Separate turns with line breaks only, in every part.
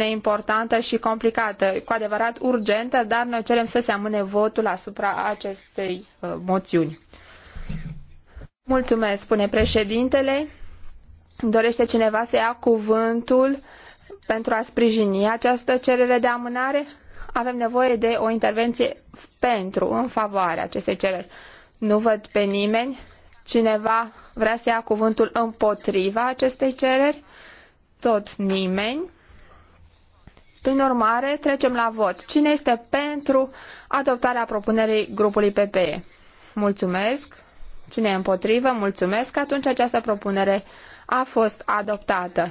importantă și complicată, cu adevărat urgentă, dar noi cerem să se amâne votul asupra acestei uh, moțiuni. Mulțumesc, spune președintele. Dorește cineva să ia cuvântul pentru a sprijini această cerere de amânare? Avem nevoie de o intervenție pentru, în favoarea acestei cereri. Nu văd pe nimeni. Cineva vrea să ia cuvântul împotriva acestei cereri? Tot nimeni. Prin urmare, trecem la vot. Cine este pentru adoptarea propunerii grupului PPE? Mulțumesc. Cine e împotrivă? Mulțumesc. Atunci această propunere a fost adoptată.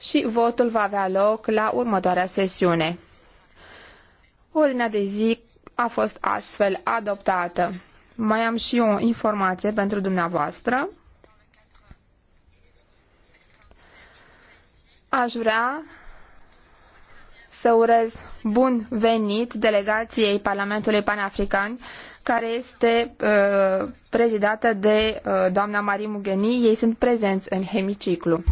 Și votul va avea loc la următoarea sesiune. Ordinea de zi a fost astfel adoptată. Mai am și o informație pentru dumneavoastră. Aș vrea să urez bun venit delegației Parlamentului Panafrican, care este uh, prezidată de uh, doamna Marie Mugheni. Ei sunt prezenți în hemiciclu.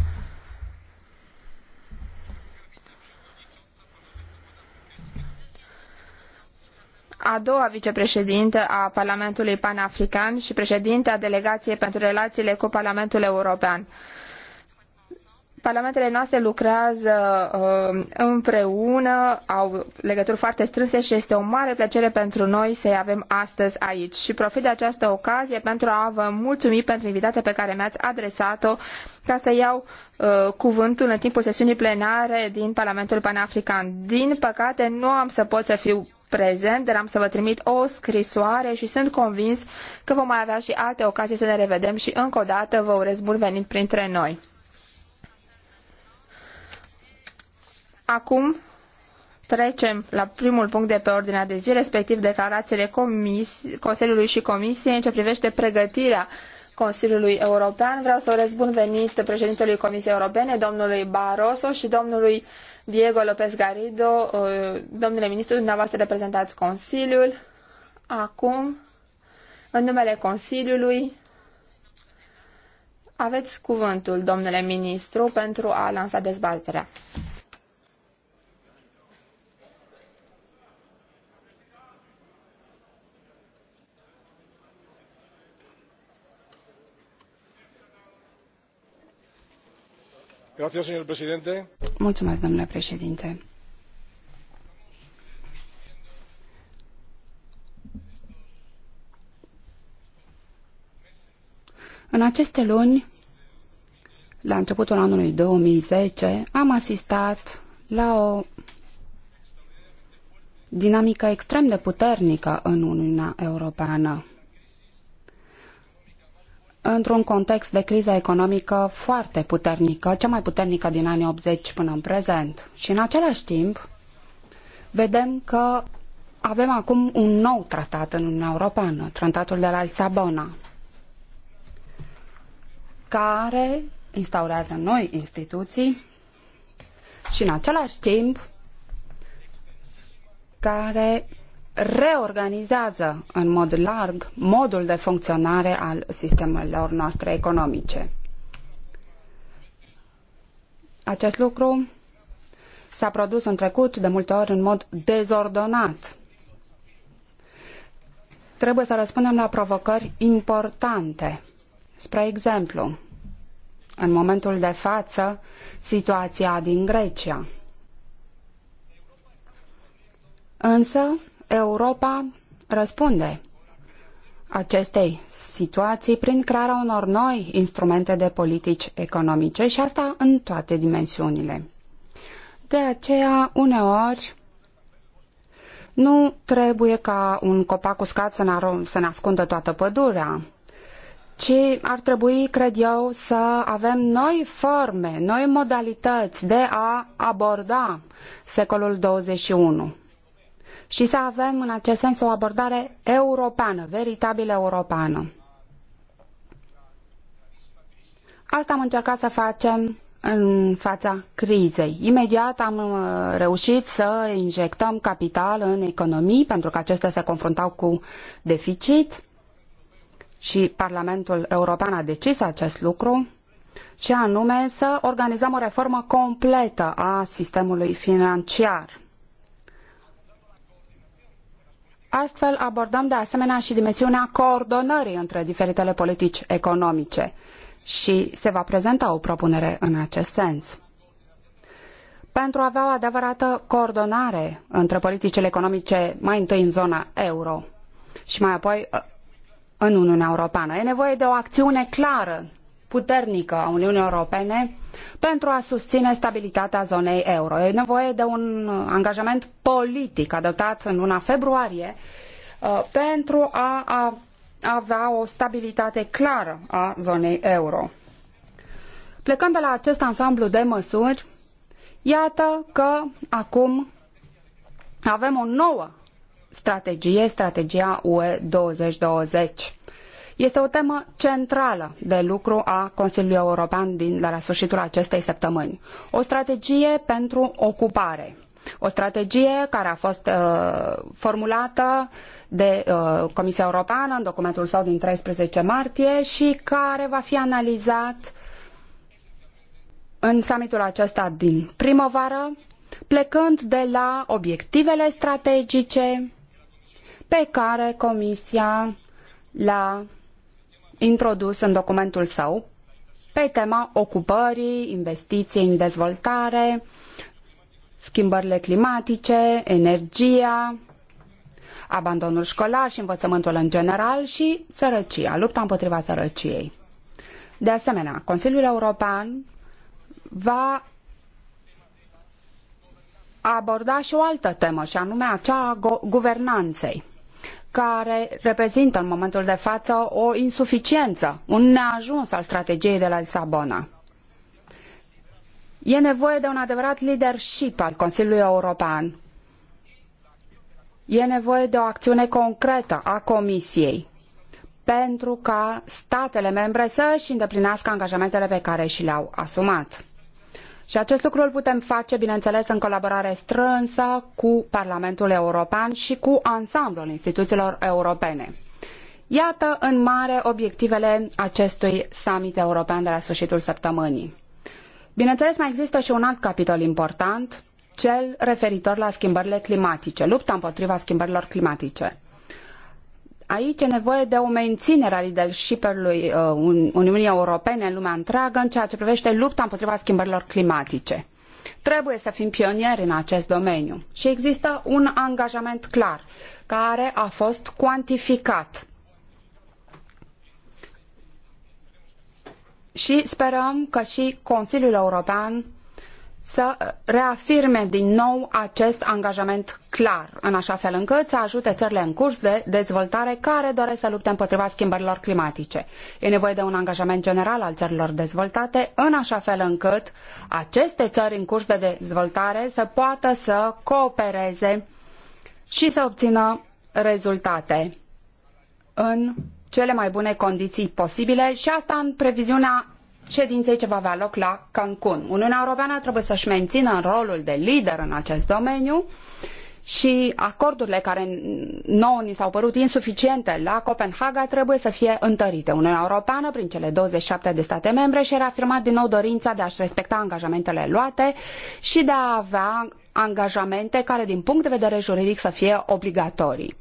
a doua vicepreședintă a Parlamentului Panafrican și președinte a Delegației pentru Relațiile cu Parlamentul European. Parlamentele noastre lucrează uh, împreună, au legături foarte strânse și este o mare plăcere pentru noi să-i avem astăzi aici. Și profit de această ocazie pentru a vă mulțumi pentru invitația pe care mi-ați adresat-o ca să iau uh, cuvântul în timpul sesiunii plenare din Parlamentul Panafrican. Din păcate, nu am să pot să fiu prezent, dar am să vă trimit o scrisoare și sunt convins că vom mai avea și alte ocazii să ne revedem și încă o dată vă urez bun venit printre noi. Acum trecem la primul punct de pe ordinea de zi, respectiv declarațiile comis Consiliului și Comisiei în ce privește pregătirea Consiliului European. Vreau să urez bun venit președintelui Comisiei Europene, domnului Barroso și domnului Diego López Garrido. Uh, domnule ministru, dumneavoastră reprezentați Consiliul. Acum, în numele Consiliului, aveți cuvântul, domnule ministru, pentru a lansa dezbaterea.
domnule
președinte. În aceste luni, la începutul anului zece am asistat la o dinamică extrem de puternică în Uniunea Europeană într-un context de criză economică foarte puternică, cea mai puternică din anii 80 până în prezent. Și în același timp, vedem că avem acum un nou tratat în Uniunea Europeană, tratatul de la Lisabona, care instaurează noi instituții și în același timp care reorganizează în mod larg modul de funcționare al sistemelor noastre economice. Acest lucru s-a produs în trecut de multe ori în mod dezordonat. Trebuie să răspundem la provocări importante. Spre exemplu, în momentul de față, situația din Grecia. Însă, Europa răspunde acestei situații prin crearea unor noi instrumente de politici economice și asta în toate dimensiunile. De aceea, uneori, nu trebuie ca un copac uscat să, n- să ne ascundă toată pădurea, ci ar trebui, cred eu, să avem noi forme, noi modalități de a aborda secolul 21 și să avem în acest sens o abordare europeană, veritabil europeană. Asta am încercat să facem în fața crizei. Imediat am uh, reușit să injectăm capital în economii pentru că acestea se confruntau cu deficit și Parlamentul European a decis acest lucru și anume să organizăm o reformă completă a sistemului financiar. Astfel abordăm de asemenea și dimensiunea coordonării între diferitele politici economice și se va prezenta o propunere în acest sens. Pentru a avea o adevărată coordonare între politicile economice mai întâi în zona euro și mai apoi ă, în Uniunea Europeană, e nevoie de o acțiune clară, puternică a Uniunii Europene pentru a susține stabilitatea zonei euro. E nevoie de un angajament politic adoptat în luna februarie uh, pentru a avea o stabilitate clară a zonei euro. Plecând de la acest ansamblu de măsuri, iată că acum avem o nouă strategie, strategia UE 2020 este o temă centrală de lucru a Consiliului European din, de la sfârșitul acestei săptămâni. O strategie pentru ocupare. O strategie care a fost uh, formulată de uh, Comisia Europeană în documentul său din 13 martie și care va fi analizat în summitul acesta din primăvară, plecând de la obiectivele strategice pe care Comisia le-a introdus în documentul său pe tema ocupării, investiției în dezvoltare, schimbările climatice, energia, abandonul școlar și învățământul în general și sărăcia, lupta împotriva sărăciei. De asemenea, Consiliul European va aborda și o altă temă, și anume acea a guvernanței care reprezintă în momentul de față o insuficiență, un neajuns al strategiei de la Lisabona. E nevoie de un adevărat leadership al Consiliului European. E nevoie de o acțiune concretă a Comisiei pentru ca statele membre să își îndeplinească angajamentele pe care și le-au asumat. Și acest lucru îl putem face, bineînțeles, în colaborare strânsă cu Parlamentul European și cu ansamblul instituțiilor europene. Iată în mare obiectivele acestui summit european de la sfârșitul săptămânii. Bineînțeles, mai există și un alt capitol important, cel referitor la schimbările climatice, lupta împotriva schimbărilor climatice aici e nevoie de o menținere a leadership-ului uh, Uniunii Europene în lumea întreagă în ceea ce privește lupta împotriva schimbărilor climatice. Trebuie să fim pionieri în acest domeniu și există un angajament clar care a fost cuantificat. Și sperăm că și Consiliul European să reafirme din nou acest angajament clar, în așa fel încât să ajute țările în curs de dezvoltare care doresc să lupte împotriva schimbărilor climatice. E nevoie de un angajament general al țărilor dezvoltate, în așa fel încât aceste țări în curs de dezvoltare să poată să coopereze și să obțină rezultate în cele mai bune condiții posibile și asta în previziunea ședinței ce va avea loc la Cancun. Uniunea Europeană trebuie să-și mențină rolul de lider în acest domeniu și acordurile care nouă ni s-au părut insuficiente la Copenhaga trebuie să fie întărite. Uniunea Europeană, prin cele 27 de state membre, și-a reafirmat din nou dorința de a-și respecta angajamentele luate și de a avea angajamente care, din punct de vedere juridic, să fie obligatorii.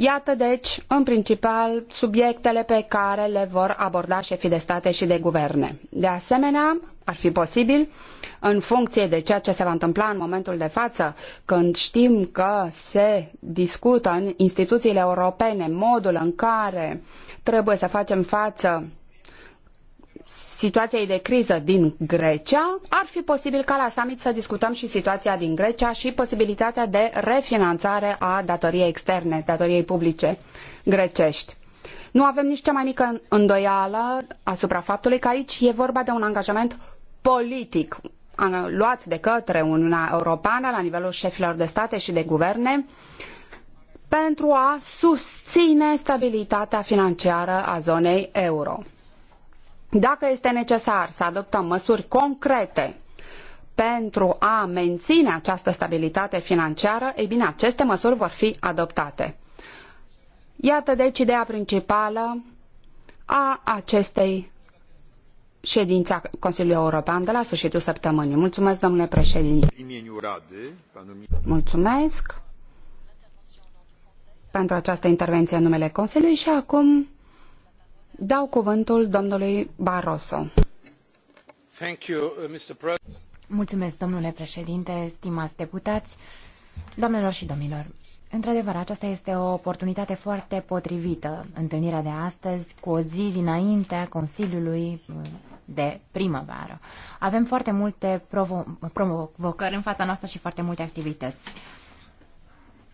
Iată deci, în principal, subiectele pe care le vor aborda șefii de state și de guverne. De asemenea, ar fi posibil, în funcție de ceea ce se va întâmpla în momentul de față, când știm că se discută în instituțiile europene modul în care trebuie să facem față situației de criză din Grecia, ar fi posibil ca la summit să discutăm și situația din Grecia și posibilitatea de refinanțare a datoriei externe, datoriei publice grecești. Nu avem nici cea mai mică îndoială asupra faptului că aici e vorba de un angajament politic luat de către Uniunea Europeană la nivelul șefilor de state și de guverne pentru a susține stabilitatea financiară a zonei euro. Dacă este necesar să adoptăm măsuri concrete pentru a menține această stabilitate financiară, ei bine, aceste măsuri vor fi adoptate. Iată deci ideea principală a acestei ședințe a Consiliului European de la sfârșitul săptămânii. Mulțumesc, domnule președinte. Mulțumesc pentru această intervenție în numele Consiliului și acum Dau cuvântul domnului Barroso.
Uh,
Mulțumesc, domnule președinte, stimați deputați, doamnelor și domnilor. Într-adevăr, aceasta este o oportunitate foarte potrivită, întâlnirea de astăzi, cu o zi dinaintea Consiliului uh, de primăvară. Avem foarte multe provo- provocări în fața noastră și foarte multe activități.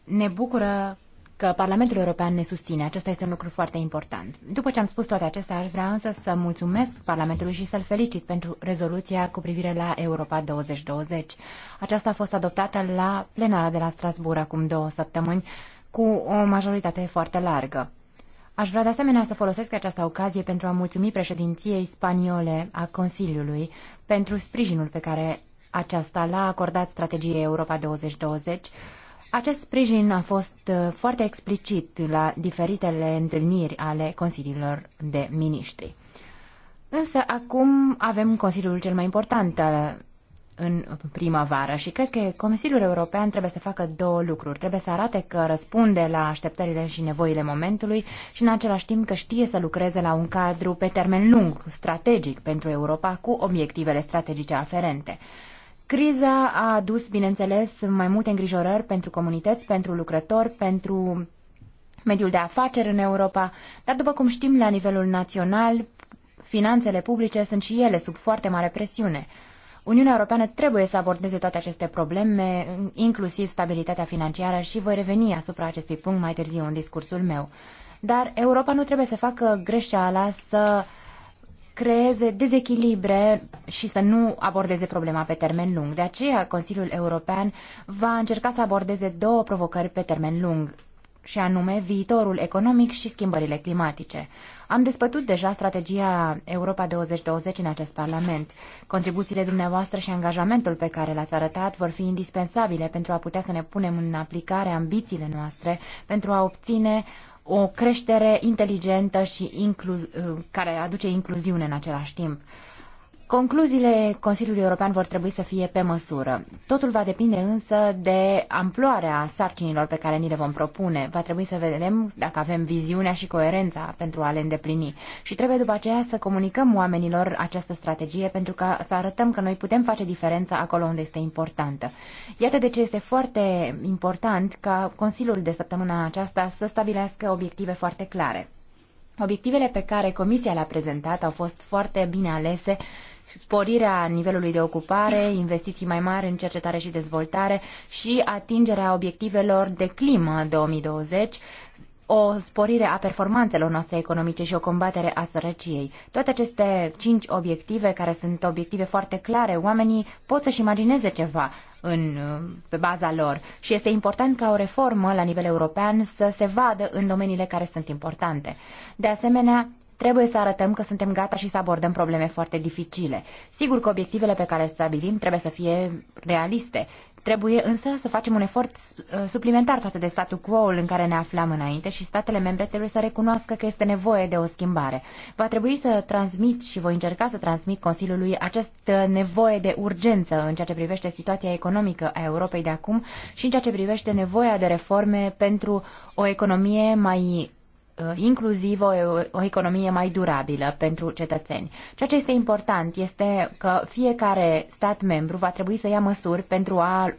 Ne bucură că Parlamentul European ne susține. Acesta este un lucru foarte important. După ce am spus toate acestea, aș vrea însă să mulțumesc Parlamentului și să-l felicit pentru rezoluția cu privire la Europa 2020. Aceasta a fost adoptată la plenara de la Strasbourg acum două săptămâni cu o majoritate foarte largă. Aș vrea de asemenea să folosesc această ocazie pentru a mulțumi președinției spaniole a Consiliului pentru sprijinul pe care aceasta l-a acordat strategiei Europa 2020 acest sprijin a fost uh, foarte explicit la diferitele întâlniri ale consiliilor de miniștri. Însă acum avem Consiliul cel mai important uh, în primăvară și cred că Consiliul European trebuie să facă două lucruri. Trebuie să arate că răspunde la așteptările și nevoile momentului și în același timp că știe să lucreze la un cadru pe termen lung, strategic pentru Europa, cu obiectivele strategice aferente. Criza a adus, bineînțeles, mai multe îngrijorări pentru comunități, pentru lucrători, pentru mediul de afaceri în Europa, dar după cum știm, la nivelul național, finanțele publice sunt și ele sub foarte mare presiune. Uniunea Europeană trebuie să abordeze toate aceste probleme, inclusiv stabilitatea financiară și voi reveni asupra acestui punct mai târziu în discursul meu. Dar Europa nu trebuie să facă greșeala să uh, creeze dezechilibre și să nu abordeze problema pe termen lung. De aceea, Consiliul European va încerca să abordeze două provocări pe termen lung și anume viitorul economic și schimbările climatice. Am despătut deja strategia Europa 2020 în acest Parlament. Contribuțiile dumneavoastră și angajamentul pe care l-ați arătat vor fi indispensabile pentru a putea să ne punem în aplicare ambițiile noastre, pentru a obține o creștere inteligentă și inclu- uh, care aduce incluziune în același timp. Concluziile Consiliului European vor trebui să fie pe măsură. Totul va depinde însă de amploarea sarcinilor pe care ni le vom propune. Va trebui să vedem dacă avem viziunea și coerența pentru a le îndeplini. Și trebuie după aceea să comunicăm oamenilor această strategie pentru ca să arătăm că noi putem face diferența acolo unde este importantă. Iată de ce este foarte important ca Consiliul de săptămâna aceasta să stabilească obiective foarte clare. Obiectivele pe care Comisia le-a prezentat au fost foarte bine alese sporirea nivelului de ocupare, investiții mai mari în cercetare și dezvoltare și atingerea obiectivelor de climă 2020, o sporire a performanțelor noastre economice și o combatere a sărăciei. Toate aceste cinci obiective, care sunt obiective foarte clare, oamenii pot să-și imagineze ceva în, pe baza lor și este important ca o reformă la nivel european să se vadă în domeniile care sunt importante. De asemenea, Trebuie să arătăm că suntem gata și să abordăm probleme foarte dificile. Sigur că obiectivele pe care le stabilim trebuie să fie realiste. Trebuie însă să facem un efort uh, suplimentar față de statul quo în care ne aflam înainte și statele membre trebuie să recunoască că este nevoie de o schimbare. Va trebui să transmit și voi încerca să transmit Consiliului această uh, nevoie de urgență în ceea ce privește situația economică a Europei de acum și în ceea ce privește nevoia de reforme pentru o economie mai Uh, inclusiv o, o economie mai durabilă pentru cetățeni. Ceea ce este important este că fiecare stat membru va trebui să ia măsuri pentru a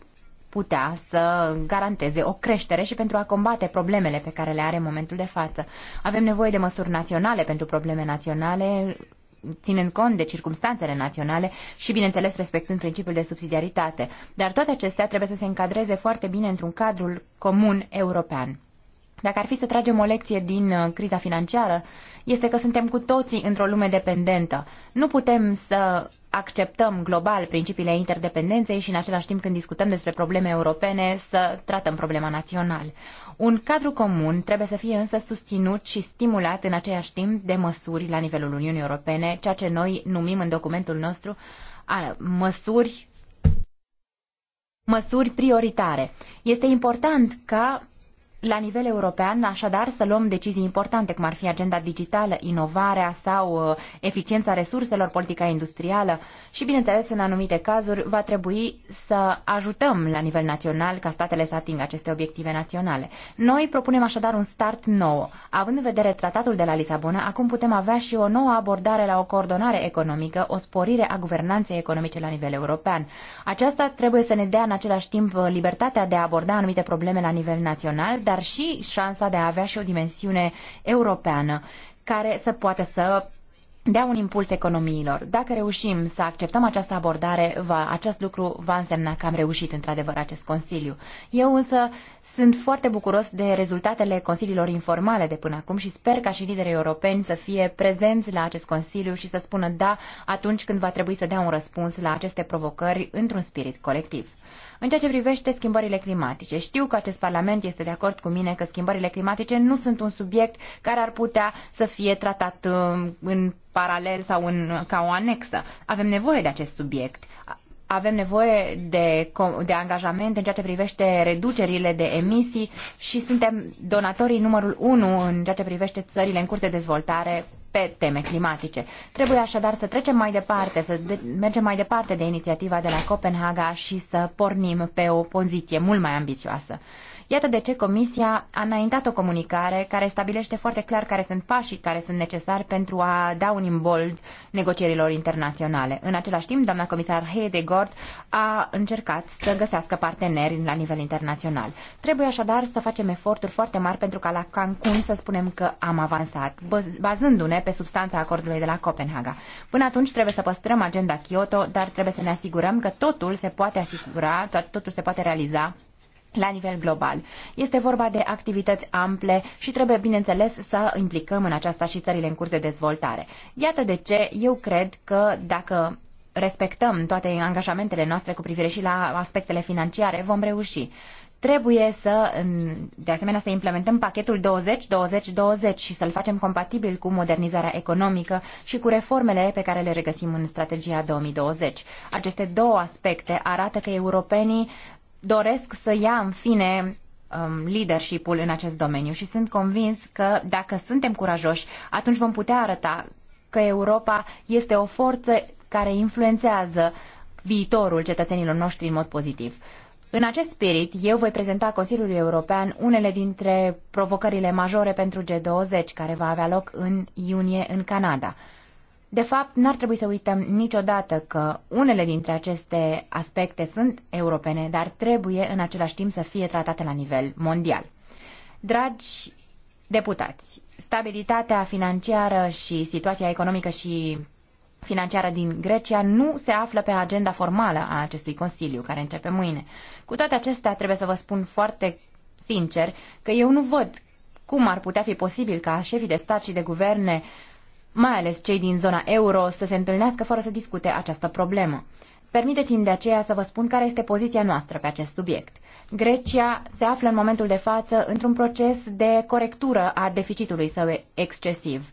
putea să garanteze o creștere și pentru a combate problemele pe care le are în momentul de față. Avem nevoie de măsuri naționale pentru probleme naționale, ținând cont de circumstanțele naționale și, bineînțeles, respectând principiul de subsidiaritate. Dar toate acestea trebuie să se încadreze foarte bine într-un cadru comun european. Dacă ar fi să tragem o lecție din uh, criza financiară, este că suntem cu toții într-o lume dependentă. Nu putem să acceptăm global principiile interdependenței și în același timp când discutăm despre probleme europene să tratăm problema național. Un cadru comun trebuie să fie însă susținut și stimulat în aceeași timp de măsuri la nivelul Uniunii Europene, ceea ce noi numim în documentul nostru a, măsuri măsuri prioritare. Este important ca la nivel european, așadar, să luăm decizii importante, cum ar fi agenda digitală, inovarea sau uh, eficiența resurselor, politica industrială și, bineînțeles, în anumite cazuri, va trebui să ajutăm la nivel național ca statele să atingă aceste obiective naționale. Noi propunem așadar un start nou. Având în vedere tratatul de la Lisabona, acum putem avea și o nouă abordare la o coordonare economică, o sporire a guvernanței economice la nivel european. Aceasta trebuie să ne dea în același timp uh, libertatea de a aborda anumite probleme la nivel național, dar dar și șansa de a avea și o dimensiune europeană care să poată să dea un impuls economiilor. Dacă reușim să acceptăm această abordare, va, acest lucru va însemna că am reușit într-adevăr acest Consiliu. Eu însă sunt foarte bucuros de rezultatele consiliilor informale de până acum și sper ca și liderii europeni să fie prezenți la acest consiliu și să spună da atunci când va trebui să dea un răspuns la aceste provocări într-un spirit colectiv. În ceea ce privește schimbările climatice, știu că acest Parlament este de acord cu mine că schimbările climatice nu sunt un subiect care ar putea să fie tratat um, în paralel sau în, ca o anexă. Avem nevoie de acest subiect avem nevoie de, de angajament în ceea ce privește reducerile de emisii și suntem donatorii numărul unu în ceea ce privește țările în curs de dezvoltare pe teme climatice. Trebuie așadar să trecem mai departe, să de- mergem mai departe de inițiativa de la Copenhaga și să pornim pe o poziție mult mai ambițioasă. Iată de ce Comisia a înaintat o comunicare care stabilește foarte clar care sunt pașii care sunt necesari pentru a da un imbold negocierilor internaționale. În același timp, doamna comisar Heidegord a încercat să găsească parteneri la nivel internațional. Trebuie așadar să facem eforturi foarte mari pentru ca la Cancun să spunem că am avansat, bazându-ne pe substanța acordului de la Copenhaga. Până atunci trebuie să păstrăm agenda Kyoto, dar trebuie să ne asigurăm că totul se poate asigura, totul se poate realiza la nivel global. Este vorba de activități ample și trebuie, bineînțeles, să implicăm în aceasta și țările în curs de dezvoltare. Iată de ce eu cred că dacă respectăm toate angajamentele noastre cu privire și la aspectele financiare, vom reuși. Trebuie să, de asemenea, să implementăm pachetul 20-20-20 și să-l facem compatibil cu modernizarea economică și cu reformele pe care le regăsim în strategia 2020. Aceste două aspecte arată că europenii doresc să ia în fine um, leadership-ul în acest domeniu și sunt convins că dacă suntem curajoși, atunci vom putea arăta că Europa este o forță care influențează viitorul cetățenilor noștri în mod pozitiv. În acest spirit, eu voi prezenta Consiliului European unele dintre provocările majore pentru G20 care va avea loc în iunie în Canada. De fapt, n-ar trebui să uităm niciodată că unele dintre aceste aspecte sunt europene, dar trebuie în același timp să fie tratate la nivel mondial. Dragi deputați, stabilitatea financiară și situația economică și financiară din Grecia nu se află pe agenda formală a acestui Consiliu, care începe mâine. Cu toate acestea, trebuie să vă spun foarte sincer că eu nu văd cum ar putea fi posibil ca șefii de stat și de guverne uh, mai ales cei din zona euro, să se întâlnească fără să discute această problemă. Permiteți-mi de aceea să vă spun care este poziția noastră pe acest subiect. Grecia se află în momentul de față într-un proces de corectură a deficitului său excesiv.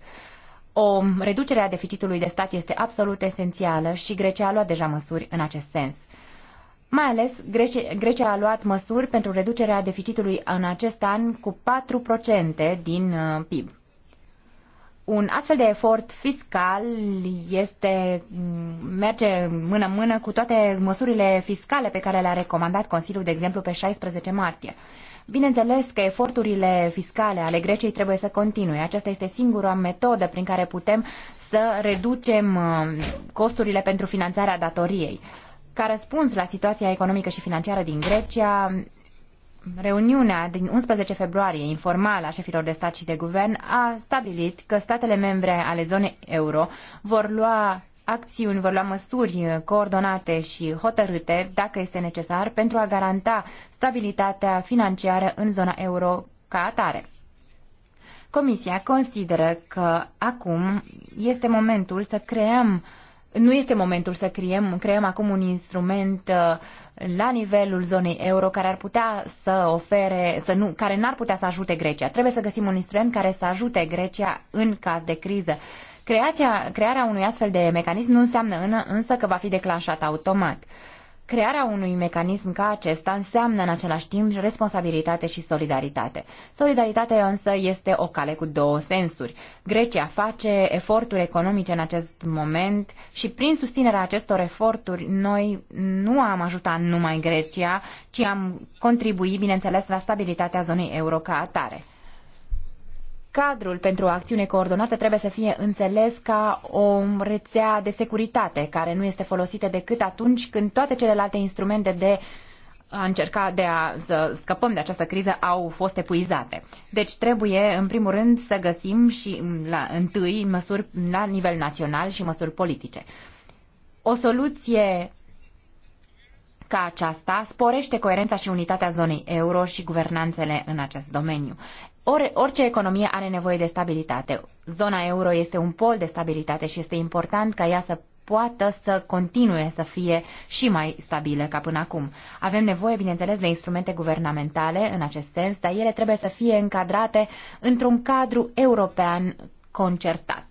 O reducere a deficitului de stat este absolut esențială și Grecia a luat deja măsuri în acest sens. Mai ales, Grecia a luat măsuri pentru reducerea deficitului în acest an cu 4% din uh, PIB un astfel de efort fiscal este, mm, merge mână-mână cu toate măsurile fiscale pe care le-a recomandat Consiliul, de exemplu, pe 16 martie. Bineînțeles că eforturile fiscale ale Greciei trebuie să continue. Aceasta este singura metodă prin care putem să reducem mm, costurile pentru finanțarea datoriei. Ca răspuns la situația economică și financiară din Grecia, reuniunea din 11 februarie informală a șefilor de stat și de guvern a stabilit că statele membre ale zonei euro vor lua acțiuni, vor lua măsuri coordonate și hotărâte, dacă este necesar, pentru a garanta stabilitatea financiară în zona euro ca atare. Comisia consideră că acum este momentul să creăm nu este momentul să creăm, creăm acum un instrument uh, la nivelul zonei euro care ar putea să ofere, să nu, care n-ar putea să ajute Grecia. Trebuie să găsim un instrument care să ajute Grecia în caz de criză. Creația, crearea unui astfel de mecanism nu înseamnă însă că va fi declanșat automat. Crearea unui mecanism ca acesta înseamnă în același timp responsabilitate și solidaritate. Solidaritatea însă este o cale cu două sensuri. Grecia face eforturi economice în acest moment și prin susținerea acestor eforturi noi nu am ajutat numai Grecia, ci am contribuit, bineînțeles, la stabilitatea zonei euro ca atare cadrul pentru o acțiune coordonată trebuie să fie înțeles ca o rețea de securitate care nu este folosită decât atunci când toate celelalte instrumente de a încerca de a să scăpăm de această criză au fost epuizate. Deci trebuie, în primul rând, să găsim și la, întâi măsuri la nivel național și măsuri politice. O soluție ca aceasta sporește coerența și unitatea zonei euro și guvernanțele în acest domeniu. Or, orice economie are nevoie de stabilitate. Zona euro este un pol de stabilitate și este important ca ea să poată să continue să fie și mai stabilă ca până acum. Avem nevoie, bineînțeles, de instrumente guvernamentale în acest sens, dar ele trebuie să fie încadrate într-un cadru european concertat.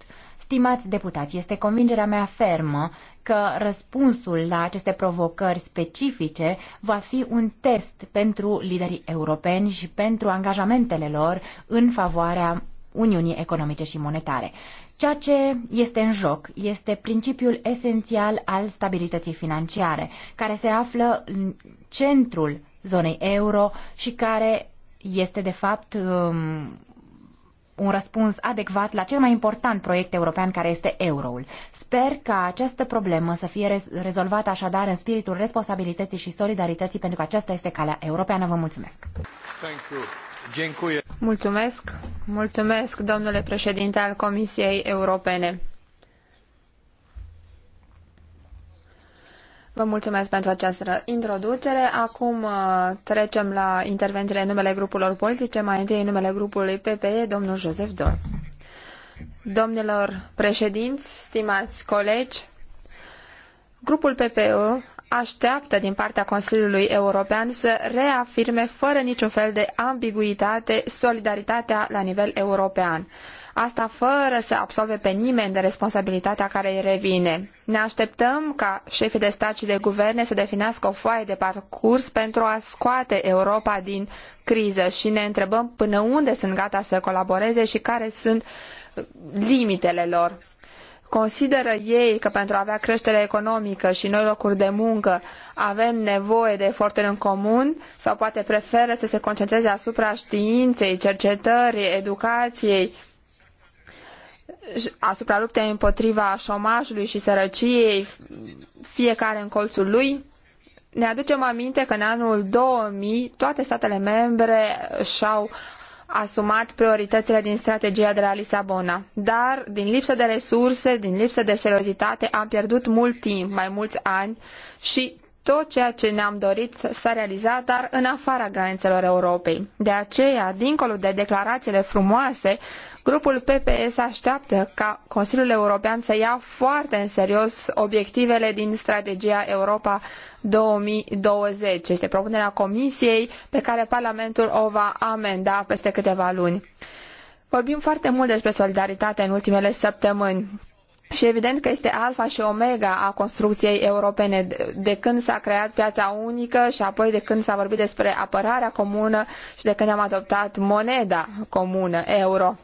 Stimați deputați, este convingerea mea fermă că răspunsul la aceste provocări specifice va fi un test pentru liderii europeni și pentru angajamentele lor în favoarea Uniunii Economice și Monetare. Ceea ce este în joc este principiul esențial al stabilității financiare, care se află în centrul zonei euro și care este de fapt um, un răspuns adecvat la cel mai important proiect european care este euroul. Sper ca această problemă să fie rezolvată așadar în spiritul responsabilității și solidarității pentru că aceasta este calea europeană. Vă mulțumesc! Mulțumesc!
Mulțumesc, domnule președinte al Comisiei Europene! Vă mulțumesc pentru această introducere. Acum uh, trecem la intervențiile în numele grupurilor politice. Mai întâi în numele grupului PPE, domnul Josef Dor. Domnilor președinți, stimați colegi, grupul PPE așteaptă din partea Consiliului European să reafirme fără niciun fel de ambiguitate solidaritatea la nivel european asta fără să absolve pe nimeni de responsabilitatea care îi revine. Ne așteptăm ca șefii de stat și de guverne să definească o foaie de parcurs pentru a scoate Europa din criză și ne întrebăm până unde sunt gata să colaboreze și care sunt limitele lor. Consideră ei că pentru a avea creștere economică și noi locuri de muncă avem nevoie de eforturi în comun sau poate preferă să se concentreze asupra științei, cercetării, educației, asupra luptei împotriva șomajului și sărăciei, fiecare în colțul lui, ne aducem aminte că în anul 2000 toate statele membre și-au asumat prioritățile din strategia de la Lisabona. Dar, din lipsă de resurse, din lipsă de seriozitate, am pierdut mult timp, mai mulți ani și tot ceea ce ne-am dorit s-a realizat, dar în afara granițelor Europei. De aceea, dincolo de declarațiile frumoase, Grupul PPE se așteaptă ca Consiliul European să ia foarte în serios obiectivele din strategia Europa 2020. Este propunerea Comisiei pe care Parlamentul o va amenda peste câteva luni. Vorbim foarte mult despre solidaritate în ultimele săptămâni. Și evident că este alfa și omega a construcției europene de când s-a creat piața unică și apoi de când s-a vorbit despre apărarea comună și de când am adoptat moneda comună, euro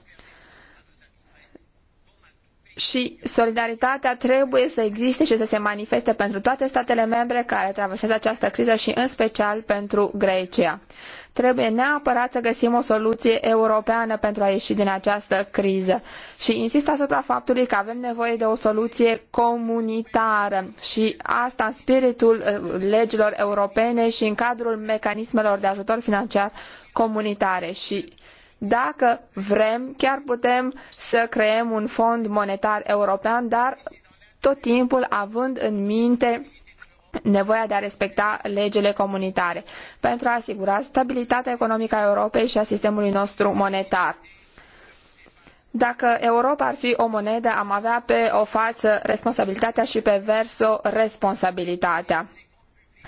și solidaritatea trebuie să existe și să se manifeste pentru toate statele membre care traversează această criză și în special pentru Grecia. Trebuie neapărat să găsim o soluție europeană pentru a ieși din această criză și insist asupra faptului că avem nevoie de o soluție comunitară și asta în spiritul uh, legilor europene și în cadrul mecanismelor de ajutor financiar comunitare și dacă vrem, chiar putem să creăm un fond monetar european, dar tot timpul având în minte nevoia de a respecta legile comunitare pentru a asigura stabilitatea economică a Europei și a sistemului nostru monetar. Dacă Europa ar fi o monedă, am avea pe o față responsabilitatea și pe verso responsabilitatea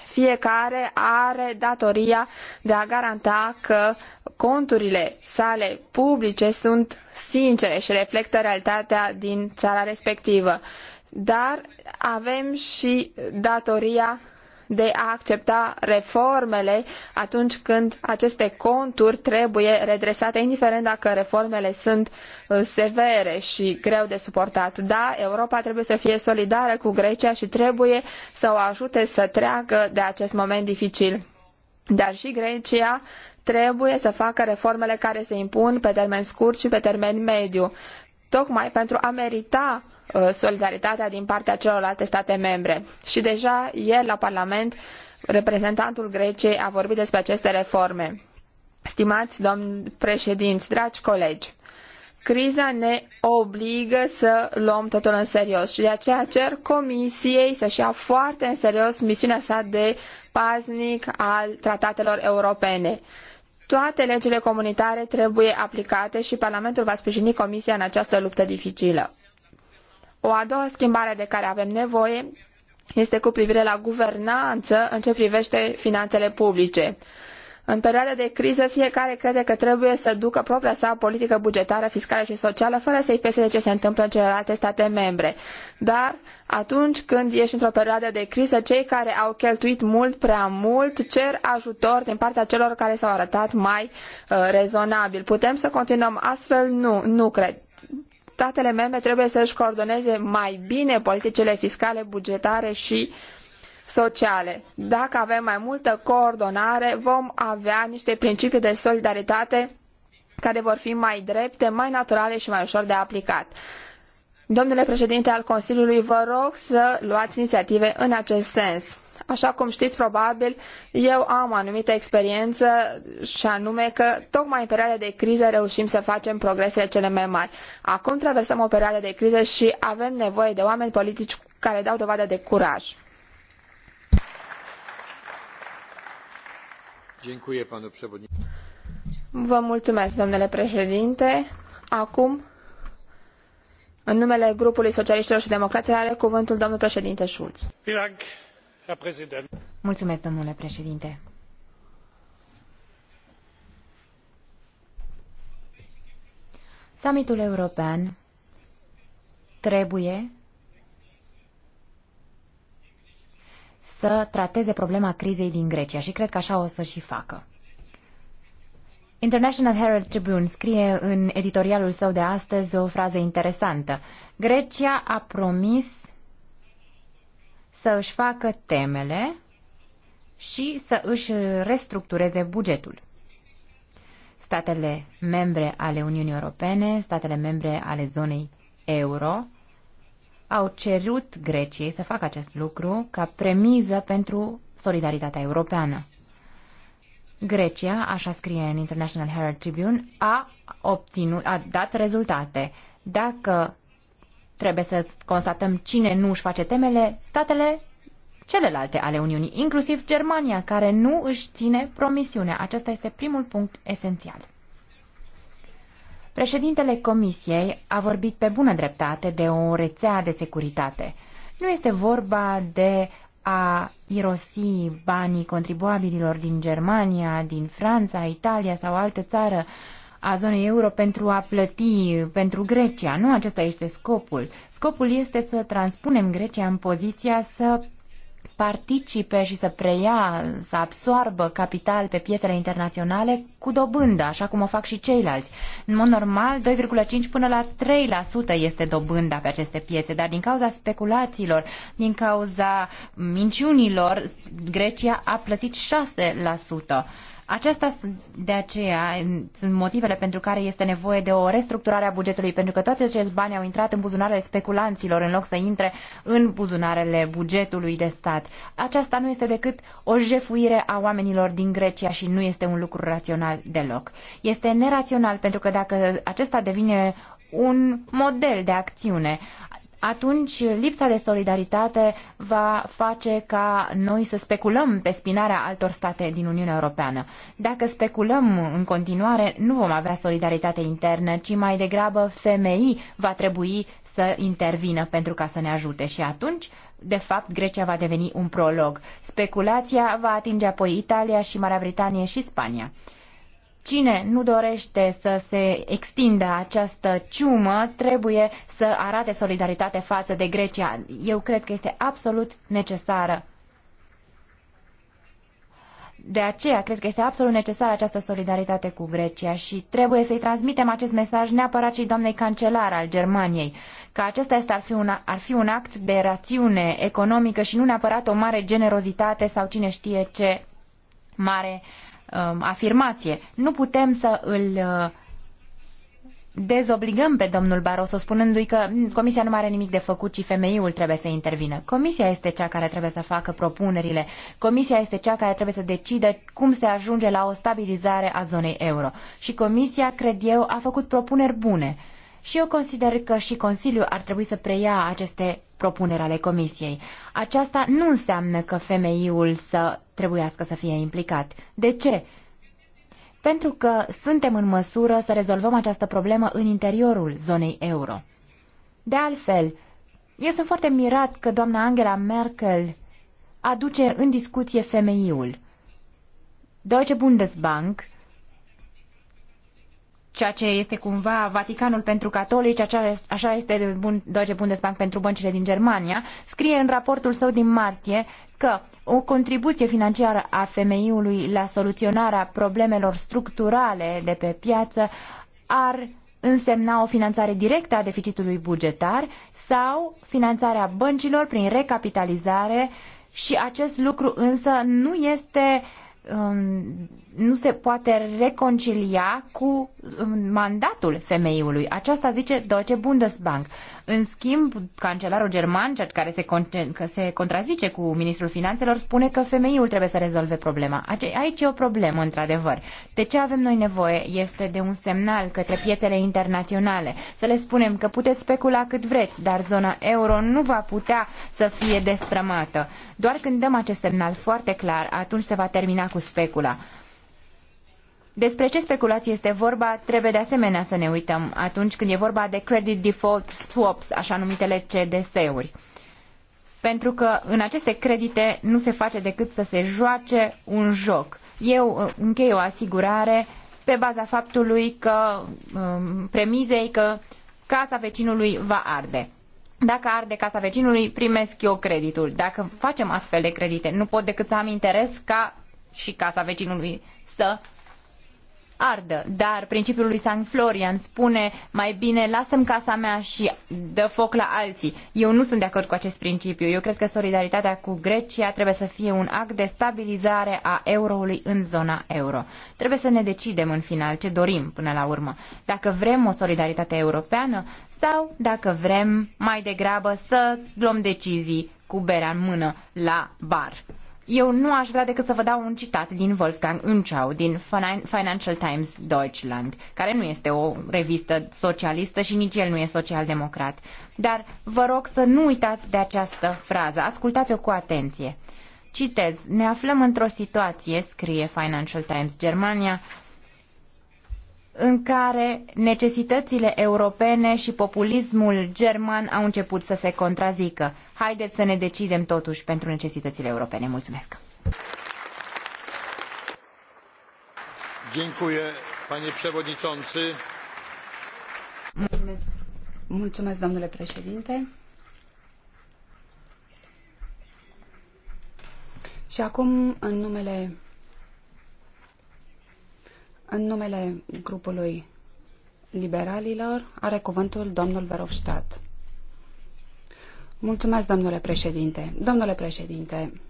fiecare are datoria de a garanta că conturile sale publice sunt sincere și reflectă realitatea din țara respectivă. Dar avem și datoria de a accepta reformele atunci când aceste conturi trebuie redresate, indiferent dacă reformele sunt uh, severe și greu de suportat. Da, Europa trebuie să fie solidară cu Grecia și trebuie să o ajute să treacă de acest moment dificil. Dar și Grecia trebuie să facă reformele care se impun pe termen scurt și pe termen mediu, tocmai pentru a merita Uh, solidaritatea din partea celorlalte state membre. Și deja ieri la Parlament reprezentantul Greciei a vorbit despre aceste reforme. Stimați domni președinți, dragi colegi, criza ne obligă să luăm totul în serios și de aceea cer Comisiei să-și ia foarte în serios misiunea sa de paznic al tratatelor europene. Toate legile comunitare trebuie aplicate și Parlamentul va sprijini Comisia în această luptă dificilă. O a doua schimbare de care avem nevoie este cu privire la guvernanță în ce privește finanțele publice. În perioada de criză, fiecare crede că trebuie să ducă propria sa politică bugetară, fiscală și socială, fără să-i pese de ce se întâmplă în celelalte state membre. Dar atunci când ești într-o perioadă de criză, cei care au cheltuit mult prea mult cer ajutor din partea celor care s-au arătat mai uh, rezonabil. Putem să continuăm astfel? Nu, nu cred statele membre trebuie să-și coordoneze mai bine politicile fiscale, bugetare și sociale. Dacă avem mai multă coordonare, vom avea niște principii de solidaritate care vor fi mai drepte, mai naturale și mai ușor de aplicat. Domnule președinte al Consiliului, vă rog să luați inițiative în acest sens. Așa cum știți probabil, eu am o anumită experiență și anume că tocmai în perioada de criză reușim să facem progresele cele mai mari. Acum traversăm o perioadă de criză și avem nevoie de oameni politici care dau dovadă de curaj. Vă mulțumesc, domnule președinte. Acum, în numele grupului socialiștilor și democraților, are cuvântul domnul
președinte Schulz. Mulțumesc. Mulțumesc, președinte. Summitul european trebuie să trateze problema crizei din Grecia și cred că așa o să și facă. International Herald Tribune scrie în editorialul său de astăzi o frază interesantă. Grecia a promis să își facă temele și să își restructureze bugetul. Statele membre ale Uniunii Europene, statele membre ale zonei euro, au cerut Greciei să facă acest lucru ca premiză pentru solidaritatea europeană. Grecia, așa scrie în International Herald Tribune, a, obținut, a dat rezultate. Dacă trebuie să constatăm cine nu își face temele, statele celelalte ale Uniunii, inclusiv Germania, care nu își ține promisiunea. Acesta este primul punct esențial. Președintele Comisiei a vorbit pe bună dreptate de o rețea de securitate. Nu este vorba de a irosi banii contribuabililor din Germania, din Franța, Italia sau altă țară a zonei euro pentru a plăti pentru Grecia. Nu acesta este scopul. Scopul este să transpunem Grecia în poziția să participe și să preia, să absoarbă capital pe piețele internaționale cu dobândă, așa cum o fac și ceilalți. În mod normal, 2,5 până la 3% este dobânda pe aceste piețe, dar din cauza speculațiilor, din cauza minciunilor, Grecia a plătit 6%. Acestea sunt, de aceea sunt motivele pentru care este nevoie de o restructurare a bugetului, pentru că toți acești bani au intrat în buzunarele speculanților în loc să intre în buzunarele bugetului de stat. Aceasta nu este decât o jefuire a oamenilor din Grecia și nu este un lucru rațional deloc. Este nerațional pentru că dacă acesta devine un model de acțiune atunci lipsa de solidaritate va face ca noi să speculăm pe spinarea altor state din Uniunea Europeană. Dacă speculăm în continuare, nu vom avea solidaritate internă, ci mai degrabă FMI va trebui să intervină pentru ca să ne ajute și atunci de fapt, Grecia va deveni un prolog. Speculația va atinge apoi Italia și Marea Britanie și Spania. Cine nu dorește să se extindă această ciumă trebuie să arate solidaritate față de Grecia. Eu cred că este absolut necesară. De aceea cred că este absolut necesară această solidaritate cu Grecia și trebuie să-i transmitem acest mesaj neapărat și doamnei cancelar al Germaniei, că acesta este, ar, fi un, ar fi un act de rațiune economică și nu neapărat o mare generozitate sau cine știe ce mare uh, Um, afirmație. Nu putem să îl uh, dezobligăm pe domnul Barroso spunându-i că mm, comisia nu are nimic de făcut, ci femeiul trebuie să intervină. Comisia este cea care trebuie să facă propunerile. Comisia este cea care trebuie să decidă cum se ajunge la o stabilizare a zonei euro. Și comisia, cred eu, a făcut propuneri bune. Și eu consider că și Consiliul ar trebui să preia aceste propuneri ale comisiei. Aceasta nu înseamnă că femeiul să trebuiască să fie implicat. De ce? Pentru că suntem în măsură să rezolvăm această problemă în interiorul zonei euro. De altfel, eu sunt foarte mirat că doamna Angela Merkel aduce în discuție femeiul. Deutsche Bundesbank ceea ce este cumva Vaticanul pentru catolici, așa este Deutsche Bundesbank pentru băncile din Germania, scrie în raportul său din martie că o contribuție financiară a femeiului la soluționarea problemelor structurale de pe piață ar însemna o finanțare directă a deficitului bugetar sau finanțarea băncilor prin recapitalizare și acest lucru însă nu este Um, nu se poate reconcilia cu um, mandatul femeiului. Aceasta zice Deutsche Bundesbank. În schimb, cancelarul german, cel care se, con- că se contrazice cu ministrul finanțelor, spune că femeiul trebuie să rezolve problema. Aici e o problemă, într-adevăr. De ce avem noi nevoie este de un semnal către piețele internaționale. Să le spunem că puteți specula cât vreți, dar zona euro nu va putea să fie destrămată. Doar când dăm acest semnal foarte clar, atunci se va termina cu specula. Despre ce speculație este vorba, trebuie de asemenea să ne uităm atunci când e vorba de credit default swaps, așa numitele CDS-uri. Pentru că în aceste credite nu se face decât să se joace un joc. Eu uh, închei o asigurare pe baza faptului că, um, premizei că casa vecinului va arde. Dacă arde casa vecinului, primesc eu creditul. Dacă facem astfel de credite, nu pot decât să am interes ca și casa vecinului să ardă. Dar principiul lui San Florian spune mai bine lasă-mi casa mea și dă foc la alții. Eu nu sunt de acord cu acest principiu. Eu cred că solidaritatea cu Grecia trebuie să fie un act de stabilizare a euroului în zona euro. Trebuie să ne decidem în final ce dorim până la urmă. Dacă vrem o solidaritate europeană sau dacă vrem mai degrabă să luăm decizii cu berea în mână la bar. Eu nu aș vrea decât să vă dau un citat din Wolfgang Unschau, din Financial Times Deutschland, care nu este o revistă socialistă și nici el nu e social-democrat. Dar vă rog să nu uitați de această frază, ascultați-o cu atenție. Citez, ne aflăm într-o situație, scrie Financial Times Germania, în care necesitățile europene și populismul german au început să se contrazică. Haideți să ne decidem totuși pentru necesitățile europene. Mulțumesc!
Dziękuję, panie przewodniczący.
Mulțumesc. Mulțumesc, domnule președinte. Și acum, în numele în numele grupului liberalilor are cuvântul domnul Verhofstadt. Mulțumesc, domnule președinte. Domnule președinte,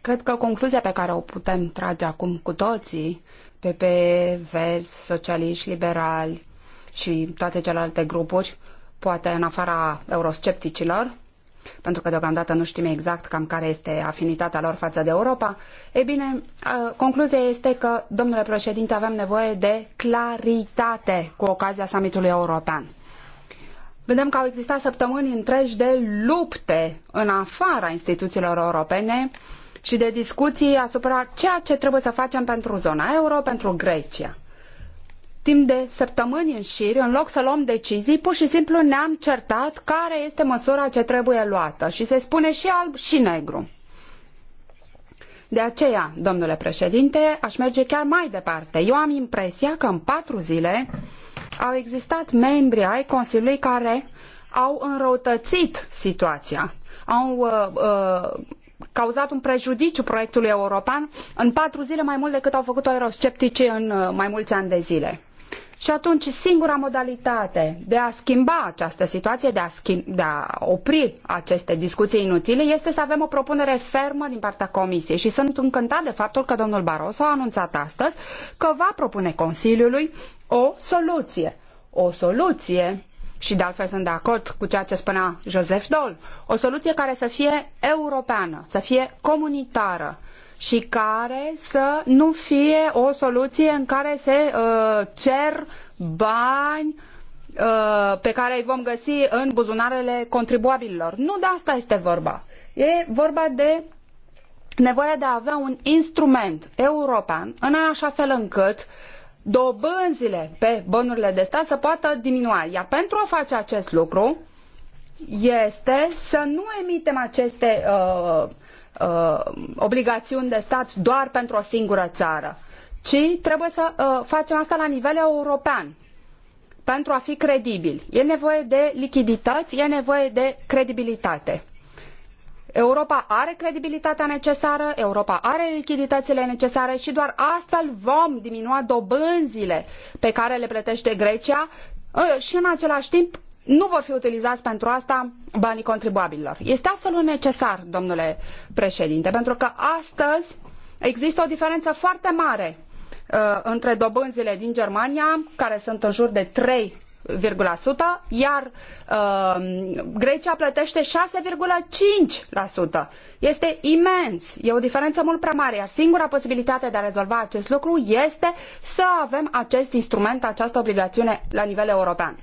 cred că concluzia pe care o putem trage acum cu toții, PP, Verzi, Socialiști, Liberali și toate celelalte grupuri, poate în afara euroscepticilor, pentru că deocamdată nu știm exact cam care este afinitatea lor față de Europa, e bine, concluzia este că, domnule președinte, avem nevoie de claritate cu ocazia summitului european. Vedem că au existat săptămâni întregi de lupte în afara instituțiilor europene și de discuții asupra ceea ce trebuie să facem pentru zona euro, pentru Grecia timp de săptămâni în șir, în loc să luăm decizii, pur și simplu ne-am certat care este măsura ce trebuie luată și se spune și alb și negru. De aceea, domnule președinte, aș merge chiar mai departe. Eu am impresia că în patru zile au existat membri ai Consiliului care au înrăutățit situația, au uh, uh, cauzat un prejudiciu proiectului european în patru zile mai mult decât au făcut-o euroscepticii în uh, mai mulți ani de zile. Și atunci singura modalitate de a schimba această situație, de a, schim- de a opri aceste discuții inutile, este să avem o propunere fermă din partea Comisiei. Și sunt încântat de faptul că domnul Barroso a anunțat astăzi că va propune Consiliului o soluție. O soluție și de altfel sunt de acord cu ceea ce spunea Joseph Dol, o soluție care să fie europeană, să fie comunitară, și care să nu fie o soluție în care se uh, cer bani uh, pe care îi vom găsi în buzunarele contribuabililor. Nu de asta este vorba. E vorba de nevoia de a avea un instrument european în așa fel încât dobânzile pe bănurile de stat să poată diminua. Iar pentru a face acest lucru este să nu emitem aceste uh, uh, obligațiuni de stat doar pentru o singură țară, ci trebuie să uh, facem asta la nivel european pentru a fi credibili. E nevoie de lichidități, e nevoie de credibilitate. Europa are credibilitatea necesară, Europa are lichiditățile necesare și doar astfel vom diminua dobânzile pe care le plătește Grecia uh, și în același timp nu vor fi utilizați pentru asta banii contribuabililor. Este absolut necesar, domnule președinte, pentru că astăzi există o diferență foarte mare uh, între dobânzile din Germania, care sunt în jur de 3 iar uh, Grecia plătește 6,5%. Este imens, e o diferență mult prea mare, iar singura posibilitate de a rezolva acest lucru este să avem acest instrument, această obligațiune la nivel european.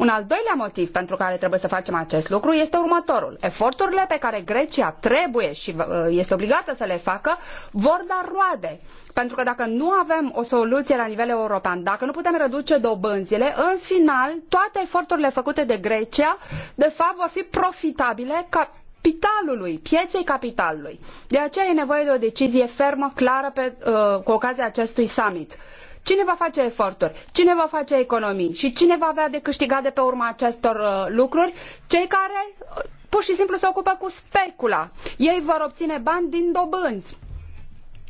Un al doilea motiv pentru care trebuie să facem acest lucru este următorul. Eforturile pe care Grecia trebuie și uh, este obligată să le facă vor da roade. Pentru că dacă nu avem o soluție la nivel european, dacă nu putem reduce dobânzile, în final toate eforturile făcute de Grecia de fapt vor fi profitabile ca capitalului, pieței capitalului. De aceea e nevoie de o decizie fermă, clară pe, uh, cu ocazia acestui summit. Cine va face eforturi? Cine va face economii? Și cine va avea de câștigat de pe urma acestor uh, lucruri? Cei care uh, pur și simplu se ocupă cu specula. Ei vor obține bani din dobânzi.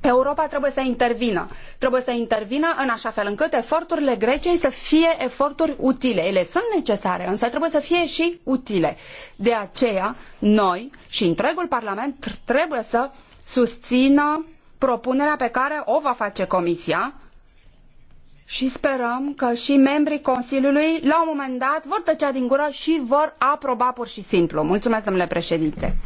Europa trebuie să intervină. Trebuie să intervină în așa fel încât eforturile Greciei să fie eforturi utile. Ele sunt necesare, însă trebuie să fie și utile. De aceea, noi și întregul Parlament trebuie să susțină propunerea pe care o va face Comisia și sperăm că și membrii Consiliului, la un moment dat, vor tăcea din gură și vor aproba pur și simplu. Mulțumesc, domnule președinte.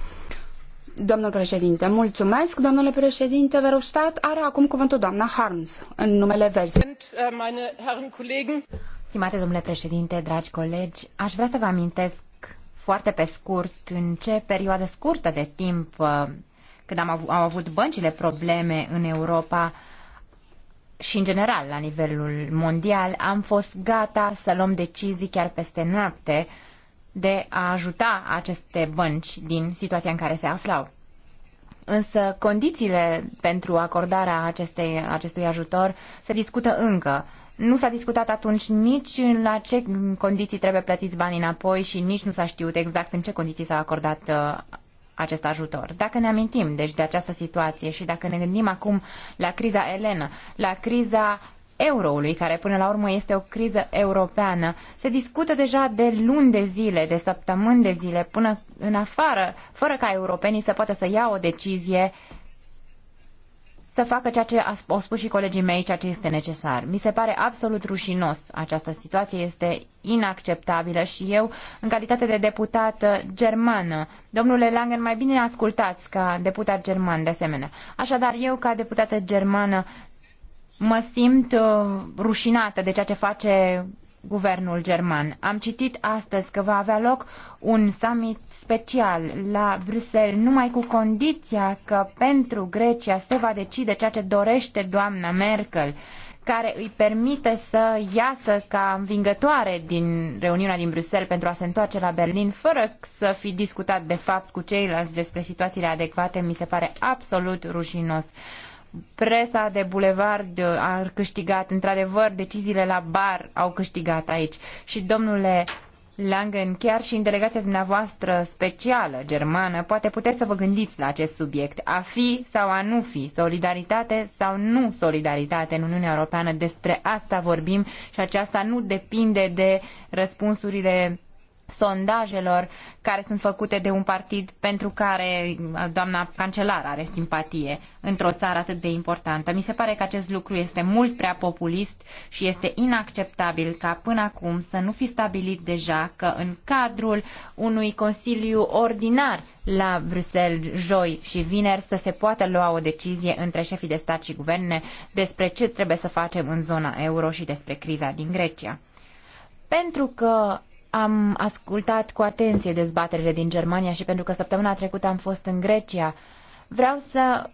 Domnul președinte, mulțumesc. Domnule președinte Verhofstadt are acum cuvântul doamna Harms, în numele Verzi.
Uh,
Stimate domnule președinte, dragi colegi, aș vrea să vă amintesc foarte pe scurt în ce perioadă scurtă de timp uh, când am avut, au avut băncile probleme în Europa, și în general la nivelul mondial, am fost gata să luăm decizii chiar peste noapte de a ajuta aceste bănci din situația în care se aflau. Însă condițiile pentru acordarea acestei, acestui ajutor se discută încă. Nu s-a discutat atunci nici în la ce condiții trebuie plătiți banii înapoi și nici nu s-a știut exact în ce condiții s-a acordat uh, acest ajutor. Dacă ne amintim, deci, de această situație și dacă ne gândim acum la criza Elenă, la criza euroului, care până la urmă este o criză europeană, se discută deja de luni de zile, de săptămâni de zile, până în afară, fără ca europenii să poată să ia o decizie uh, să facă ceea ce au spus și colegii mei, ceea ce este necesar. Mi se pare absolut rușinos această situație, este inacceptabilă și eu, în calitate de deputată uh, germană, domnule Langen, mai bine ascultați ca deputat german de asemenea. Așadar, eu ca deputată germană mă simt uh, rușinată de ceea ce face guvernul german. Am citit astăzi că va avea loc un summit special la Bruxelles, numai cu condiția că pentru Grecia se va decide ceea ce dorește doamna Merkel, care îi permite să iasă ca învingătoare din reuniunea din Bruxelles pentru a se întoarce la Berlin, fără să fi discutat de fapt cu ceilalți despre situațiile adecvate, mi se pare absolut rușinos presa de bulevard uh, a câștigat, într-adevăr, deciziile la bar au câștigat aici. Și, domnule Langen, chiar și în delegația dumneavoastră specială germană, poate puteți să vă gândiți la acest subiect. A fi sau a nu fi, solidaritate sau nu solidaritate în Uniunea Europeană, despre asta vorbim și aceasta nu depinde de răspunsurile sondajelor care sunt făcute de un partid pentru care uh, doamna cancelar are simpatie într-o țară atât de importantă. Mi se pare că acest lucru este mult prea populist și este inacceptabil ca până acum să nu fi stabilit deja că în cadrul unui consiliu ordinar la Bruxelles joi și vineri să se poată lua o decizie între șefii de stat și guverne despre ce trebuie să facem în zona euro și despre criza din Grecia. Pentru că am ascultat cu atenție dezbaterile din Germania și pentru că săptămâna trecută am fost în Grecia, vreau să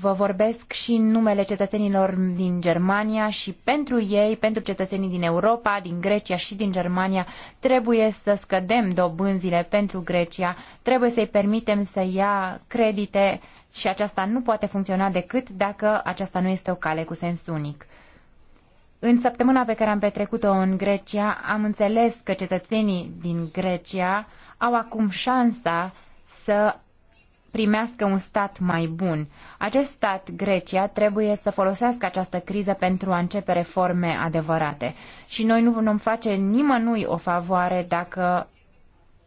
vă vorbesc și în numele cetățenilor din Germania și pentru ei, pentru cetățenii din Europa, din Grecia și din Germania, trebuie să scădem dobânzile pentru Grecia, trebuie să-i permitem să ia credite și aceasta nu poate funcționa decât dacă aceasta nu este o cale cu sens unic. În săptămâna pe care am petrecut-o în Grecia, am înțeles că cetățenii din Grecia au acum șansa să primească un stat mai bun. Acest stat, Grecia, trebuie să folosească această criză pentru a începe reforme adevărate. Și noi nu vom face nimănui o favoare dacă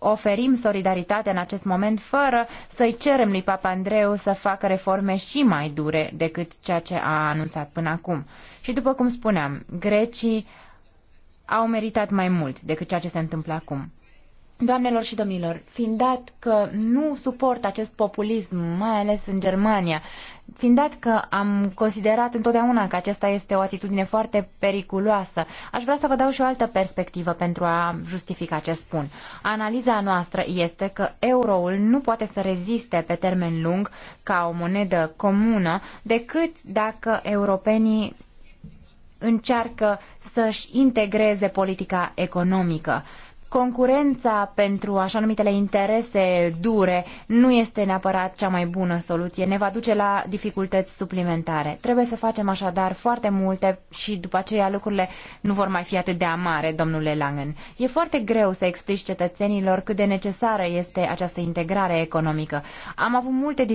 oferim solidaritate în acest moment fără să-i cerem lui Papa Andreu să facă reforme și mai dure decât ceea ce a anunțat până acum. Și după cum spuneam, grecii au meritat mai mult decât ceea ce se întâmplă acum. Doamnelor și domnilor, fiind dat că nu suport acest populism, mai ales în Germania, fiind dat că am considerat întotdeauna că aceasta este o atitudine foarte periculoasă, aș vrea să vă dau și o altă perspectivă pentru a justifica ce spun. Analiza noastră este că euroul nu poate să reziste pe termen lung ca o monedă comună decât dacă europenii încearcă să-și integreze politica economică. Concurența pentru așa numitele interese dure nu este neapărat cea mai bună soluție, ne va duce la dificultăți suplimentare. Trebuie să facem așadar foarte multe și după aceea lucrurile nu vor mai fi atât de amare, domnule Langen. E foarte greu să explici cetățenilor cât de necesară este această integrare economică. Am avut multe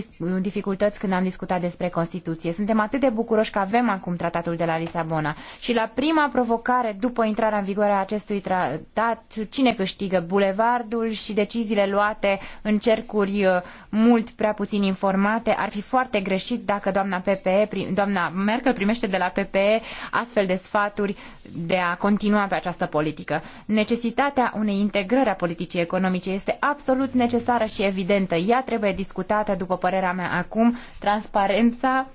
dificultăți când am discutat despre Constituție. Suntem atât de bucuroși că avem acum tratatul de la Lisabona și la prima provocare după intrarea în vigoare a acestui tratat, cine cine câștigă, bulevardul și deciziile luate în cercuri uh, mult prea puțin informate. Ar fi foarte greșit dacă doamna, PPE, doamna Merkel primește de la PPE astfel de sfaturi de a continua pe această politică. Necesitatea unei integrări a politicii economice este absolut necesară și evidentă. Ea trebuie discutată, după părerea mea, acum. Transparența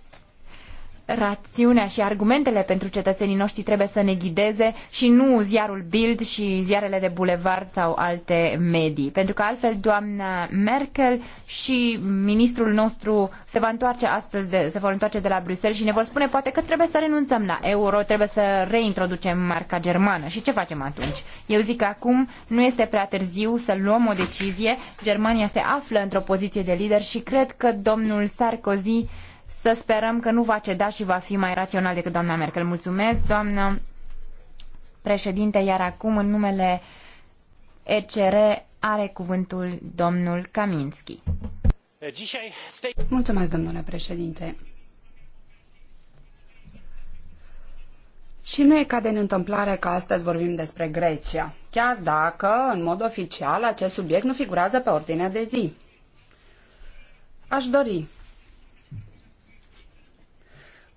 rațiunea și argumentele pentru cetățenii noștri trebuie să ne ghideze și nu ziarul Bild și ziarele de bulevard sau alte medii. Pentru că altfel doamna Merkel și ministrul nostru se va întoarce astăzi, de, se vor întoarce de la Bruxelles și ne vor spune poate că trebuie să renunțăm la euro, trebuie să reintroducem marca germană. Și ce facem atunci? Eu zic că acum nu este prea târziu să luăm o decizie. Germania se află într-o poziție de lider și cred că domnul Sarkozy să sperăm că nu va ceda și va fi mai rațional decât doamna Merkel. Mulțumesc, doamnă președinte, iar acum în numele ECR are cuvântul domnul Kaminski. Mulțumesc, domnule președinte.
Și nu e ca de întâmplare că astăzi vorbim despre Grecia, chiar dacă, în mod oficial, acest subiect nu figurează pe ordinea de zi. Aș dori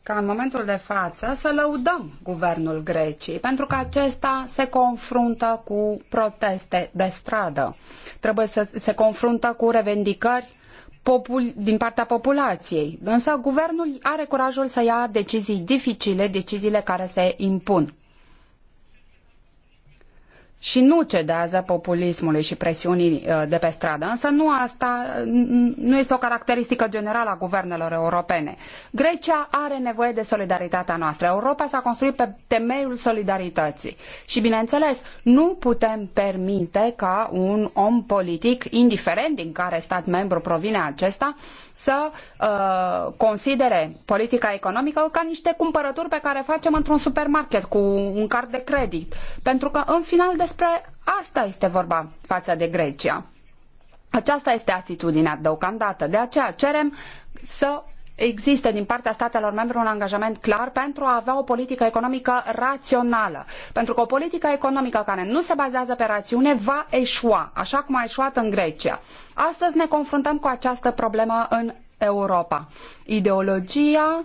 ca în momentul de față să lăudăm guvernul Greciei, pentru că acesta se confruntă cu proteste de stradă, trebuie să se confruntă cu revendicări din partea populației. Însă guvernul are curajul să ia decizii dificile, deciziile care se impun și nu cedează populismului și presiunii uh, de pe stradă. Însă nu asta nu este o caracteristică generală a guvernelor europene. Grecia are nevoie de solidaritatea noastră. Europa s-a construit pe temeiul solidarității. Și bineînțeles, nu putem permite ca un om politic, indiferent din care stat membru provine acesta, să uh, considere politica economică ca niște cumpărături pe care facem într-un supermarket cu un card de credit. Pentru că, în final, despre asta este vorba față de Grecia. Aceasta este atitudinea deocamdată. De aceea cerem să existe din partea statelor membre un angajament clar pentru a avea o politică economică rațională. Pentru că o politică economică care nu se bazează pe rațiune va eșua, așa cum a eșuat în Grecia. Astăzi ne confruntăm cu această problemă în Europa. Ideologia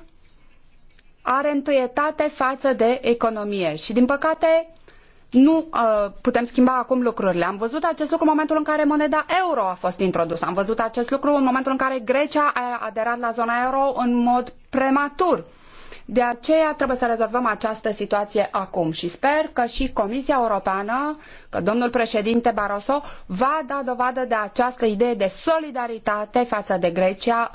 are întâietate față de economie și, din păcate, nu uh, putem schimba acum lucrurile. Am văzut acest lucru în momentul în care moneda euro a fost introdusă. Am văzut acest lucru în momentul în care Grecia a aderat la zona euro în mod prematur. De aceea trebuie să rezolvăm această situație acum și sper că și Comisia Europeană, că domnul președinte Barroso va da dovadă de această idee de solidaritate față de Grecia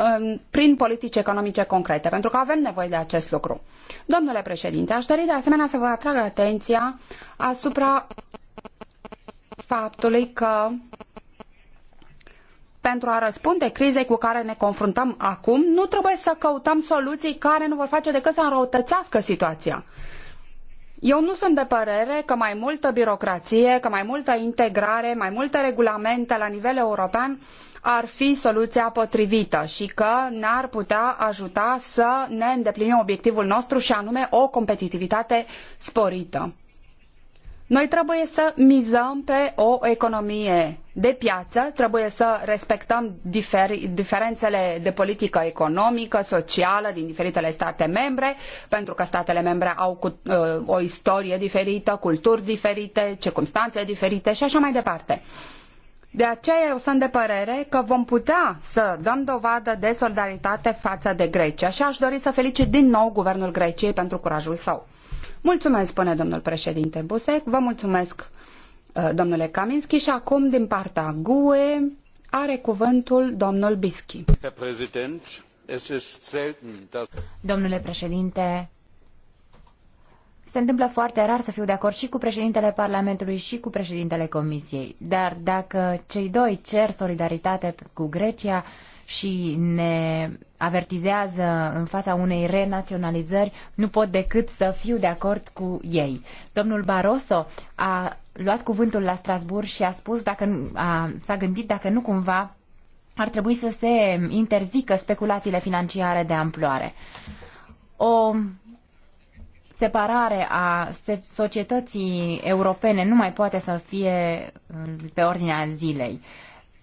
prin politici economice concrete, pentru că avem nevoie de acest lucru. Domnule președinte, aș dori de asemenea să vă atrag atenția asupra faptului că pentru a răspunde crizei cu care ne confruntăm acum, nu trebuie să căutăm soluții care nu vor face decât să înrăutățească situația. Eu nu sunt de părere că mai multă birocrație, că mai multă integrare, mai multe regulamente la nivel european ar fi soluția potrivită și că ne-ar putea ajuta să ne îndeplinim obiectivul nostru și anume o competitivitate sporită. Noi trebuie să mizăm pe o economie de piață, trebuie să respectăm diferențele de politică economică, socială din diferitele state membre, pentru că statele membre au cu, uh, o istorie diferită, culturi diferite, circumstanțe diferite și așa mai departe. De aceea eu sunt de părere că vom putea să dăm dovadă de solidaritate față de Grecia și aș dori să felicit din nou guvernul Greciei pentru curajul său. Mulțumesc, spune domnul președinte Busec, vă mulțumesc, uh, domnule Kaminski, și acum din partea GUE are cuvântul domnul Bischi.
Domnule președinte, se întâmplă foarte rar să fiu de acord și cu președintele Parlamentului și cu președintele Comisiei, dar dacă cei doi cer solidaritate cu Grecia și ne avertizează în fața unei renaționalizări, nu pot decât să fiu de acord cu ei. Domnul Barroso a luat cuvântul la Strasbourg și a spus dacă s-a gândit dacă nu cumva ar trebui să se interzică speculațiile financiare de amploare. O separare a societății europene nu mai poate să fie uh, pe ordinea zilei.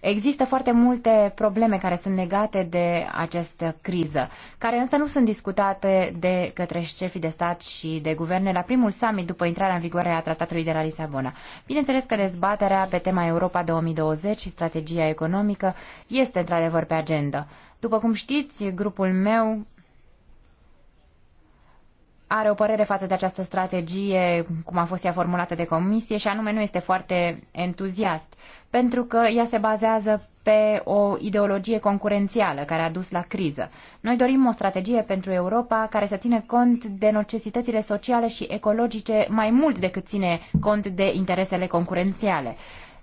Există foarte multe probleme care sunt legate de această criză, care însă nu sunt discutate de către șefii de stat și de guverne la primul summit după intrarea în vigoare a tratatului de la Lisabona. Bineînțeles că dezbaterea pe tema Europa 2020 și strategia economică este într-adevăr pe agenda. După cum știți, grupul meu are o părere față de această strategie, cum a fost ea formulată de comisie, și anume nu este foarte entuziast, pentru că ea se bazează pe o ideologie concurențială care a dus la criză. Noi dorim o strategie pentru Europa care să țină cont de necesitățile sociale și ecologice mai mult decât ține cont de interesele concurențiale.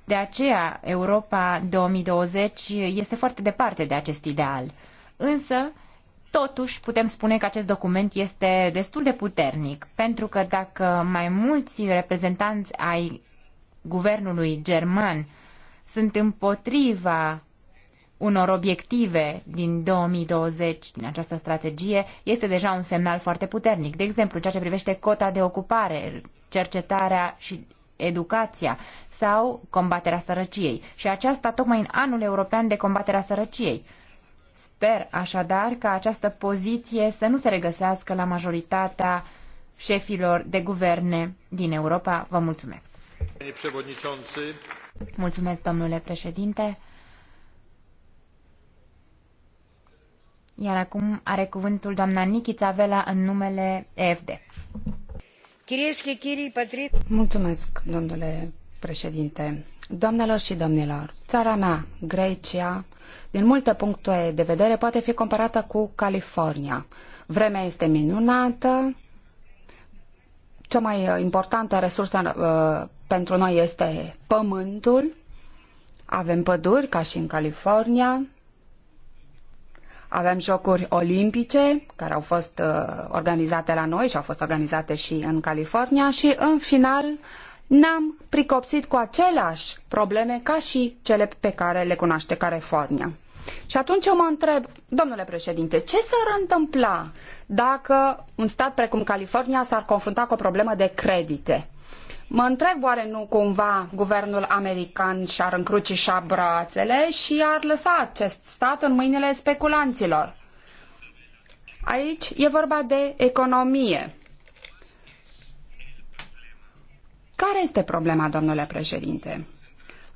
De aceea, Europa 2020 este foarte departe de acest ideal. Însă, Totuși, putem spune că acest document este destul de puternic, pentru că dacă mai mulți reprezentanți ai guvernului german sunt împotriva unor obiective din 2020 din această strategie este deja un semnal foarte puternic. De exemplu, ceea ce privește cota de ocupare, cercetarea și educația sau combaterea sărăciei. Și aceasta tocmai în anul european de combaterea sărăciei. Sper așadar ca această poziție să nu se regăsească la majoritatea șefilor de guverne din Europa. Vă mulțumesc! Mulțumesc, domnule președinte! Iar acum are cuvântul doamna Nikita Vela în numele EFD.
Mulțumesc, domnule președinte. Doamnelor și domnilor, țara mea, Grecia, din multe puncte de vedere, poate fi comparată cu California. Vremea este minunată, cea mai importantă resursă uh, pentru noi este pământul, avem păduri, ca și în California, avem jocuri olimpice care au fost uh, organizate la noi și au fost organizate și în California și în final ne-am pricopsit cu aceleași probleme ca și cele pe care le cunoaște California. Și atunci eu mă întreb, domnule președinte, ce s-ar întâmpla dacă un stat precum California s-ar confrunta cu o problemă de credite? Mă întreb oare nu cumva guvernul american și-ar încrucișa brațele și ar lăsa acest stat în mâinile speculanților. Aici e vorba de economie. Care este problema, domnule președinte?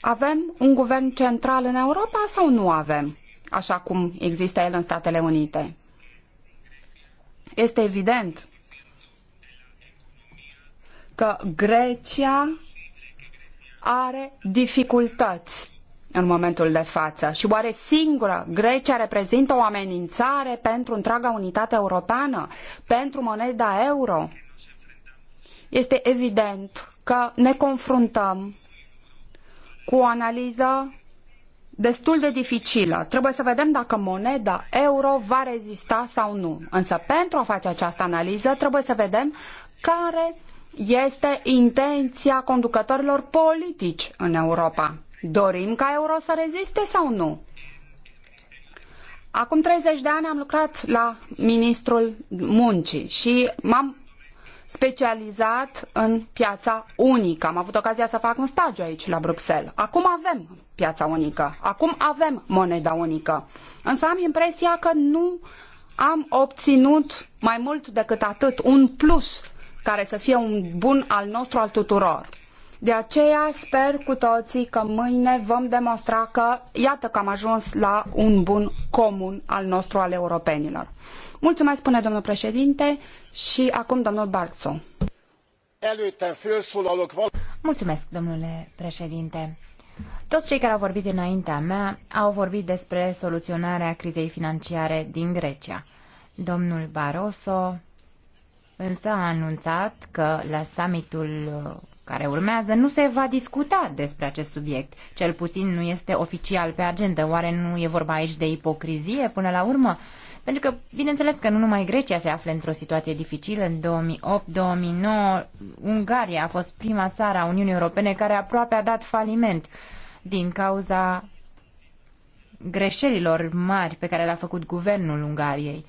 Avem un guvern central în Europa sau nu avem, așa cum există el în Statele Unite? Este evident că Grecia are dificultăți în momentul de față și oare singură Grecia reprezintă o amenințare pentru întreaga unitate europeană, pentru moneda euro? Este evident că ne confruntăm cu o analiză destul de dificilă. Trebuie să vedem dacă moneda euro va rezista sau nu. Însă pentru a face această analiză trebuie să vedem care este intenția conducătorilor politici în Europa. Dorim ca euro să reziste sau nu? Acum 30 de ani am lucrat la ministrul muncii și m-am specializat în piața unică. Am avut ocazia să fac un stagiu aici la Bruxelles. Acum avem piața unică, acum avem moneda unică. Însă am impresia că nu am obținut mai mult decât atât un plus care să fie un bun al nostru al tuturor. De aceea sper cu toții că mâine vom demonstra că iată că am ajuns la un bun comun al nostru al europenilor. Mulțumesc, spune domnul președinte, și acum domnul Barțu.
Mulțumesc, domnule președinte. Toți cei care au vorbit înaintea mea au vorbit despre soluționarea crizei financiare din Grecia. Domnul Barroso însă a anunțat că la summitul care urmează, nu se va discuta despre acest subiect. Cel puțin nu este oficial pe agenda. Oare nu e vorba aici de ipocrizie până la urmă? Pentru că, bineînțeles că nu numai Grecia se află într-o situație dificilă. În 2008-2009, Ungaria a fost prima țară a Uniunii Europene care aproape a dat faliment din cauza greșelilor mari pe care le-a făcut guvernul Ungariei.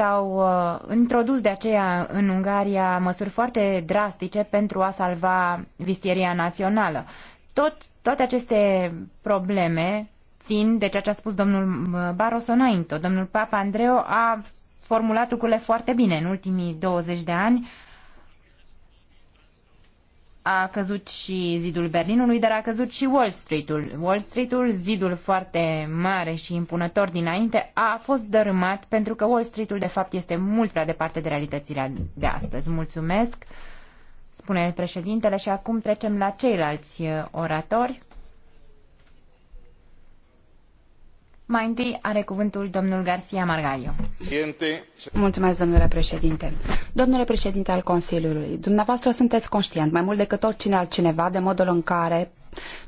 S-au uh, introdus de aceea în Ungaria măsuri foarte drastice pentru a salva vistieria națională. Tot, toate aceste probleme țin de ceea ce a spus domnul uh, Barroso înainte. Domnul Papa Andreu a formulat lucrurile foarte bine în ultimii 20 de ani a căzut și zidul Berlinului, dar a căzut și Wall Street-ul. Wall Street-ul, zidul foarte mare și impunător dinainte, a fost dărâmat pentru că Wall Street-ul de fapt este mult prea departe de realitățile de astăzi. Mulțumesc, spune președintele și acum trecem la ceilalți uh, oratori. Mai întâi are cuvântul domnul Garcia Margallo. Mulțumesc, domnule președinte.
Domnule președinte al Consiliului, dumneavoastră sunteți conștient mai mult decât oricine altcineva de modul în care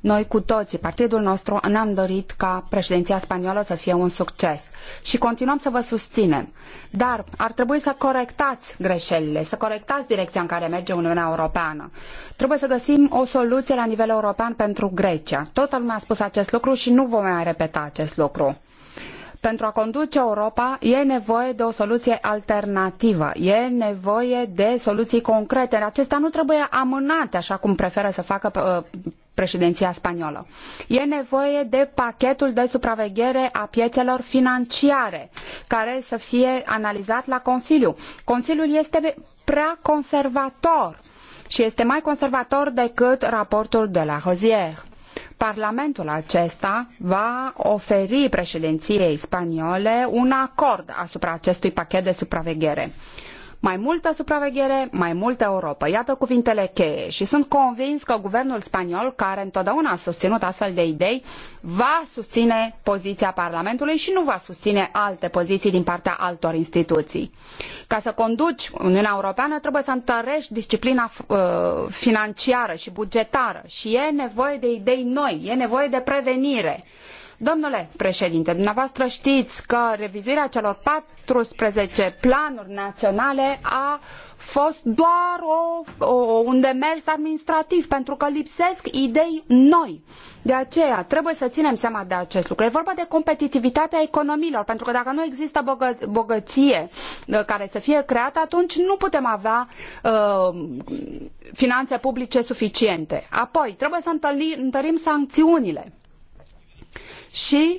noi cu toții, partidul nostru, ne-am dorit ca președinția spaniolă să fie un succes și continuăm să vă susținem. Dar ar trebui să corectați greșelile, să corectați direcția în care merge Uniunea Europeană. Trebuie să găsim o soluție la nivel european pentru Grecia. Toată lumea a spus acest lucru și nu vom mai repeta acest lucru pentru a conduce Europa e nevoie de o soluție alternativă, e nevoie de soluții concrete. Acestea nu trebuie amânate, așa cum preferă să facă uh, președinția spaniolă. E nevoie de pachetul de supraveghere a piețelor financiare, care să fie analizat la Consiliu. Consiliul este prea conservator și este mai conservator decât raportul de la Hozier. Parlamentul acesta va oferi președinției spaniole un acord asupra acestui pachet de supraveghere. Mai multă supraveghere, mai multă Europa. Iată cuvintele cheie și sunt convins că guvernul spaniol, care întotdeauna a susținut astfel de idei, va susține poziția Parlamentului și nu va susține alte poziții din partea altor instituții. Ca să conduci Uniunea Europeană trebuie să întărești disciplina uh, financiară și bugetară și e nevoie de idei noi, e nevoie de prevenire. Domnule președinte, dumneavoastră știți că revizuirea celor 14 planuri naționale a fost doar o, o, un demers administrativ, pentru că lipsesc idei noi. De aceea trebuie să ținem seama de acest lucru. E vorba de competitivitatea economiilor, pentru că dacă nu există bogă, bogăție uh, care să fie creată, atunci nu putem avea uh, finanțe publice suficiente. Apoi, trebuie să întărim sancțiunile și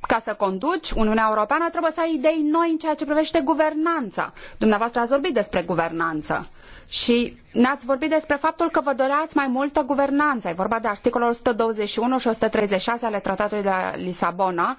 ca să conduci Uniunea Europeană trebuie să ai idei noi în ceea ce privește guvernanța. Dumneavoastră ați vorbit despre guvernanță și ne-ați vorbit despre faptul că vă doreați mai multă guvernanță. E vorba de articolul 121 și 136 ale Tratatului de la Lisabona,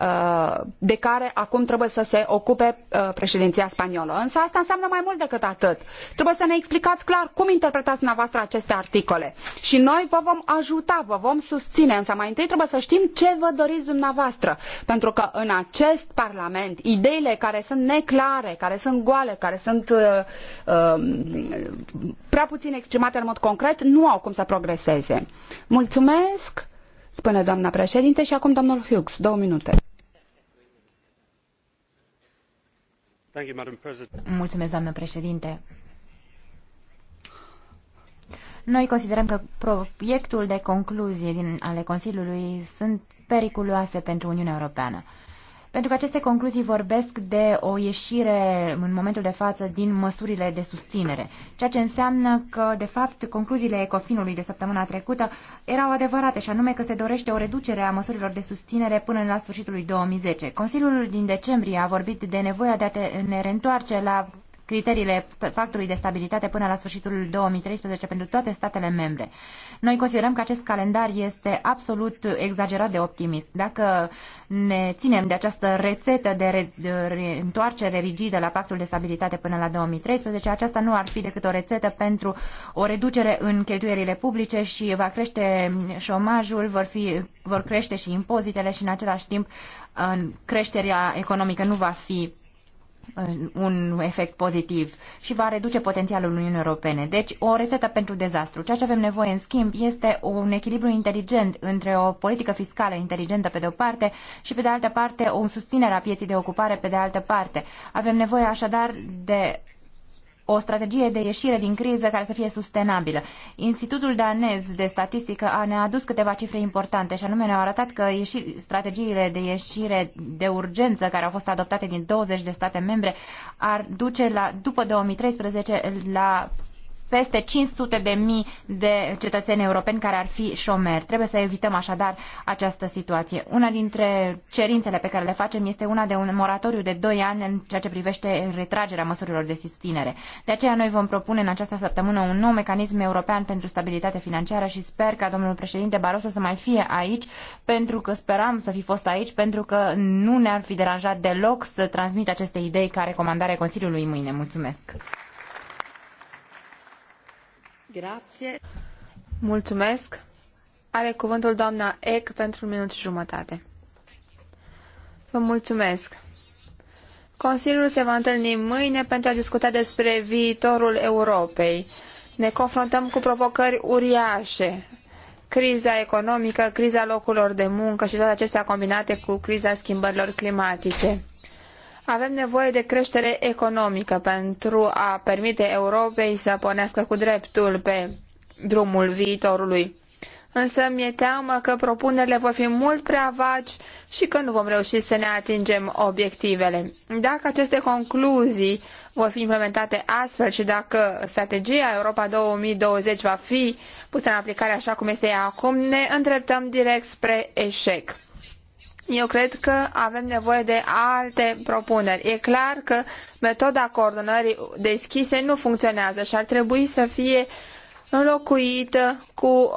uh, de care acum trebuie să se ocupe uh, președinția spaniolă. Însă asta înseamnă mai mult decât atât. Trebuie să ne explicați clar cum interpretați dumneavoastră aceste articole. Și noi vă vom ajuta, vă vom susține, însă mai întâi trebuie să știm ce vă doriți dumneavoastră. Pentru că în acest Parlament, ideile care sunt neclare, care sunt goale, care sunt uh, uh, prea puțin exprimate în mod concret, nu au cum să progreseze. Mulțumesc, spune doamna președinte, și acum domnul Hughes, două minute.
Mulțumesc, doamnă președinte. Noi considerăm că proiectul de concluzie din, ale Consiliului sunt periculoase pentru Uniunea Europeană. Pentru că aceste concluzii vorbesc de o ieșire în momentul de față din măsurile de susținere, ceea ce înseamnă că, de fapt, concluziile Ecofinului de săptămâna trecută erau adevărate, și anume că se dorește o reducere a măsurilor de susținere până la sfârșitul lui 2010. Consiliul din decembrie a vorbit de nevoia de a ne reîntoarce la criteriile factorului de stabilitate până la sfârșitul 2013 pentru toate statele membre. Noi considerăm că acest calendar este absolut exagerat de optimist. Dacă ne ținem de această rețetă de, re, de re, întoarcere rigidă la pactul de stabilitate până la 2013, aceasta nu ar fi decât o rețetă pentru o reducere în cheltuierile publice și va crește șomajul, vor, fi, vor crește și impozitele și în același timp creșterea economică nu va fi un efect pozitiv și va reduce potențialul Uniunii Europene. Deci, o rețetă pentru dezastru. Ceea ce avem nevoie, în schimb, este un echilibru inteligent între o politică fiscală inteligentă pe de o parte și, pe de altă parte, o susținere a pieții de ocupare pe de altă parte. Avem nevoie, așadar, de o strategie de ieșire din criză care să fie sustenabilă. Institutul danez de statistică a ne adus câteva cifre importante și anume ne-au arătat că ieși, strategiile de ieșire de urgență care au fost adoptate din 20 de state membre ar duce la, după 2013 la peste 500 de mii de cetățeni europeni care ar fi șomeri. Trebuie să evităm așadar această situație. Una dintre cerințele pe care le facem este una de un moratoriu de 2 ani în ceea ce privește retragerea măsurilor de susținere. De aceea noi vom propune în această săptămână un nou mecanism european pentru stabilitate financiară și sper ca domnul președinte Barroso să mai fie aici pentru că speram să fi fost aici pentru că nu ne-ar fi deranjat deloc să transmit aceste idei ca recomandare Consiliului mâine. Mulțumesc!
Mulțumesc. Are cuvântul doamna Eck pentru un minut și jumătate. Vă mulțumesc. Consiliul se va întâlni mâine pentru a discuta despre viitorul Europei. Ne confruntăm cu provocări uriașe. Criza economică, criza locurilor de muncă și toate acestea combinate cu criza schimbărilor climatice. Avem nevoie de creștere economică pentru a permite Europei să pornească cu dreptul pe drumul viitorului. Însă mi-e teamă că propunerile vor fi mult prea vagi și că nu vom reuși să ne atingem obiectivele. Dacă aceste concluzii vor fi implementate astfel și dacă strategia Europa 2020 va fi pusă în aplicare așa cum este ea acum, ne îndreptăm direct spre eșec eu cred că avem nevoie de alte propuneri. E clar că metoda coordonării deschise nu funcționează și ar trebui să fie înlocuită cu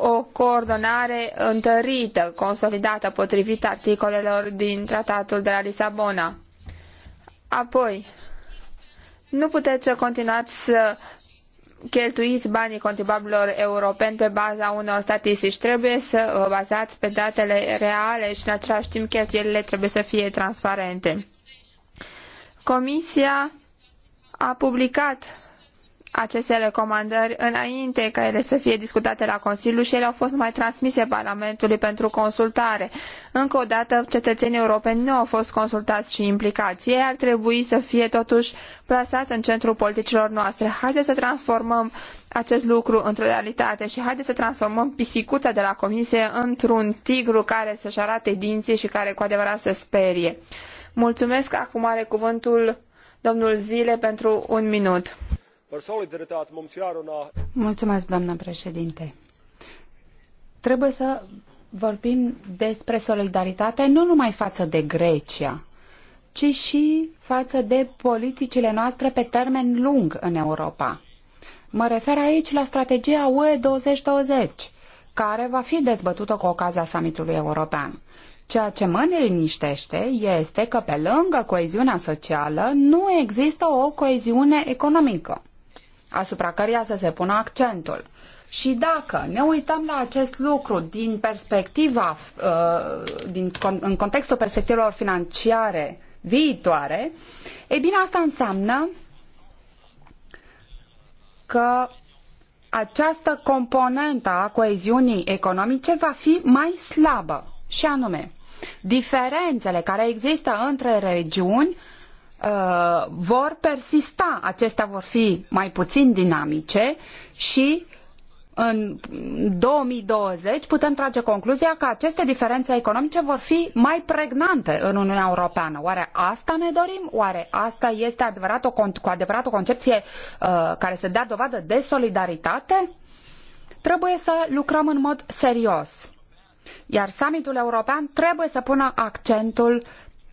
o coordonare întărită, consolidată, potrivit articolelor din Tratatul de la Lisabona. Apoi, nu puteți să continuați să cheltuiți banii contribuabililor europeni pe baza unor statistici. Trebuie să vă uh, bazați pe datele reale și în același timp cheltuielile trebuie să fie transparente. Comisia a publicat aceste recomandări înainte ca ele să fie discutate la Consiliu și ele au fost mai transmise Parlamentului pentru consultare. Încă o dată, cetățenii europeni nu au fost consultați și implicați. Ei ar trebui să fie totuși plasați în centrul politicilor noastre. Haideți să transformăm acest lucru într-o realitate și haideți să transformăm pisicuța de la Comisie într-un tigru care să-și arate dinții și care cu adevărat să sperie. Mulțumesc, acum are cuvântul domnul Zile
pentru un minut. Mulțumesc, președinte. Trebuie să vorbim despre solidaritate nu numai față de Grecia, ci și față de politicile noastre pe termen lung în Europa. Mă refer aici la strategia UE 2020, care va fi dezbătută cu ocazia summitului european. Ceea ce mă neliniștește este că pe lângă coeziunea socială nu există o coeziune economică asupra căreia să se pună accentul. Și dacă ne uităm la acest lucru din perspectiva, uh, din, în contextul perspectivelor financiare viitoare, e bine, asta înseamnă că această componentă a coeziunii economice va fi mai slabă. Și anume, diferențele care există între regiuni Uh, vor persista, acestea vor fi mai puțin dinamice și în 2020 putem trage concluzia că aceste diferențe economice vor fi mai pregnante în Uniunea Europeană. Oare asta ne dorim? Oare asta este adevărat o, cu adevărat o concepție uh, care să dea dovadă de solidaritate? Trebuie să lucrăm în mod serios. Iar summitul european trebuie să pună accentul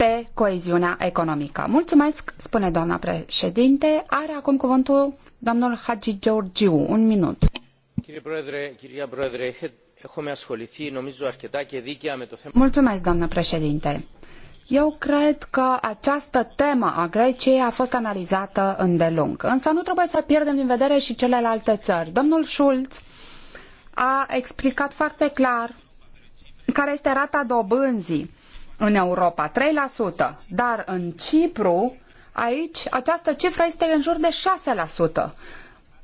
pe coeziunea economică. Mulțumesc, spune doamna președinte. Are acum cuvântul domnul Hagi Georgiu. Un minut. Mulțumesc, doamnă președinte. Eu cred că această temă a Greciei a fost analizată îndelung. Însă nu trebuie să pierdem din vedere și celelalte țări. Domnul Schulz a explicat foarte clar care este rata dobânzii în Europa, 3%, dar în Cipru, aici, această cifră este în jur de 6%.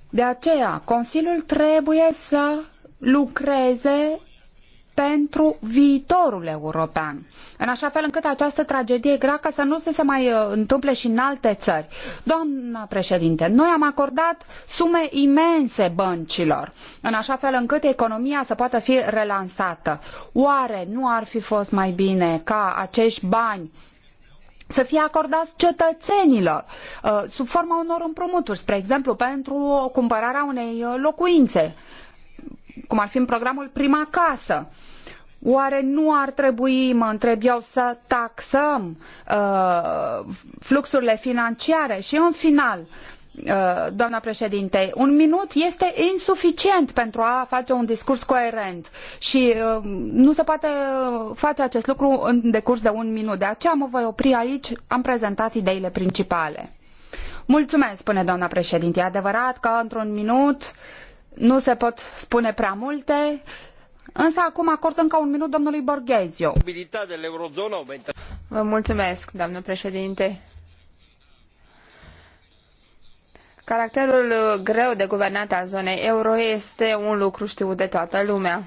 De aceea, Consiliul trebuie să lucreze pentru viitorul european, în așa fel încât această tragedie greacă să nu se, se mai uh, întâmple și în alte țări. Doamna președinte, noi am acordat sume imense băncilor, în așa fel încât economia să poată fi relansată. Oare nu ar fi fost mai bine ca acești bani să fie acordați cetățenilor uh, sub forma unor împrumuturi, spre exemplu pentru cumpărarea unei uh, locuințe cum ar fi în programul Prima Casă. Oare nu ar trebui, mă întreb eu, să taxăm uh, fluxurile financiare? Și în final, uh, doamna președinte, un minut este insuficient pentru a face un discurs coerent și uh, nu se poate uh, face acest lucru în decurs de un minut. De aceea mă voi opri aici, am prezentat ideile principale. Mulțumesc, spune doamna președinte. E adevărat că într-un minut nu se pot spune prea multe, însă acum acord încă un minut domnului Borghezio. Vă mulțumesc, doamnă președinte.
Caracterul greu de guvernat al zonei euro este un lucru știut de toată lumea.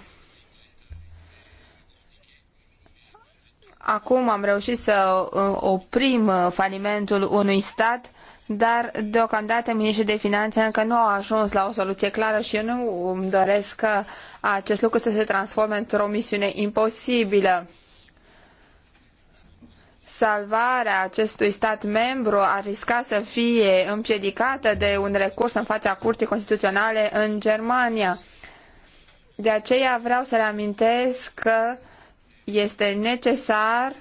Acum am reușit să uh, oprim falimentul unui stat dar deocamdată miniștrii de finanțe încă nu au ajuns la o soluție clară și eu nu îmi doresc ca acest lucru să se transforme într-o misiune imposibilă. Salvarea acestui stat membru ar risca să fie împiedicată de un recurs în fața Curții Constituționale în Germania. De aceea vreau să reamintesc că este necesar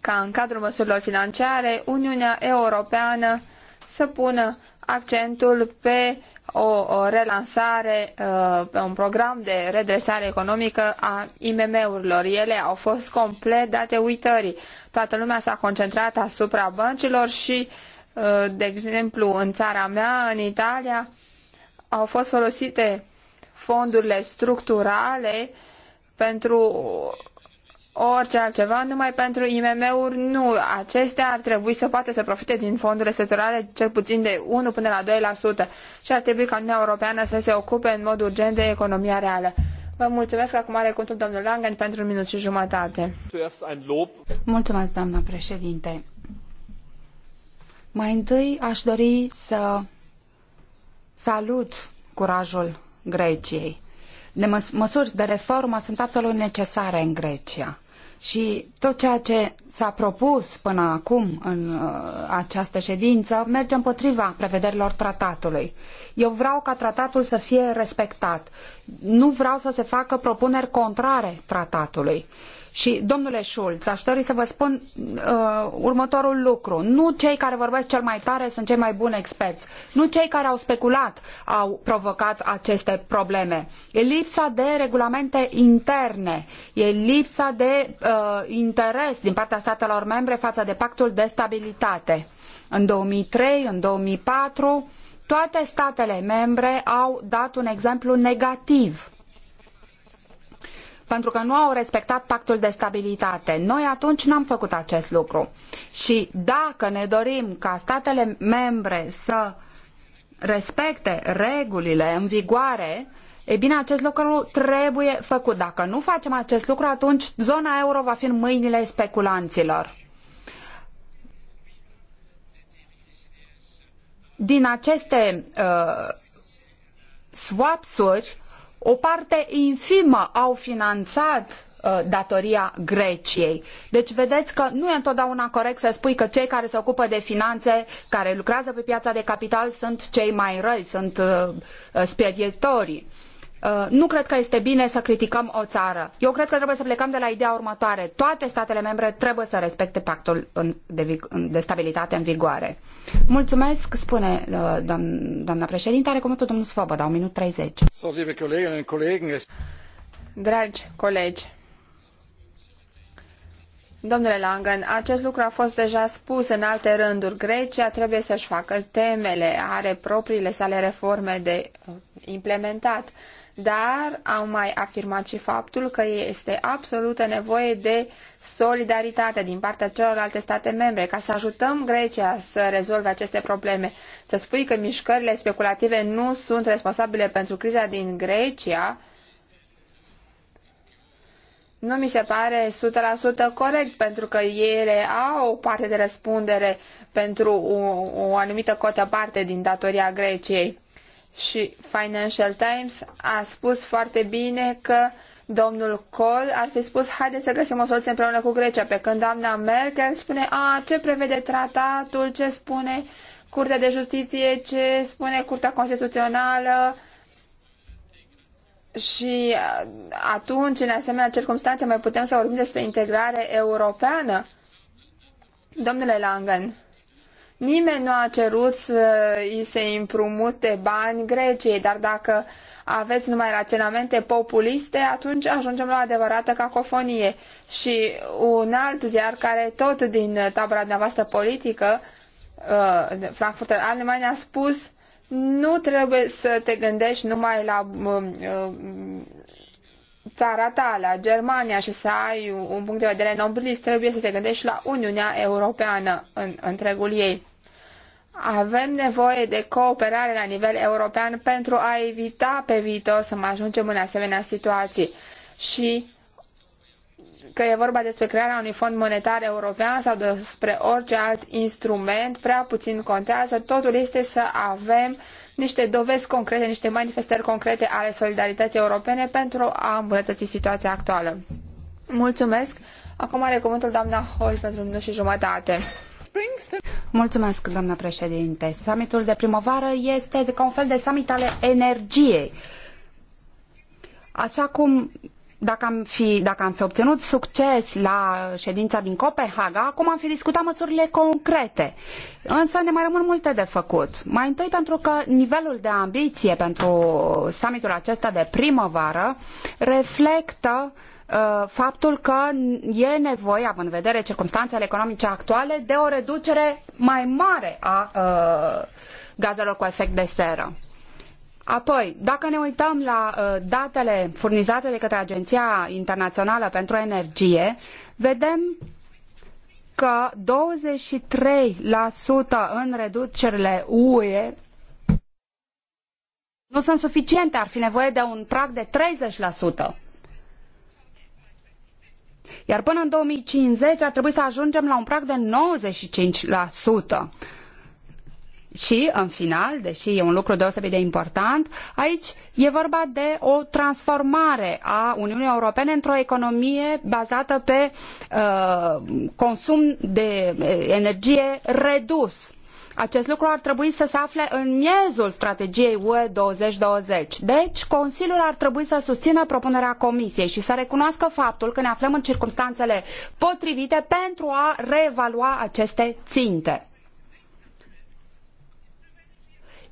ca în cadrul măsurilor financiare Uniunea Europeană să pună accentul pe o, relansare, uh, pe un program de redresare economică a IMM-urilor. Ele au fost complet date uitării. Toată lumea s-a concentrat asupra băncilor și, uh, de exemplu, în țara mea, în Italia, au fost folosite fondurile structurale pentru orice altceva, numai pentru IMM-uri nu. Acestea ar trebui să poată să profite din fondurile sectorale cel puțin de 1 până la 2% și ar trebui ca Uniunea Europeană să se ocupe în mod urgent de economia reală. Vă mulțumesc acum are cuvântul domnul Langen pentru un minut și jumătate.
Mulțumesc, doamna președinte. Mai întâi aș dori să salut curajul Greciei de măs- măsuri de reformă sunt absolut necesare în Grecia. Și tot ceea ce s-a propus până acum în uh, această ședință merge împotriva prevederilor tratatului. Eu vreau ca tratatul să fie respectat. Nu vreau să se facă propuneri contrare tratatului. Uh, și, domnule Schulz, aș dori să vă spun uh, următorul lucru. Nu cei care vorbesc cel mai tare sunt cei mai buni experți. Nu cei care au speculat au provocat aceste probleme. E lipsa de regulamente interne. E lipsa de uh, interes din partea statelor membre față de pactul de stabilitate. În 2003, în 2004, toate statele membre au dat un exemplu negativ pentru că nu au respectat pactul de stabilitate. Noi atunci n-am făcut acest lucru. Și dacă ne dorim ca statele membre să respecte regulile în vigoare, e bine, acest lucru trebuie făcut. Dacă nu facem acest lucru, atunci zona euro va fi în mâinile speculanților. Din aceste uh, swapsuri o parte infimă au finanțat uh, datoria Greciei. Deci vedeți că nu e întotdeauna corect să spui că cei care se ocupă de finanțe, care lucrează pe piața de capital, sunt cei mai răi, sunt uh, uh, sperietorii. Uh, nu cred că este bine să criticăm o țară. Eu cred că trebuie să plecăm de la ideea următoare. Toate statele membre trebuie să respecte pactul de, stabilitate în vigoare. Mulțumesc, spune uh, doamna președinte. Are cuvântul domnul Svoboda, un minut 30. Dragi colegi,
Domnule Langen, acest lucru a fost deja spus în alte rânduri. Grecia trebuie să-și facă temele, are propriile sale reforme de uh, implementat. Uh, dar au mai afirmat și faptul că este absolută nevoie de solidaritate din partea celorlalte state membre ca să ajutăm Grecia să rezolve aceste probleme. Să spui că mișcările speculative nu sunt responsabile pentru criza din Grecia nu mi se pare 100% corect pentru că ele au o parte de răspundere pentru o, o anumită cotă parte din datoria Greciei și Financial Times a spus foarte bine că domnul Kohl ar fi spus haideți să găsim o soluție împreună cu Grecia, pe când doamna Merkel spune a, ce prevede tratatul, ce spune Curtea de Justiție, ce spune Curtea Constituțională și uh, atunci, în asemenea circunstanțe, mai putem să vorbim despre integrare europeană? Domnule Langen, Nimeni nu a cerut să îi se împrumute bani Greciei, dar dacă aveți numai raționamente populiste, atunci ajungem la o adevărată cacofonie. Și un alt ziar care tot din tabăra dumneavoastră politică, uh, Frankfurter Allgemeine, a spus nu trebuie să te gândești numai la um, um, țara ta, la Germania și să ai un punct de vedere nobilist, trebuie să te gândești la Uniunea Europeană în întregul ei. Avem nevoie de cooperare la nivel european pentru a evita pe viitor să mai ajungem în asemenea situații și că e vorba despre crearea unui fond monetar european sau despre orice alt instrument, prea puțin contează, totul este să avem niște dovezi concrete, niște manifestări concrete ale solidarității europene pentru a îmbunătăți situația actuală. Mulțumesc!
Acum are cuvântul doamna Hol pentru minut și jumătate. Mulțumesc, doamna președinte. Summitul de primăvară este ca un fel de summit ale energiei. Așa cum dacă am, fi, dacă am fi obținut succes la ședința din Copenhaga, acum am fi discutat măsurile concrete. Însă ne mai rămân multe de făcut. Mai întâi pentru că nivelul de ambiție pentru summitul acesta de primăvară reflectă uh, Uh, faptul că e nevoie, având în vedere circunstanțele economice actuale, de o reducere mai mare a uh, gazelor cu efect de seră. Apoi, dacă ne uităm la uh, datele furnizate de către Agenția Internațională pentru Energie, vedem că 23% în reducerile UE nu sunt suficiente, ar fi nevoie de un prag de 30%. Iar până în 2050 ar trebui să ajungem la un prag de 95%. Și, în final, deși e un lucru deosebit de important, aici e vorba de o transformare a Uniunii Europene într-o economie bazată pe uh, consum de uh, energie redus. Acest lucru ar trebui să se afle în miezul strategiei UE 2020. Deci, Consiliul ar trebui să susțină propunerea Comisiei și să recunoască faptul că ne aflăm în circunstanțele potrivite pentru a reevalua aceste ținte.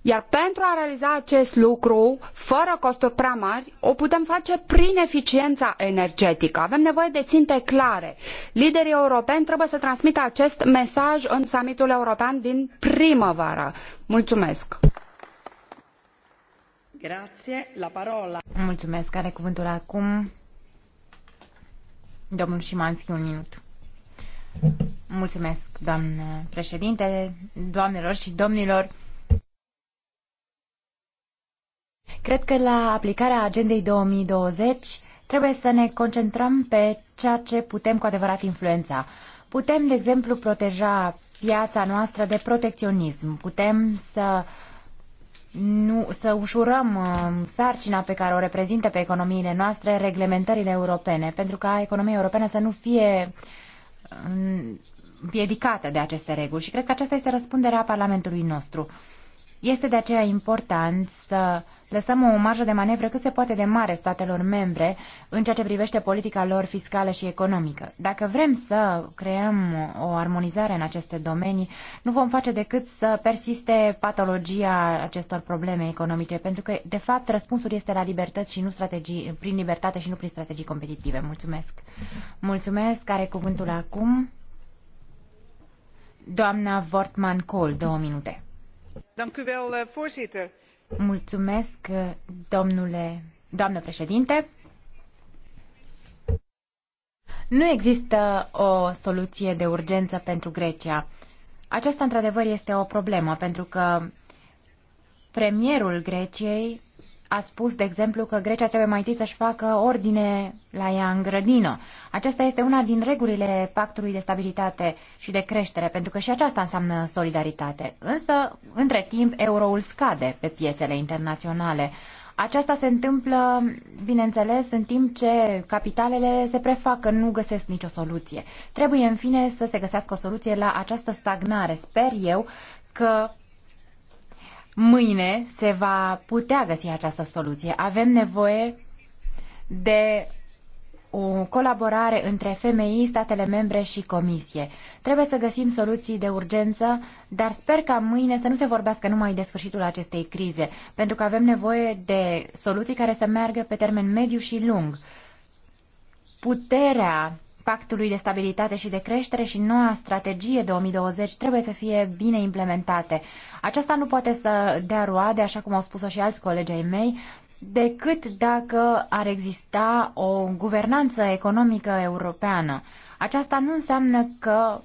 Iar pentru a realiza acest lucru, fără costuri prea mari, o putem face prin eficiența energetică. Avem nevoie de ținte clare. Liderii europeni trebuie să transmită acest mesaj în summitul european din
primăvară. Mulțumesc!
Grazie, la
parola. Mulțumesc. Are cuvântul acum domnul Șimanski, un minut. Mulțumesc, doamnă președinte, doamnelor și domnilor. Cred că la aplicarea agendei 2020 trebuie să ne concentrăm pe ceea ce putem cu adevărat influența. Putem, de exemplu, proteja piața noastră de protecționism. Putem să nu, să ușurăm uh, sarcina pe care o reprezintă pe economiile noastre reglementările europene, pentru ca economia europeană să nu fie um, împiedicată de aceste reguli. Și cred că aceasta este răspunderea Parlamentului nostru. Este de aceea important să lăsăm o marjă de manevră cât se poate de mare statelor membre în ceea ce privește politica lor fiscală și economică. Dacă vrem să creăm o armonizare în aceste domenii, nu vom face decât să persiste patologia acestor probleme economice, pentru că, de fapt, răspunsul este la libertăți și nu strategii, prin libertate și nu prin strategii competitive. Mulțumesc! Mulțumesc! Care cuvântul acum doamna Vortman Cole, două minute.
Eh,
Mulțumesc, domnule, președinte. Nu există o soluție de urgență pentru Grecia. Aceasta, într-adevăr, este o problemă, pentru că premierul Greciei a spus, de exemplu, că Grecia trebuie mai întâi să-și facă ordine la ea în grădină. Aceasta este una din regulile pactului de stabilitate și de creștere, pentru că și aceasta înseamnă solidaritate. Însă, între timp, euroul scade pe piețele internaționale. Aceasta se întâmplă, bineînțeles, în timp ce capitalele se prefac că nu găsesc nicio soluție. Trebuie, în fine, să se găsească o soluție la această stagnare. Sper eu că mâine se va putea găsi această soluție. Avem nevoie de o colaborare între FMI, statele membre și Comisie. Trebuie să găsim soluții de urgență, dar sper ca mâine să nu se vorbească numai de sfârșitul acestei crize, pentru că avem nevoie de soluții care să meargă pe termen mediu și lung. Puterea pactului de stabilitate și de creștere și noua strategie 2020 trebuie să fie bine implementate. Aceasta nu poate să dea roade, așa cum au spus-o și alți colegi ai mei, decât dacă ar exista o guvernanță economică europeană. Aceasta nu înseamnă că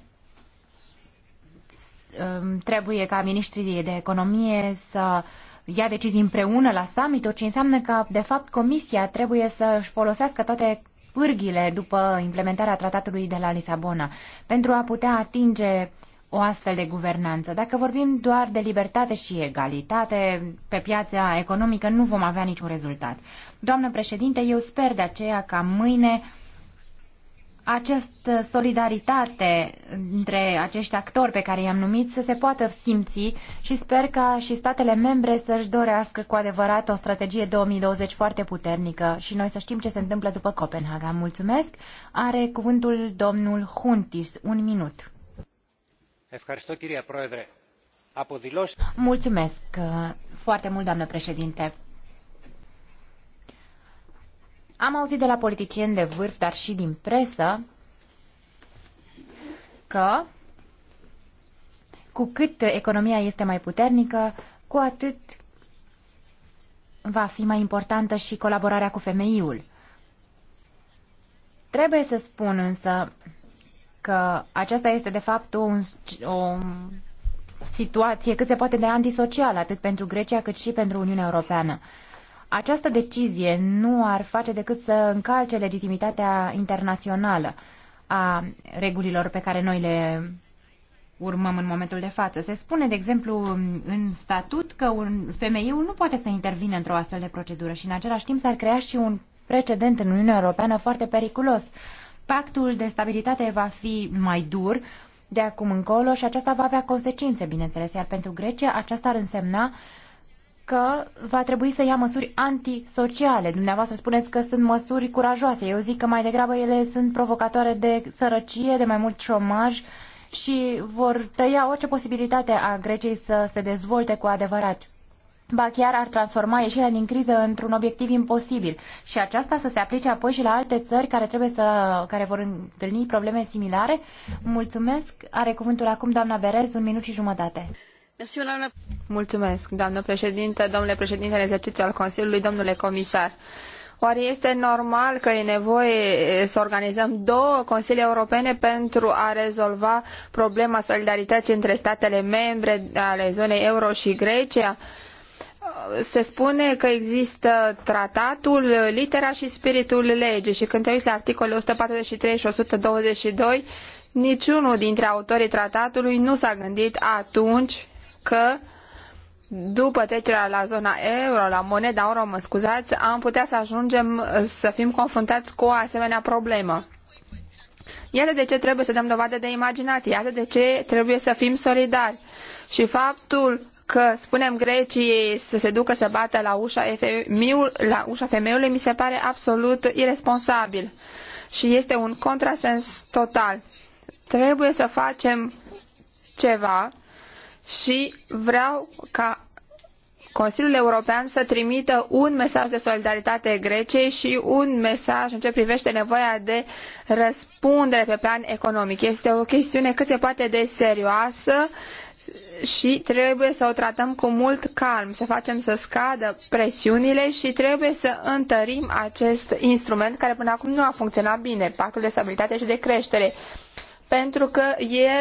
um, trebuie ca ministrii de economie să ia decizii împreună la summit ci înseamnă că, de fapt, Comisia trebuie să își folosească toate pârghile după implementarea tratatului de la Lisabona pentru a putea atinge o astfel de guvernanță. Dacă vorbim doar de libertate și egalitate pe piața economică, nu vom avea niciun rezultat. Doamnă președinte, eu sper de aceea ca mâine această solidaritate între acești actori pe care i-am numit să se poată simți și sper ca și statele membre să-și dorească cu adevărat o strategie 2020 foarte puternică și noi să știm ce se întâmplă după Copenhaga. Mulțumesc. Are cuvântul domnul Huntis. Un minut. Mulțumesc uh, foarte mult, doamnă președinte. Am auzit de la politicieni de vârf, dar și din presă, că cu cât economia este mai puternică, cu atât va fi mai importantă și colaborarea cu femeiul. Trebuie să spun însă că aceasta este de fapt o, o situație cât se poate de antisocială, atât pentru Grecia cât și pentru Uniunea Europeană. Această decizie nu ar face decât să încalce legitimitatea internațională a regulilor pe care noi le urmăm în momentul de față. Se spune, de exemplu, în statut că un femeiul nu poate să intervine într-o astfel de procedură și în același timp s-ar crea și un precedent în Uniunea Europeană foarte periculos. Pactul de stabilitate va fi mai dur de acum încolo și aceasta va avea consecințe, bineînțeles, iar pentru Grecia aceasta ar însemna uh, că va trebui să ia măsuri antisociale. Dumneavoastră spuneți că sunt măsuri curajoase. Eu zic că mai degrabă ele sunt provocatoare de sărăcie, de mai mult șomaj și vor tăia orice posibilitate a Greciei să se dezvolte cu adevărat. Ba chiar ar transforma ieșirea din criză într-un obiectiv imposibil și aceasta să se aplice apoi și la alte țări care, trebuie să, care vor întâlni probleme similare. Mulțumesc. Are cuvântul acum doamna Berez, un minut și jumătate doamnă președintă, domnule președinte în exercițiu al Consiliului, domnule
comisar. Oare este normal că e nevoie eh, să organizăm două Consilii Europene pentru a rezolva problema solidarității între statele membre ale zonei euro și Grecia? se spune că există tratatul, litera și spiritul legii și când te uiți la articolele 143 și 122, niciunul dintre autorii tratatului nu s-a gândit atunci că după trecerea la zona euro, la moneda euro, mă scuzați, am putea să ajungem să fim confruntați cu o asemenea problemă. Iată de ce trebuie să dăm dovadă de imaginație, iată de ce trebuie să fim solidari. Și faptul că spunem Greciei să se ducă să bată la ușa, femeiul, la ușa femeiului mi se pare absolut irresponsabil și este un contrasens total. Trebuie să facem ceva și vreau ca Consiliul European să trimită un mesaj de solidaritate Greciei și un mesaj în ce privește nevoia de răspundere pe plan economic. Este o chestiune cât se poate de serioasă și trebuie să o tratăm cu mult calm, să facem să scadă presiunile și trebuie să întărim acest instrument care până acum nu a funcționat bine, pactul de stabilitate și de creștere pentru că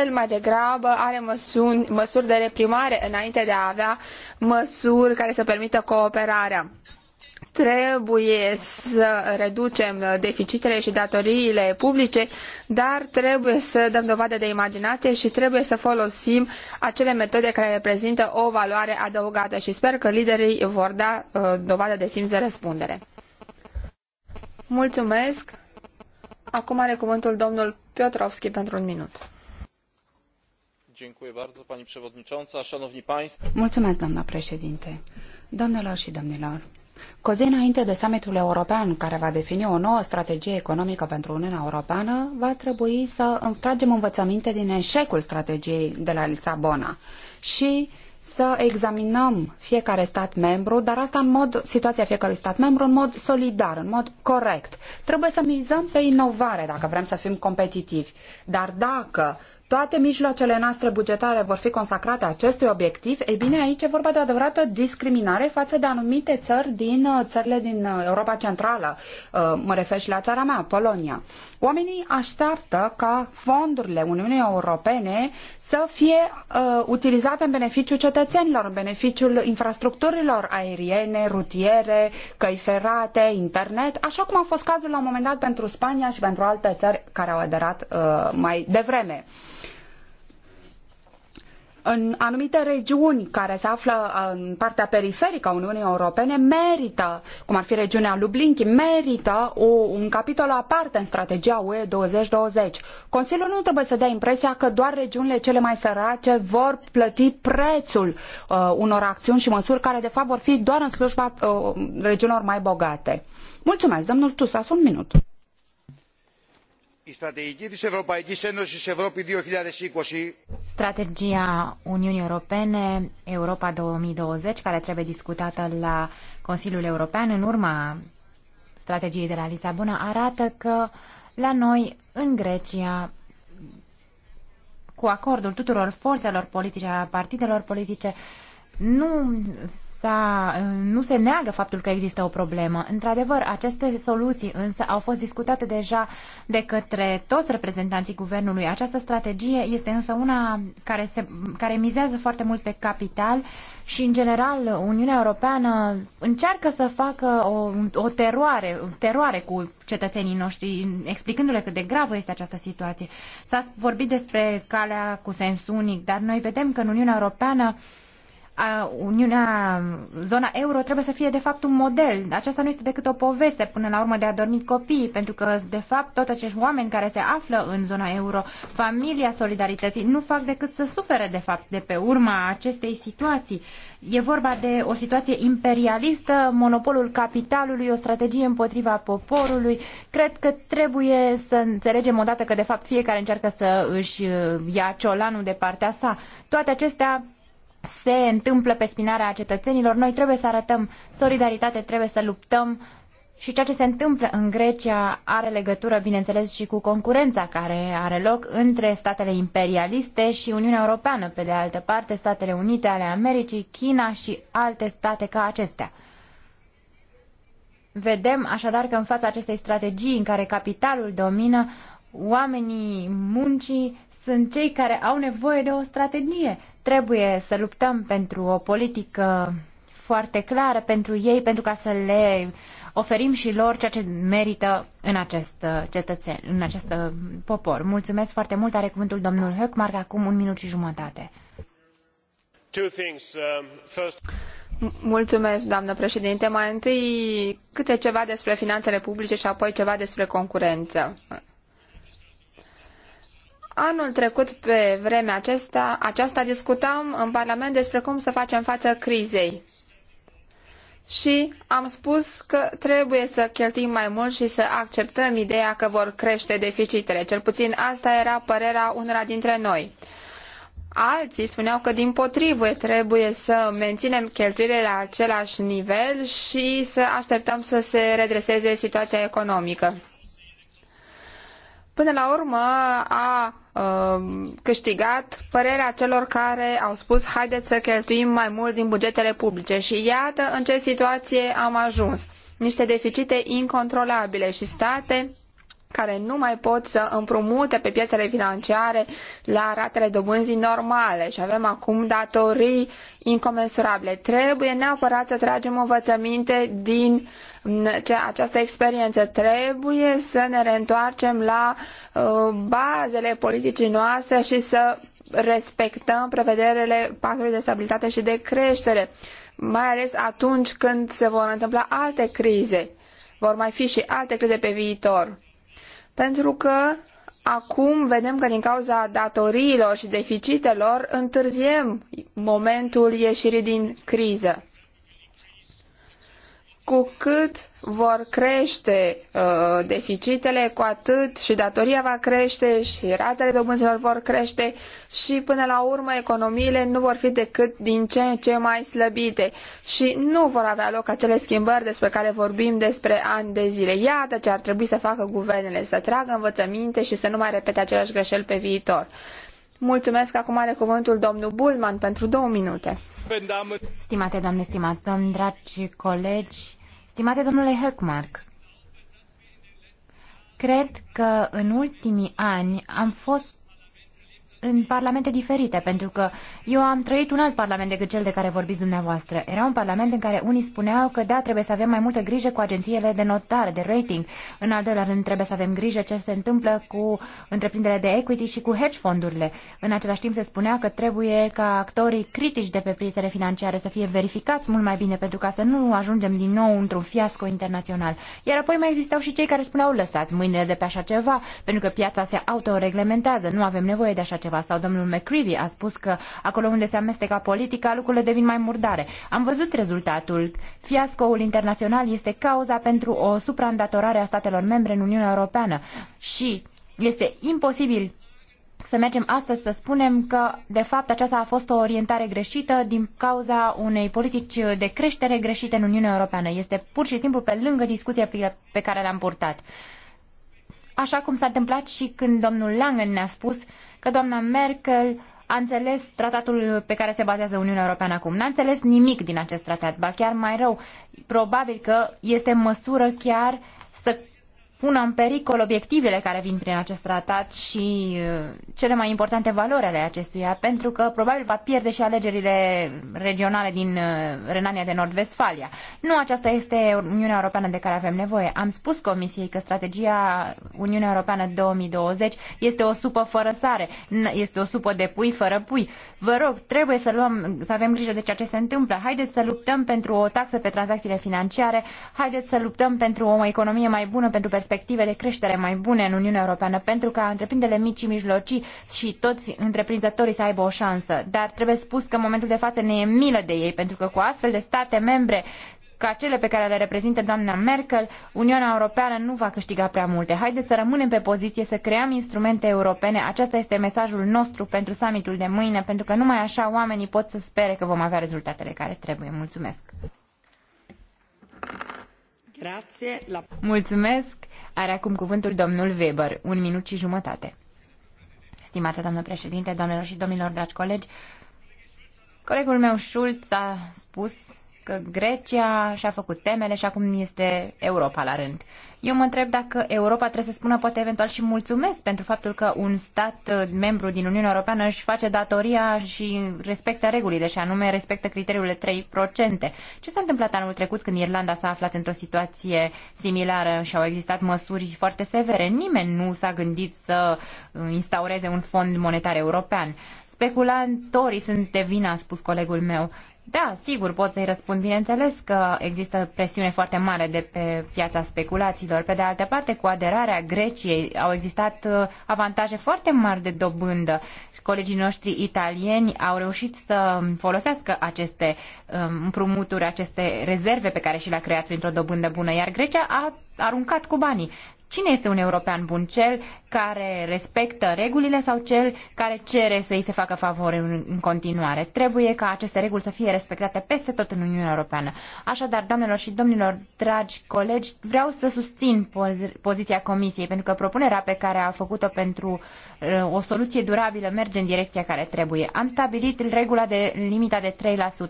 el mai degrabă are măsuri, măsuri de reprimare înainte de a avea măsuri care să permită cooperarea trebuie să reducem deficitele și datoriile publice, dar trebuie să dăm dovadă de imaginație și trebuie să folosim acele metode care reprezintă o valoare adăugată și sper că liderii vor da uh, dovadă de simț de răspundere. Mulțumesc! Acum are cuvântul domnul
Piotrowski pentru un minut. Mulțumesc, doamna președinte. Doamnelor și domnilor, cu zi înainte de summitul european care va defini o nouă strategie economică pentru Uniunea Europeană, va trebui să tragem învățăminte din eșecul strategiei de la Lisabona și să examinăm fiecare stat membru, dar asta în mod, situația fiecărui stat membru în mod solidar, în mod corect. Trebuie să mizăm pe inovare dacă vrem să fim competitivi. Dar dacă toate mijloacele noastre bugetare vor fi consacrate acestui obiectiv, e bine, aici e vorba de o adevărată discriminare față de anumite țări din uh, țările din uh, Europa Centrală. Uh, mă refer și la țara mea, Polonia. Oamenii așteaptă ca fondurile Uniunii Europene să fie utilizate în beneficiul cetățenilor, în beneficiul infrastructurilor aeriene, rutiere, căi ferate, internet, așa cum a fost cazul la un moment dat pentru Spania și pentru alte țări care au aderat mai devreme în anumite regiuni care se află uh, în partea periferică a Uniunii Europene merită, cum ar fi regiunea Lublinchi, merită o, un capitol aparte în strategia UE 2020. Consiliul nu trebuie să dea impresia că doar regiunile cele mai sărace vor plăti prețul uh, unor acțiuni și măsuri care de fapt vor fi doar în slujba uh, regiunilor mai
bogate.
Mulțumesc, domnul Tusas, un minut.
Strategia Uniunii Europene Europa 2020, care trebuie discutată la Consiliul European în urma strategiei de la Lisabona, arată că la noi, în Grecia, cu acordul tuturor forțelor politice, a partidelor politice, nu exista, nu se neagă faptul că există o problemă. Într-adevăr, aceste soluții însă au fost discutate deja de către toți reprezentanții guvernului. Această strategie este însă una care, se, care mizează foarte mult pe capital și, în general, Uniunea Europeană încearcă să facă o, o teroare, teroare cu cetățenii noștri, explicându-le cât de gravă este această situație. S-a vorbit despre calea cu sens unic, dar noi vedem că în Uniunea Europeană uh, a Uniunea, zona euro trebuie să fie de fapt un model. Aceasta nu este decât o poveste până la urmă de a dormi copiii, pentru că de fapt toți acești oameni care se află în zona euro, familia solidarității, nu fac decât să sufere de fapt de pe urma acestei situații. E vorba de o situație imperialistă, monopolul capitalului, o strategie împotriva poporului. Cred că trebuie să înțelegem odată că de fapt fiecare încearcă să își uh, ia ciolanul de partea sa. Toate acestea se întâmplă pe spinarea cetățenilor. Noi trebuie să arătăm solidaritate, trebuie să luptăm și ceea ce se întâmplă în Grecia are legătură, bineînțeles, și cu concurența care are loc între statele imperialiste și Uniunea Europeană, pe de altă parte, Statele Unite ale Americii, China și alte state ca acestea. Vedem așadar că în fața acestei strategii în care capitalul domină, oamenii muncii sunt cei care au nevoie de o strategie. Trebuie să luptăm pentru o politică foarte clară pentru ei, pentru ca să le oferim și lor ceea ce merită în acest uh, cetățen, în acest uh, popor. Mulțumesc foarte mult, are cuvântul domnul Höckmark, acum un minut și jumătate. Um, mulțumesc, doamnă președinte. Mai întâi
câte ceva despre finanțele publice și apoi ceva despre concurență. Anul trecut, pe vremea acesta, aceasta, discutam în Parlament despre cum să facem față crizei. Și am spus că trebuie să cheltuim mai mult și să acceptăm ideea că vor crește deficitele. Cel puțin asta era părerea unora dintre noi. Alții spuneau că din potrivă trebuie să menținem cheltuielile la același nivel și să așteptăm să se redreseze situația economică. Până la urmă a uh, câștigat părerea celor care au spus haideți să cheltuim mai mult din bugetele publice și iată în ce situație am ajuns. Niște deficite incontrolabile și state care nu mai pot să împrumute pe piețele financiare la ratele dobânzii normale și avem acum datorii incomensurabile. Trebuie neapărat să tragem învățăminte din mm, această experiență. Trebuie să ne reîntoarcem la uh, bazele politicii noastre și să respectăm prevederile pactului de stabilitate și de creștere, mai ales atunci când se vor întâmpla alte crize. Vor mai fi și alte crize pe viitor pentru că acum vedem că din cauza datoriilor și deficitelor întârziem momentul ieșirii din criză. Cu cât vor crește uh, deficitele, cu atât și datoria va crește și ratele dobânzilor vor crește și până la urmă economiile nu vor fi decât din ce în ce mai slăbite și nu vor avea loc acele schimbări despre care vorbim despre ani de zile. Iată ce ar trebui să facă guvernele, să tragă învățăminte și să nu mai repete aceleași greșeli pe viitor. Mulțumesc, acum are cuvântul domnul Bulman pentru două minute.
Stimate doamne, stimați domn, dragi colegi, Stimate domnule Höckmark, cred că în ultimii ani am fost în parlamente diferite, pentru că eu am trăit un alt parlament decât cel de care vorbiți dumneavoastră. Era un parlament în care unii spuneau că da, trebuie să avem mai multă grijă cu agențiile de notare, de rating. În al doilea rând, trebuie să avem grijă ce se întâmplă cu întreprinderile de equity și cu hedge fondurile. În același timp se spunea că trebuie ca actorii critici de pe piețele financiare să fie verificați mult mai bine pentru ca să nu ajungem din nou într-un fiasco internațional. Iar apoi mai existau și cei care spuneau lăsați mâinile de pe așa ceva, pentru că piața se autoreglementează, nu avem nevoie de așa ceva altceva sau domnul McCreevy a spus că acolo unde se amesteca politica lucrurile devin mai murdare. Am văzut rezultatul. Fiascoul internațional este cauza pentru o supraîndatorare a statelor membre în Uniunea Europeană și este imposibil să mergem astăzi să spunem că, de fapt, aceasta a fost o orientare greșită din cauza unei politici de creștere greșite în Uniunea Europeană. Este pur și simplu pe lângă discuția pe care l-am purtat. Așa cum s-a întâmplat și când domnul Langen ne-a spus că doamna Merkel a înțeles tratatul pe care se bazează Uniunea Europeană acum. N-a înțeles nimic din acest tratat, ba chiar mai rău. Probabil că este în măsură chiar pună în pericol obiectivele care vin prin acest tratat și uh, cele mai importante valori ale acestuia, pentru că probabil va pierde și alegerile regionale din uh, Renania de Nord-Vestfalia. Nu aceasta este Uniunea Europeană de care avem nevoie. Am spus Comisiei că strategia Uniunea Europeană 2020 este o supă fără sare, este o supă de pui fără pui. Vă rog, trebuie să, luăm, să avem grijă de ceea ce se întâmplă. Haideți să luptăm pentru o taxă pe tranzacțiile financiare, haideți să luptăm pentru o economie mai bună, pentru perspectivă perspective de creștere mai bune în Uniunea Europeană pentru ca întreprinderile mici și mijlocii și toți întreprinzătorii să aibă o șansă. Dar trebuie spus că în momentul de față ne e milă de ei pentru că cu astfel de state membre ca cele pe care le reprezintă doamna Merkel, Uniunea Europeană nu va câștiga prea multe. Haideți să rămânem pe poziție, să creăm instrumente europene. Acesta este mesajul nostru pentru summitul de mâine, pentru că numai așa oamenii pot să spere că vom avea rezultatele care trebuie. Mulțumesc! Mulțumesc! Are acum cuvântul domnul Weber, un minut și jumătate. Stimată doamnă președinte, doamnelor și domnilor, dragi colegi, colegul meu Schulz a spus că Grecia și-a făcut temele și acum este Europa la rând. Eu mă întreb dacă Europa trebuie să spună poate eventual și mulțumesc pentru faptul că un stat uh, membru din Uniunea Europeană își face datoria și respectă regulile și anume respectă criteriul 3%. Ce s-a întâmplat anul trecut când Irlanda s-a aflat într-o situație similară și au existat măsuri foarte severe? Nimeni nu s-a gândit să uh, instaureze un fond monetar european. Speculatorii sunt de vină, a spus colegul meu. Da, sigur, pot să-i răspund. Bineînțeles că există presiune foarte mare de pe piața speculațiilor. Pe de altă parte, cu aderarea Greciei au existat uh, avantaje foarte mari de dobândă. Colegii noștri italieni au reușit să folosească aceste um, împrumuturi, aceste rezerve pe care și le-a creat printr-o dobândă bună, iar Grecia a aruncat cu banii. Cine este un european bun? Cel care respectă regulile sau cel care cere să îi se facă favori în continuare? Trebuie ca aceste reguli să fie respectate peste tot în Uniunea Europeană. Așadar, doamnelor și domnilor, dragi colegi, vreau să susțin poz- poziția Comisiei, pentru că propunerea pe care a făcut-o pentru uh, o soluție durabilă merge în direcția care trebuie. Am stabilit regula de limita de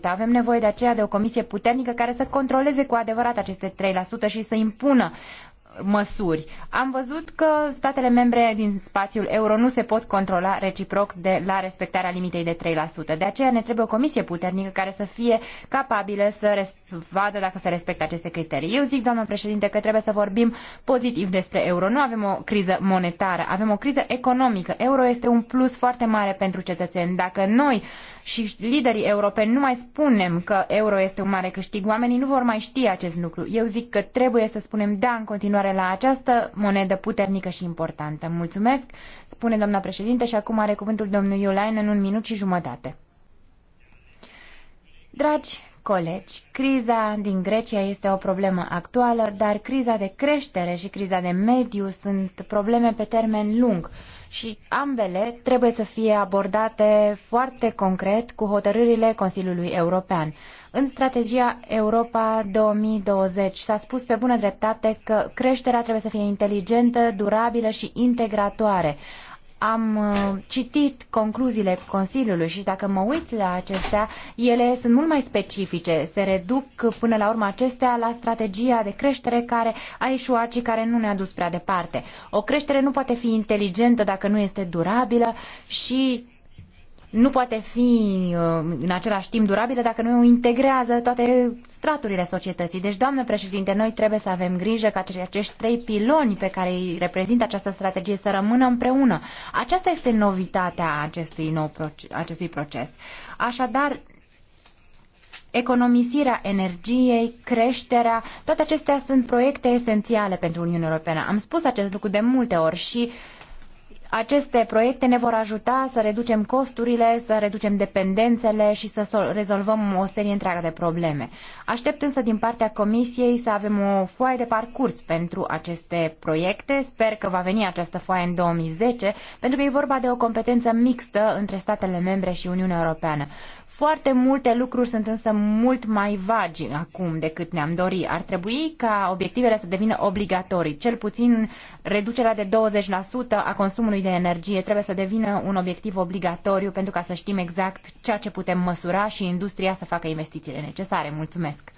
3%. Avem nevoie de aceea de o comisie puternică care să controleze cu adevărat aceste 3% și să impună măsuri. Am văzut că statele membre din spațiul euro nu se pot controla reciproc de la respectarea limitei de 3%. De aceea ne trebuie o comisie puternică care să fie capabilă să vadă dacă se respectă aceste criterii. Eu zic, doamnă președinte, că trebuie să vorbim pozitiv despre euro. Nu avem o criză monetară, avem o criză economică. Euro este un plus foarte mare pentru cetățeni. Dacă noi și liderii europeni nu mai spunem că euro este un mare câștig, oamenii nu vor mai ști acest lucru. Eu zic că trebuie să spunem da în continuare continuare la această monedă puternică și importantă. Mulțumesc, spune doamna președinte și acum are cuvântul domnul Iulain în un minut și jumătate. Dragi colegi, criza din Grecia este o problemă actuală, dar criza de creștere și criza de mediu sunt probleme pe termen lung și ambele trebuie să fie abordate foarte concret cu hotărârile Consiliului European. În strategia Europa 2020 s-a spus pe bună dreptate că creșterea trebuie să fie inteligentă, durabilă și integratoare am uh, citit concluziile Consiliului și dacă mă uit la acestea, ele sunt mult mai specifice. Se reduc până la urmă acestea la strategia de creștere care a ieșuat și care nu ne-a dus prea departe. O creștere nu poate fi inteligentă dacă nu este durabilă și nu poate fi uh, în același timp durabilă dacă nu integrează toate straturile societății. Deci, doamnă președinte, noi trebuie să avem grijă ca acești trei piloni pe care îi reprezintă această strategie să rămână împreună. Aceasta este novitatea acestui, nou proces, acestui proces. Așadar, economisirea energiei, creșterea, toate acestea sunt proiecte esențiale pentru Uniunea Europeană. Am spus acest lucru de multe ori și uh, aceste proiecte ne vor ajuta să reducem costurile, să reducem dependențele și să rezolvăm o serie întreagă de probleme. Aștept însă din partea Comisiei să avem o foaie de parcurs pentru aceste proiecte. Sper că va veni această foaie în 2010, pentru că e vorba de o competență mixtă între statele membre și Uniunea Europeană. Foarte multe lucruri sunt însă mult mai vagi acum decât ne-am dori. Ar trebui ca obiectivele să devină obligatorii. Cel puțin reducerea de 20% a consumului de energie trebuie să devină un obiectiv obligatoriu pentru ca să știm exact ceea ce putem măsura și industria să facă investițiile necesare. Mulțumesc!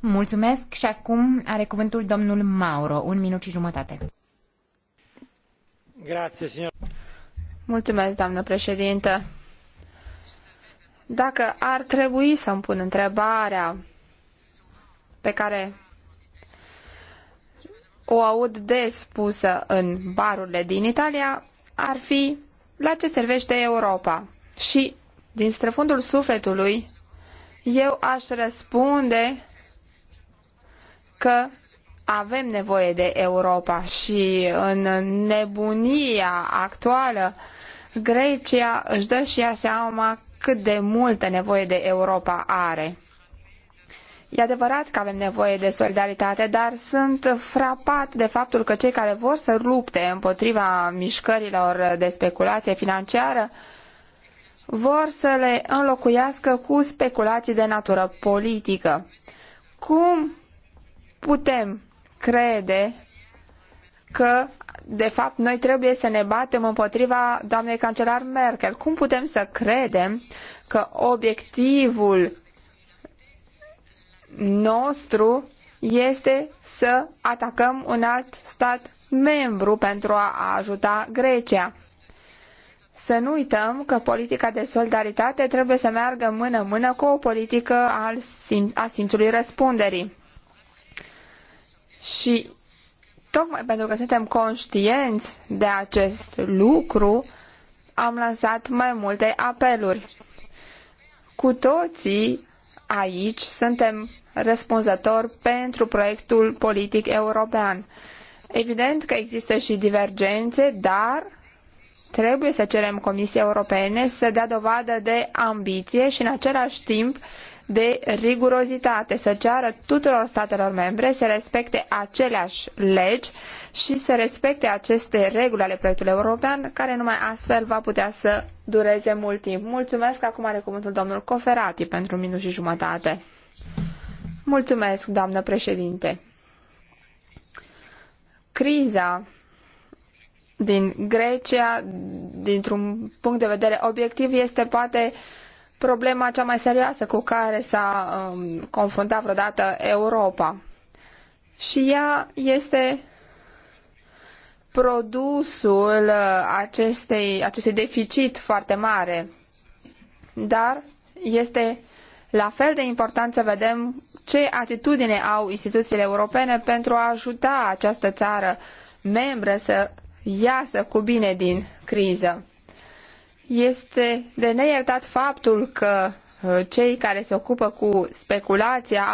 Mulțumesc și acum are cuvântul domnul Mauro. Un minut și jumătate.
Grazie, signor.
Mulțumesc, doamnă președintă.
Dacă ar trebui să-mi pun întrebarea pe care o aud des pusă în barurile din Italia, ar fi la ce servește Europa? Și, din străfundul sufletului, eu aș răspunde că avem nevoie de Europa și în nebunia actuală Grecia își dă și ea seama cât de multă nevoie de Europa are. E adevărat că avem nevoie de solidaritate, dar sunt frapat de faptul că cei care vor să lupte împotriva mișcărilor de speculație financiară vor să le înlocuiască cu speculații de natură politică. Cum putem crede că de fapt, noi trebuie să ne batem împotriva doamnei cancelar Merkel. Cum putem să credem că obiectivul nostru este să atacăm un alt stat membru pentru a ajuta Grecia? Să nu uităm că politica de solidaritate trebuie să meargă mână-mână cu o politică a simțului răspunderii. Și Tocmai pentru că suntem conștienți de acest lucru, am lansat mai multe apeluri. Cu toții aici suntem răspunzători pentru proiectul politic european. Evident că există și divergențe, dar trebuie să cerem Comisiei Europene să dea dovadă de ambiție și în același timp de rigurozitate, să ceară tuturor statelor membre să respecte aceleași legi și să respecte aceste reguli ale proiectului european, care numai astfel va putea să dureze mult timp. Mulțumesc, acum are cuvântul domnul Coferati pentru minut și jumătate. Mulțumesc, doamnă președinte. Criza din Grecia, dintr-un punct de vedere obiectiv, este poate uh, problema cea mai serioasă cu care s-a um, confruntat vreodată Europa. Și ea este produsul uh, acestei, acestui deficit foarte mare. Dar este la fel de important să vedem ce atitudine au instituțiile europene pentru a ajuta această țară membră să iasă cu bine din criză. Este de neiertat faptul că uh, cei care se ocupă cu speculația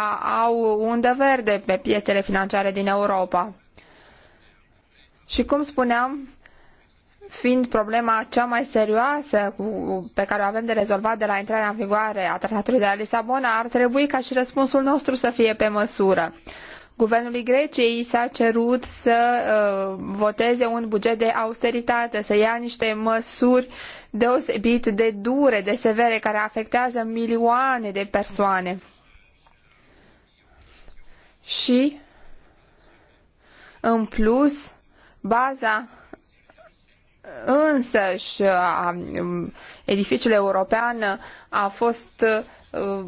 au undă verde pe piețele financiare din Europa. Și cum spuneam, fiind problema cea mai serioasă pe care o avem de rezolvat de la intrarea în vigoare a Tratatului de la Lisabona, ar trebui ca și răspunsul nostru să fie pe măsură. Guvernului Greciei s-a cerut să uh, voteze un buget de austeritate, să ia niște măsuri deosebit de dure, de severe, care afectează milioane de persoane. Și, în plus, baza însăși a um, edificiului european a fost uh,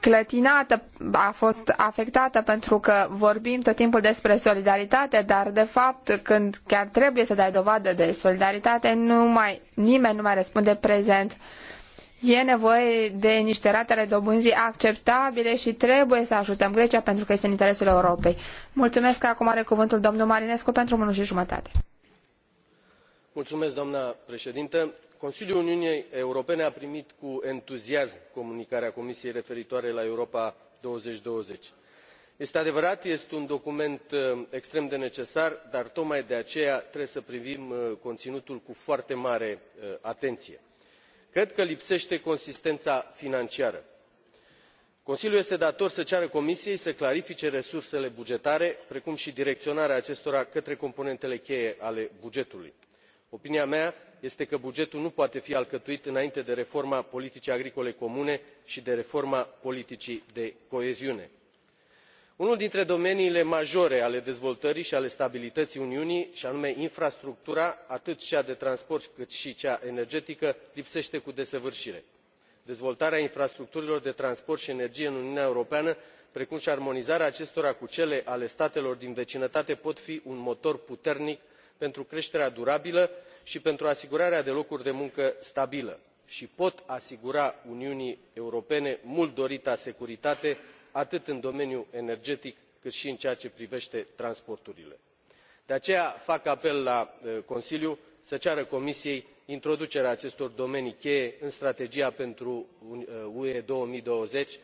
clătinată, a fost afectată pentru că vorbim tot timpul despre solidaritate, dar de fapt când chiar trebuie să dai dovadă de solidaritate, nu mai, nimeni nu mai răspunde prezent. E nevoie de niște ratele dobânzii acceptabile și trebuie să ajutăm Grecia pentru că este în interesul Europei. Mulțumesc că acum are cuvântul domnul Marinescu pentru minut și jumătate
doamnă președintă consiliul uniunii europene a primit cu entuziasm comunicarea comisiei referitoare la europa. două mii douăzeci este adevărat este un document uh, extrem de necesar dar tocmai de aceea trebuie să privim uh, conținutul cu foarte mare uh, atenție. cred că lipsește consistența financiară. consiliul este dator să ceară comisiei să clarifice resursele bugetare precum și direcționarea acestora către componentele cheie ale bugetului opinia mea este că bugetul nu poate fi alcătuit înainte de reforma politicii agricole comune i de reforma politicii de coeziune. unul dintre domeniile majore ale dezvoltării i ale stabilităii uniunii i anume infrastructura atât cea de transport cât i cea energetică lipsete cu desăvârire. dezvoltarea infrastructurilor de transport i energie în uniunea europeană precum i armonizarea acestora cu cele ale statelor din vecinătate pot fi un motor puternic pentru creșterea durabilă și pentru asigurarea de locuri de muncă stabilă și pot asigura uniunii europene mult dorita securitate atât în domeniul energetic cât și în ceea ce privește transporturile. de aceea fac apel la uh, consiliu să ceară comisiei introducerea acestor domenii cheie în strategia pentru uh, ue două mii douăzeci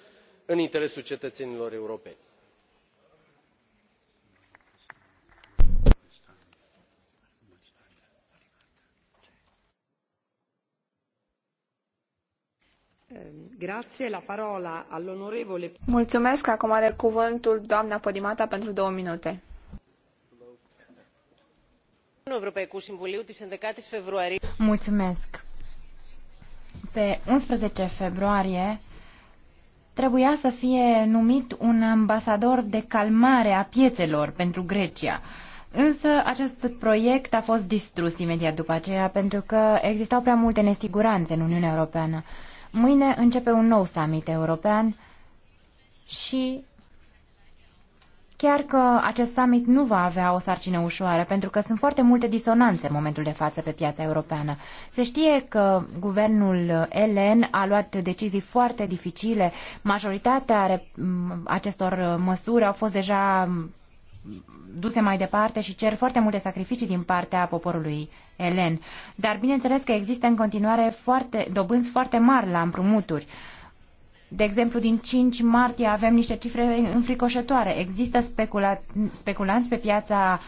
în interesul cetățenilor europeni.
Grazie, la parola all'onorevole...
Mulțumesc, acum are cuvântul doamna Podimata pentru două minute.
Mulțumesc. Pe 11 februarie trebuia să fie numit un ambasador de calmare a piețelor pentru Grecia. Însă acest proiect a fost distrus imediat după aceea pentru că existau prea multe nesiguranțe în Uniunea Europeană. Mâine începe un nou summit european și chiar că acest summit nu va avea o sarcină ușoară, pentru că sunt foarte multe disonanțe în momentul de față pe piața europeană. Se știe că guvernul elen a luat decizii foarte dificile. Majoritatea acestor măsuri au fost deja duse mai departe și cer foarte multe sacrificii din partea poporului elen. Dar bineînțeles că există în continuare foarte, dobânzi foarte mari la împrumuturi. De exemplu, din 5 martie avem niște cifre înfricoșătoare. Există specula- speculanți pe piața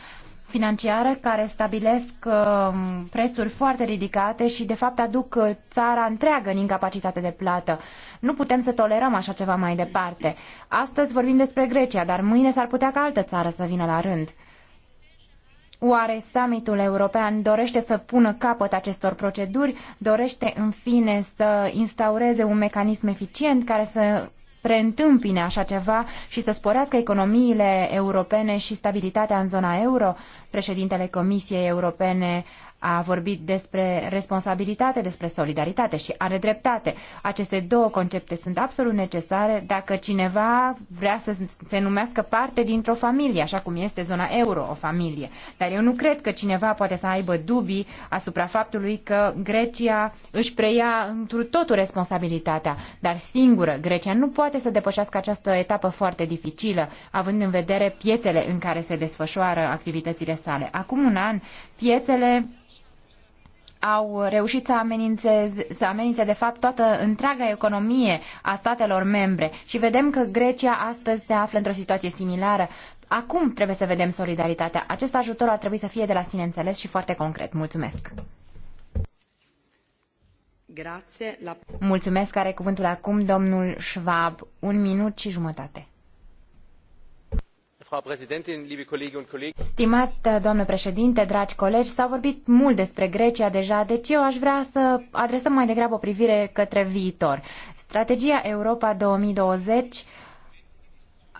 financiare care stabilesc um, prețuri foarte ridicate și de fapt aduc uh, țara întreagă în incapacitate de plată. Nu putem să tolerăm așa ceva mai departe. Astăzi vorbim despre Grecia, dar mâine s-ar putea ca altă țară să vină la rând. Oare summitul european dorește să pună capăt acestor proceduri? Dorește, în fine, să instaureze un mecanism eficient care să preîntâmpine așa ceva și să sporească economiile europene și stabilitatea în zona euro? Președintele Comisiei Europene a vorbit despre responsabilitate, despre solidaritate și are dreptate. Aceste două concepte sunt absolut necesare dacă cineva vrea să se numească parte dintr-o familie, așa cum este zona euro, o familie. Dar eu nu cred că cineva poate să aibă dubii asupra faptului că Grecia își preia întru totul responsabilitatea, dar singură Grecia nu poate să depășească această etapă foarte dificilă, având în vedere piețele în care se desfășoară activitățile sale. Acum un an, piețele au reușit să amenințe, să amenințe de fapt toată întreaga economie a statelor membre și vedem că Grecia astăzi se află într-o situație similară. Acum trebuie să vedem solidaritatea. Acest ajutor ar trebui să fie de la sine înțeles și foarte concret. Mulțumesc! Mulțumesc, are cuvântul acum domnul Schwab. Un minut și jumătate. Stimat uh, doamnă președinte, dragi colegi, s-a vorbit mult despre Grecia deja, deci eu aș vrea să adresăm mai degrabă o privire către viitor. Strategia Europa 2020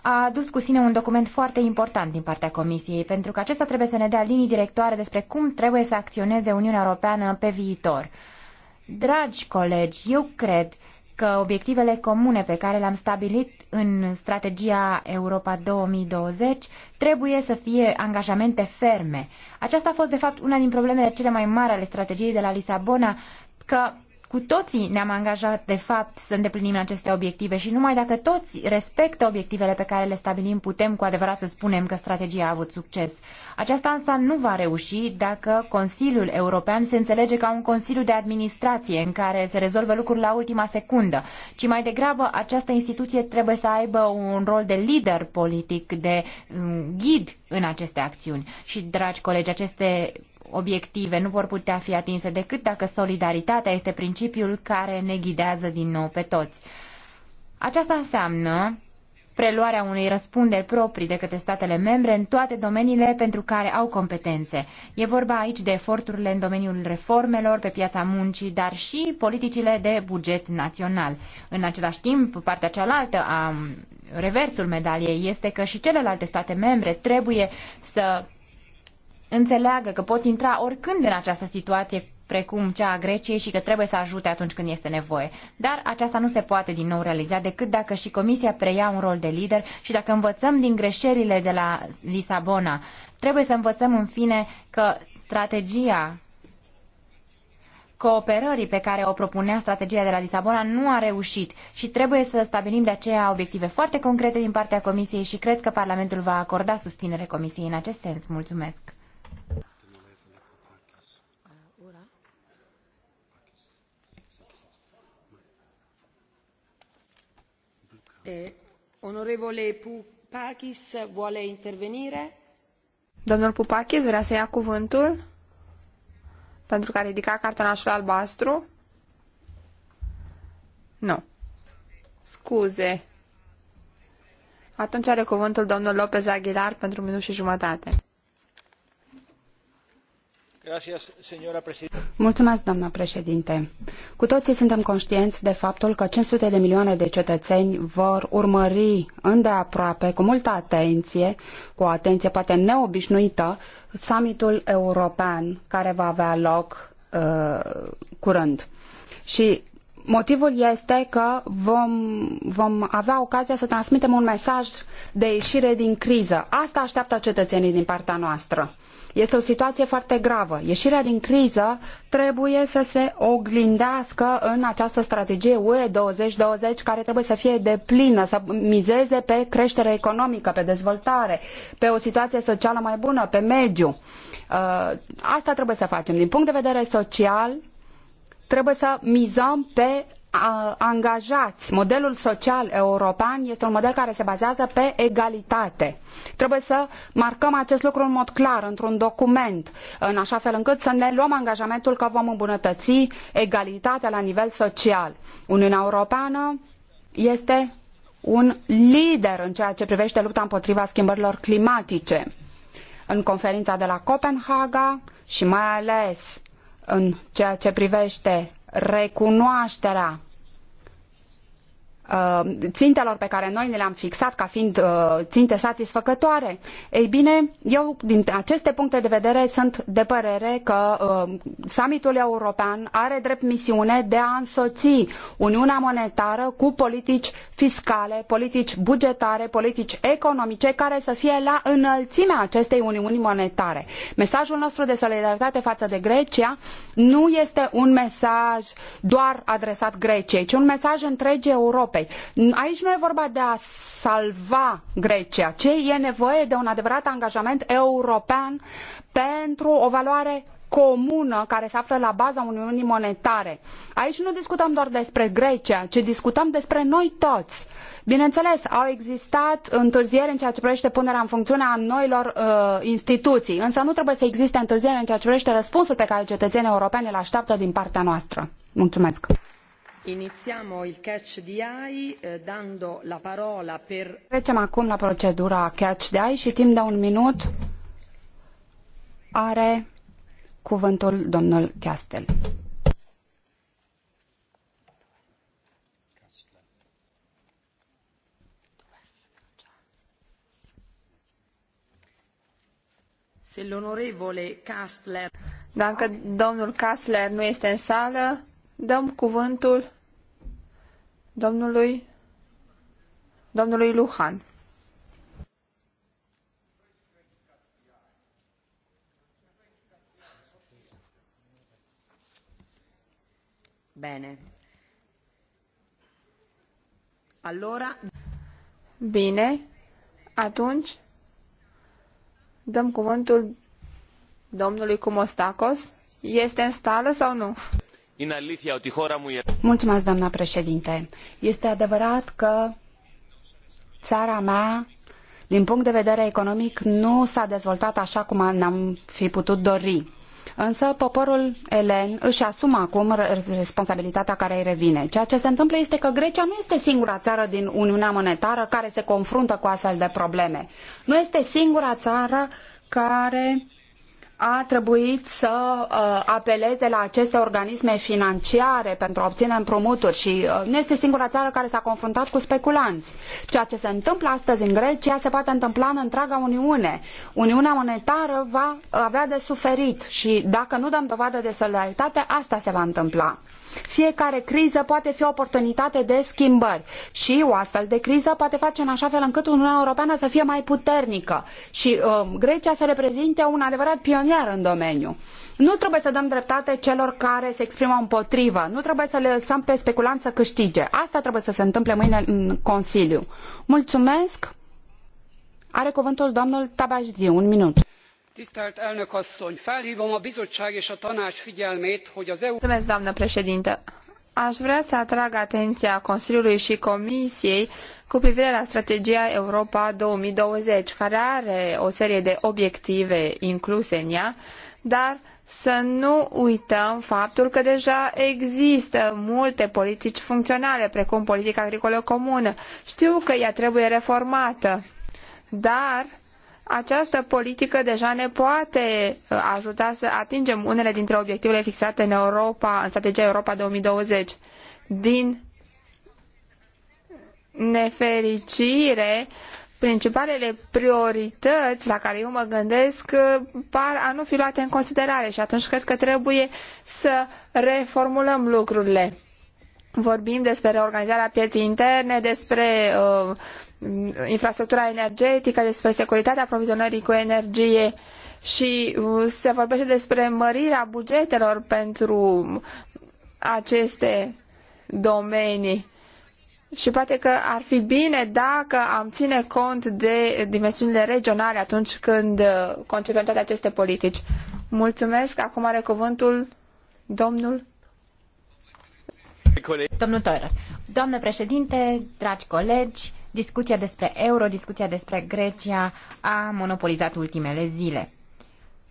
a adus cu sine un document foarte important din partea Comisiei, pentru că acesta trebuie să ne dea linii directoare despre cum trebuie să acționeze Uniunea Europeană pe viitor. Dragi colegi, eu cred că obiectivele comune pe care le-am stabilit în strategia Europa 2020 trebuie să fie angajamente ferme. Aceasta a fost, de fapt, una din problemele cele mai mari ale strategiei de la Lisabona, că cu toții ne-am angajat, de fapt, să îndeplinim aceste obiective și numai dacă toți respectă obiectivele pe care le stabilim, putem cu adevărat să spunem că strategia a avut succes. Aceasta însă nu va reuși dacă Consiliul European se înțelege ca un Consiliu de Administrație în care se rezolvă lucruri la ultima secundă, ci mai degrabă această instituție trebuie să aibă un rol de lider politic, de mm, ghid în aceste acțiuni. Și, dragi colegi, aceste obiective nu vor putea fi atinse decât dacă solidaritatea este principiul care ne ghidează din nou pe toți. Aceasta înseamnă preluarea unei răspunderi proprii de către statele membre în toate domeniile pentru care au competențe. E vorba aici de eforturile în domeniul reformelor pe piața muncii, dar și politicile de buget național. În același timp, partea cealaltă a reversul medaliei este că și celelalte state membre trebuie să înțeleagă că pot intra oricând în această situație precum cea a Greciei și că trebuie să ajute atunci când este nevoie. Dar aceasta nu se poate din nou realiza decât dacă și Comisia preia un rol de lider și dacă învățăm din greșelile de la Lisabona. Trebuie să învățăm în fine că strategia cooperării pe care o propunea strategia de la Lisabona nu a reușit și trebuie să stabilim de aceea obiective foarte concrete din partea Comisiei și cred că Parlamentul va acorda susținere Comisiei în acest sens. Mulțumesc!
Eh, Pupakis Domnul Pupakis vrea să ia cuvântul pentru că a ridicat cartonașul albastru? Nu. Scuze. Atunci are
cuvântul domnul Lopez Aguilar pentru minut și jumătate. Mulțumesc, Cu toții suntem conștienți de faptul că 500 de milioane de cetățeni vor urmări îndeaproape, cu multă atenție, cu o atenție poate neobișnuită, summitul european care va avea loc uh, curând. Și motivul este că vom, vom avea ocazia să transmitem un mesaj de ieșire din criză. Asta așteaptă cetățenii din partea noastră. Este o situație foarte gravă. Ieșirea din criză trebuie să se oglindească în această strategie UE 2020 care trebuie să fie deplină, să mizeze pe creștere economică, pe dezvoltare, pe o situație socială mai bună, pe mediu. Uh, asta trebuie să facem. Din punct de vedere social, trebuie să mizăm pe angajați. Modelul social european este un model care se bazează pe egalitate. Trebuie să marcăm acest lucru în mod clar, într-un document, în așa fel încât să ne luăm angajamentul că vom îmbunătăți egalitatea la nivel social. Uniunea Europeană este un lider în ceea ce privește lupta împotriva schimbărilor climatice. În conferința de la Copenhaga și mai ales în ceea ce privește recunoașterea Uh, țintelor pe care noi ne le-am fixat ca fiind uh, ținte satisfăcătoare? Ei bine, eu din aceste puncte de vedere sunt de părere că uh, summitul european are drept misiune de a însoți Uniunea Monetară cu politici fiscale, politici bugetare, politici economice care să fie la înălțimea acestei Uniuni Monetare. Mesajul nostru de solidaritate față de Grecia nu este un mesaj doar adresat Greciei, ci un mesaj întregii Europe Europei. Aici nu e vorba de a salva Grecia, ci e nevoie de un adevărat angajament european pentru o valoare comună care se află la baza Uniunii Monetare. Aici nu discutăm doar despre Grecia, ci discutăm despre noi toți. Bineînțeles, au existat întârzieri în ceea ce privește punerea în funcțiune a noilor uh, instituții, însă nu trebuie să existe întârzieri în ceea ce privește răspunsul pe care cetățenii europeni îl așteaptă din partea noastră. Mulțumesc!
Iniziamo il catch di AI eh, dando la parola per...
Trecem acum la procedura catch de AI și timp de un minut are cuvântul domnul Castel.
Se l'onorevole Castler... Dacă domnul Castler nu este în sală, dăm cuvântul domnului, domnului Luhan.
Bine.
Allora...
Bine. Atunci dăm cuvântul domnului
Cumostacos. Este în stală sau nu? președinte. Este adevărat că țara mea, din punct de vedere economic, nu s-a dezvoltat așa cum ne-am fi putut dori. Însă poporul elen își asumă acum responsabilitatea care îi revine. Ceea ce se întâmplă este că Grecia nu este singura țară din Uniunea Monetară care se confruntă cu astfel de probleme. Nu este singura țară care a trebuit să uh, apeleze la aceste organisme financiare pentru a obține împrumuturi și uh, nu este singura țară care s-a confruntat cu speculanți. Ceea ce se întâmplă astăzi în Grecia se poate întâmpla în întreaga Uniune. Uniunea monetară va avea de suferit și dacă nu dăm dovadă de solidaritate, asta se va întâmpla. Fiecare criză poate fi o oportunitate de schimbări și o astfel de criză poate face în așa fel încât Uniunea Europeană să fie mai puternică și um, Grecia să reprezinte un adevărat pionier în domeniu. Nu trebuie să dăm dreptate celor care se exprimă împotrivă. Nu trebuie să le lăsăm pe speculanți să câștige. Asta trebuie să se întâmple mâine în Consiliu. Mulțumesc. Are cuvântul domnul Tabajdi. Un minut tisztelt elnök asszony! felhvom a bizottság és a tanács figyelmét hogy az eu. doamnă președintă aș vrea să atrag
atenția consiliului și comisiei cu privire la strategia europa două mii douăzeci care are o serie de obiective incluse în ea dar să nu uităm faptul că deja există multe politici funcționale, precum politica agricolă comună. Știu că ea trebuie reformată, dar această politică deja ne poate uh, ajuta să atingem unele dintre obiectivele fixate în Europa, în strategia Europa 2020. Din nefericire, principalele priorități la care eu mă gândesc uh, par a nu fi luate în considerare și atunci cred că trebuie să reformulăm lucrurile vorbim despre reorganizarea pieței interne, despre uh, infrastructura energetică, despre securitatea aprovizionării cu energie și uh, se vorbește despre mărirea bugetelor pentru aceste domenii. Și poate că ar fi bine dacă am ține cont de dimensiunile regionale atunci când uh, concepem toate aceste politici. Mulțumesc.
Acum are cuvântul domnul Domnul Doamnă președinte, dragi colegi, discuția despre euro, discuția despre Grecia a monopolizat ultimele zile.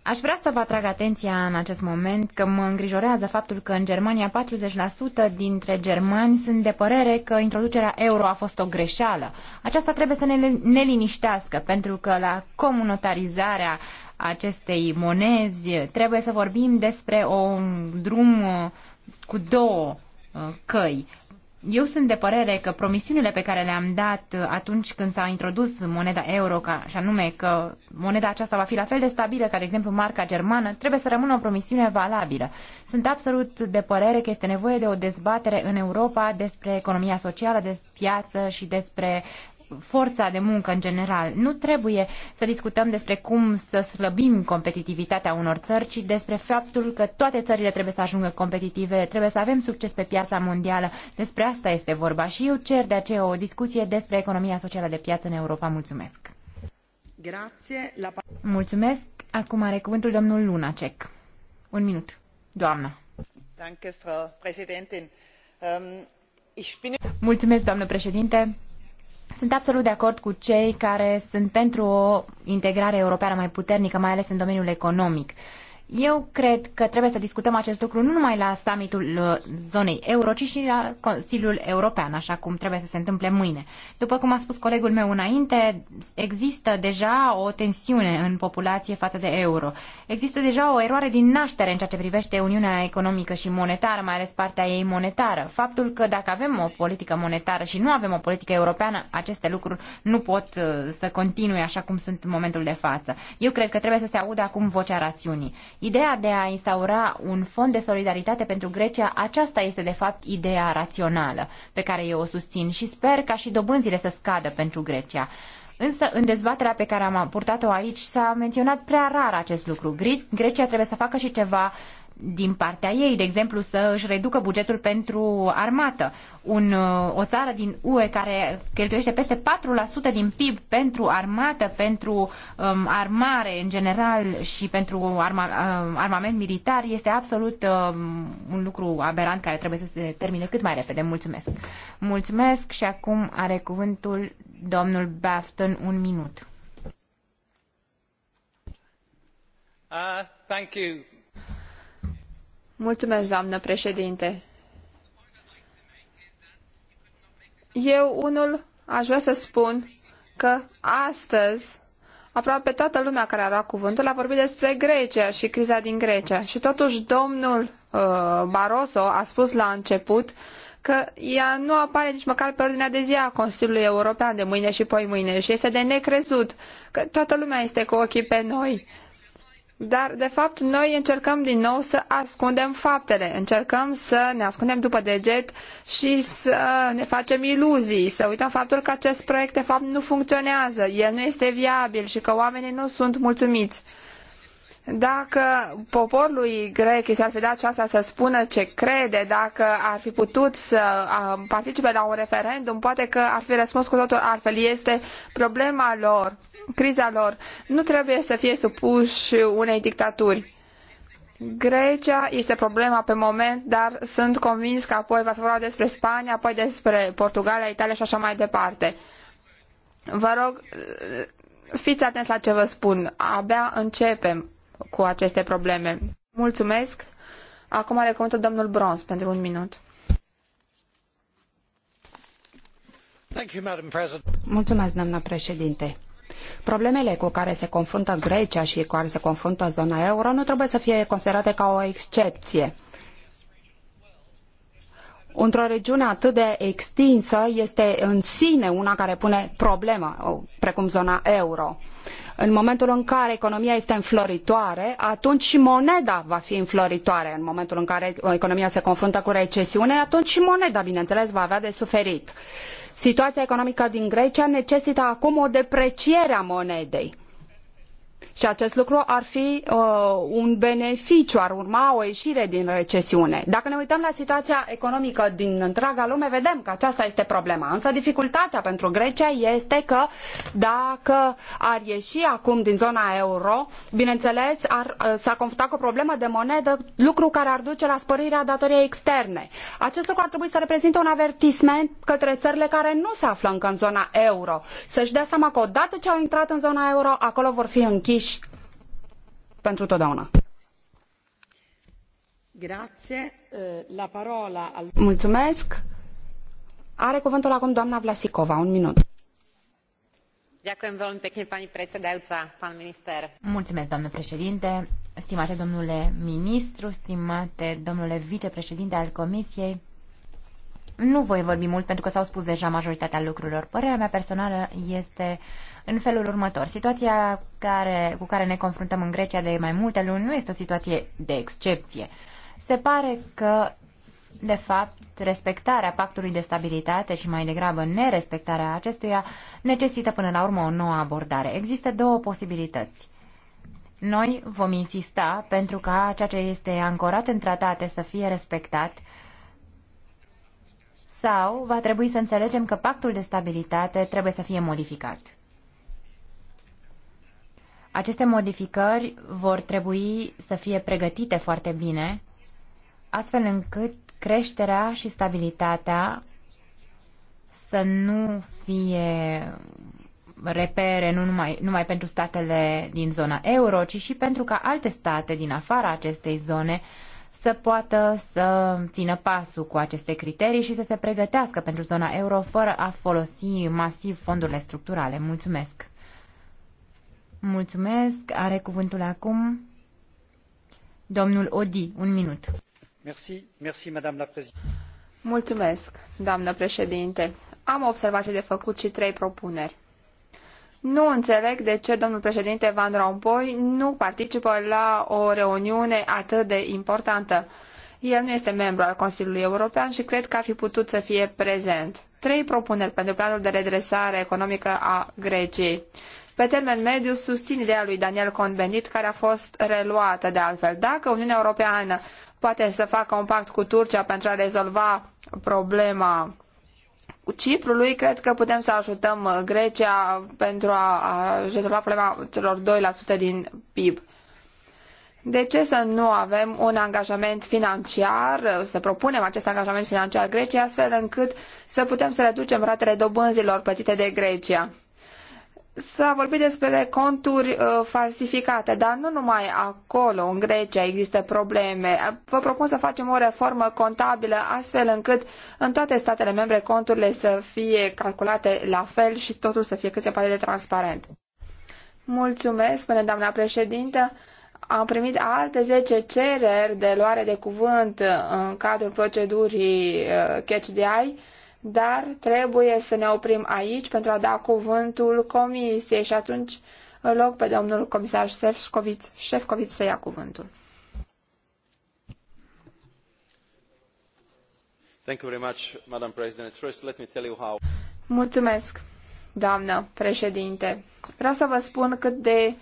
Aș vrea să vă atrag atenția în acest moment că mă îngrijorează faptul că în Germania 40% dintre germani sunt de părere că introducerea euro a fost o greșeală. Aceasta trebuie să ne, ne liniștească, pentru că la comunitarizarea acestei monezi trebuie să vorbim despre un drum uh, cu două Uh, căi. Eu sunt de părere că promisiunile pe care le-am dat uh, atunci când s-a introdus moneda euro, ca, și anume că moneda aceasta va fi la fel de stabilă ca, de exemplu, marca germană, trebuie să rămână o promisiune valabilă. Sunt absolut de părere că este nevoie de o dezbatere în Europa despre economia socială, despre piață și despre forța de muncă în general. Nu trebuie să discutăm despre cum să slăbim competitivitatea unor țări, ci despre faptul că toate țările trebuie să ajungă competitive, trebuie să avem succes pe piața mondială. Despre asta este vorba și eu cer de aceea o discuție despre economia socială de piață în Europa. Mulțumesc! la... Mulțumesc! Acum are cuvântul domnul Lunacek. Un minut. Doamna. Danke, Frau Präsidentin. Um, ich bin... Mulțumesc, doamnă președinte sunt absolut de acord cu cei care sunt pentru o integrare europeană mai puternică, mai ales în domeniul economic. Eu cred că trebuie să discutăm acest lucru nu numai la summitul uh, zonei euro, ci și la Consiliul European, așa cum trebuie să se întâmple mâine. După cum a spus colegul meu înainte, există deja o tensiune în populație față de euro. Există deja o eroare din naștere în ceea ce privește Uniunea Economică și Monetară, mai ales partea ei monetară. Faptul că dacă avem o politică monetară și nu avem o politică europeană, aceste lucruri nu pot uh, să continue așa cum sunt în momentul de față. Eu cred că trebuie să se audă acum vocea rațiunii. Ideea de a instaura un fond de solidaritate pentru Grecia, aceasta este de fapt ideea rațională pe care eu o susțin și sper ca și dobânzile să scadă pentru Grecia. Însă, în dezbaterea pe care am purtat-o aici, s-a menționat prea rar acest lucru. Grecia trebuie să facă și ceva din partea ei, de exemplu să își reducă bugetul pentru armată. Un, uh, o țară din UE care cheltuiește peste 4% din PIB pentru armată, pentru um, armare în general și pentru arma, um, armament militar este absolut um, un lucru aberant care trebuie să se termine cât mai repede. Mulțumesc! Mulțumesc și acum are cuvântul domnul Bafton un minut.
Uh, thank you
președinte. Eu, unul, aș vrea să spun că astăzi aproape toată lumea care a luat cuvântul a vorbit despre Grecia și criza din Grecia. Și totuși domnul uh, Barroso a spus la început că ea nu apare nici măcar pe ordinea de zi a Consiliului European de mâine și poi mâine și este de necrezut că toată lumea este cu ochii pe noi. Dar, de fapt, noi încercăm din nou să ascundem faptele, încercăm să ne ascundem după deget și să ne facem iluzii, să uităm faptul că acest proiect, de fapt, nu funcționează, el nu este viabil și că oamenii nu sunt mulțumiți. Dacă poporului grec i s-ar fi dat șansa să spună ce crede, dacă ar fi putut să participe la un referendum, poate că ar fi răspuns cu totul altfel. Este problema lor, criza lor. Nu trebuie să fie supuși unei dictaturi. Grecia este problema pe moment, dar sunt convins că apoi va fi vorba despre Spania, apoi despre Portugalia, Italia și așa mai departe. Vă rog, fiți atenți la ce vă spun. Abia începem cu aceste probleme. Mulțumesc. Acum are cuvântul domnul Bronze pentru un minut.
Mulțumesc, doamna președinte. Problemele cu care se confruntă Grecia și cu care se confruntă zona euro nu trebuie să fie considerate ca o excepție într-o regiune atât de extinsă este în sine una care pune problemă, precum zona euro. În momentul în care economia este înfloritoare, atunci și moneda va fi înfloritoare. În momentul în care economia se confruntă cu recesiune, atunci și moneda, bineînțeles, va avea de suferit. Situația economică din Grecia necesită acum o depreciere a monedei și acest lucru ar fi uh, un beneficiu, ar urma o ieșire din recesiune. Dacă ne uităm la situația economică din întreaga lume, vedem că aceasta este problema. Însă dificultatea pentru Grecia este că dacă ar ieși acum din zona euro, bineînțeles, ar, uh, s-ar confrunta cu o problemă de monedă, lucru care ar duce la spărirea datoriei externe. Acest lucru ar trebui să reprezinte un avertisment către țările care nu se află încă în zona euro. Să-și dea seama că odată ce au intrat în zona euro, acolo vor fi închiși pentru totdeauna. Eh, al... Mulțumesc. Are cuvântul acum doamna Vlasicova, un minut.
Mulțumesc, doamnă președinte, stimate domnule ministru, stimate domnule vicepreședinte al Comisiei. Nu voi vorbi mult pentru că s-au spus deja majoritatea lucrurilor. Părerea mea personală este în felul următor. Situația care, cu care ne confruntăm în Grecia de mai multe luni nu este o situație de excepție. Se pare că, de fapt, respectarea pactului de stabilitate și mai degrabă nerespectarea acestuia necesită până la urmă o nouă abordare. Există două posibilități. Noi vom insista pentru ca ceea ce este ancorat în tratate să fie respectat sau va trebui să înțelegem că pactul de stabilitate trebuie să fie modificat. Aceste modificări vor trebui să fie pregătite foarte bine, astfel încât creșterea și stabilitatea să nu fie repere nu numai, numai pentru statele din zona euro, ci și pentru ca alte state din afara acestei zone să poată să țină pasul cu aceste criterii și să se pregătească pentru zona euro fără a folosi masiv fondurile structurale. Mulțumesc! Mulțumesc! Are cuvântul acum domnul Odi. Un minut.
Merci, merci, madame la președinte.
Mulțumesc,
doamnă președinte. Am observații de făcut și trei propuneri. Nu înțeleg de ce domnul președinte Van Rompuy nu participă la o reuniune atât de importantă. El nu este membru al Consiliului European și cred că ar fi putut să fie prezent. Trei propuneri pentru planul de redresare economică a Greciei. Pe termen mediu, susțin ideea lui Daniel Cohn-Bendit, care a fost reluată de altfel. Dacă Uniunea Europeană poate să facă un pact cu Turcia pentru a rezolva problema Ciprului, cred că putem să ajutăm uh, Grecia pentru a rezolva problema celor 2% din PIB. De ce să nu avem un angajament financiar, uh, să propunem acest angajament financiar Greciei, astfel încât să putem să reducem ratele dobânzilor plătite de Grecia? S-a vorbit despre conturi uh, falsificate, dar nu numai acolo, în Grecia, există probleme. Vă propun să facem o reformă contabilă astfel încât în toate statele membre conturile să fie calculate la fel și totul să fie cât se poate de transparent. Mulțumesc, spune doamna președintă. Am primit alte zece cereri de luare de cuvânt în cadrul procedurii uh, Catch the Eye dar trebuie să ne oprim aici pentru a da cuvântul comisiei și atunci îl loc pe domnul comisar Șefcoviț, Șefcoviț să ia cuvântul.
Thank you very much, Madam President. First, let me tell you how...
Mulțumesc, doamnă președinte. Vreau să vă spun cât de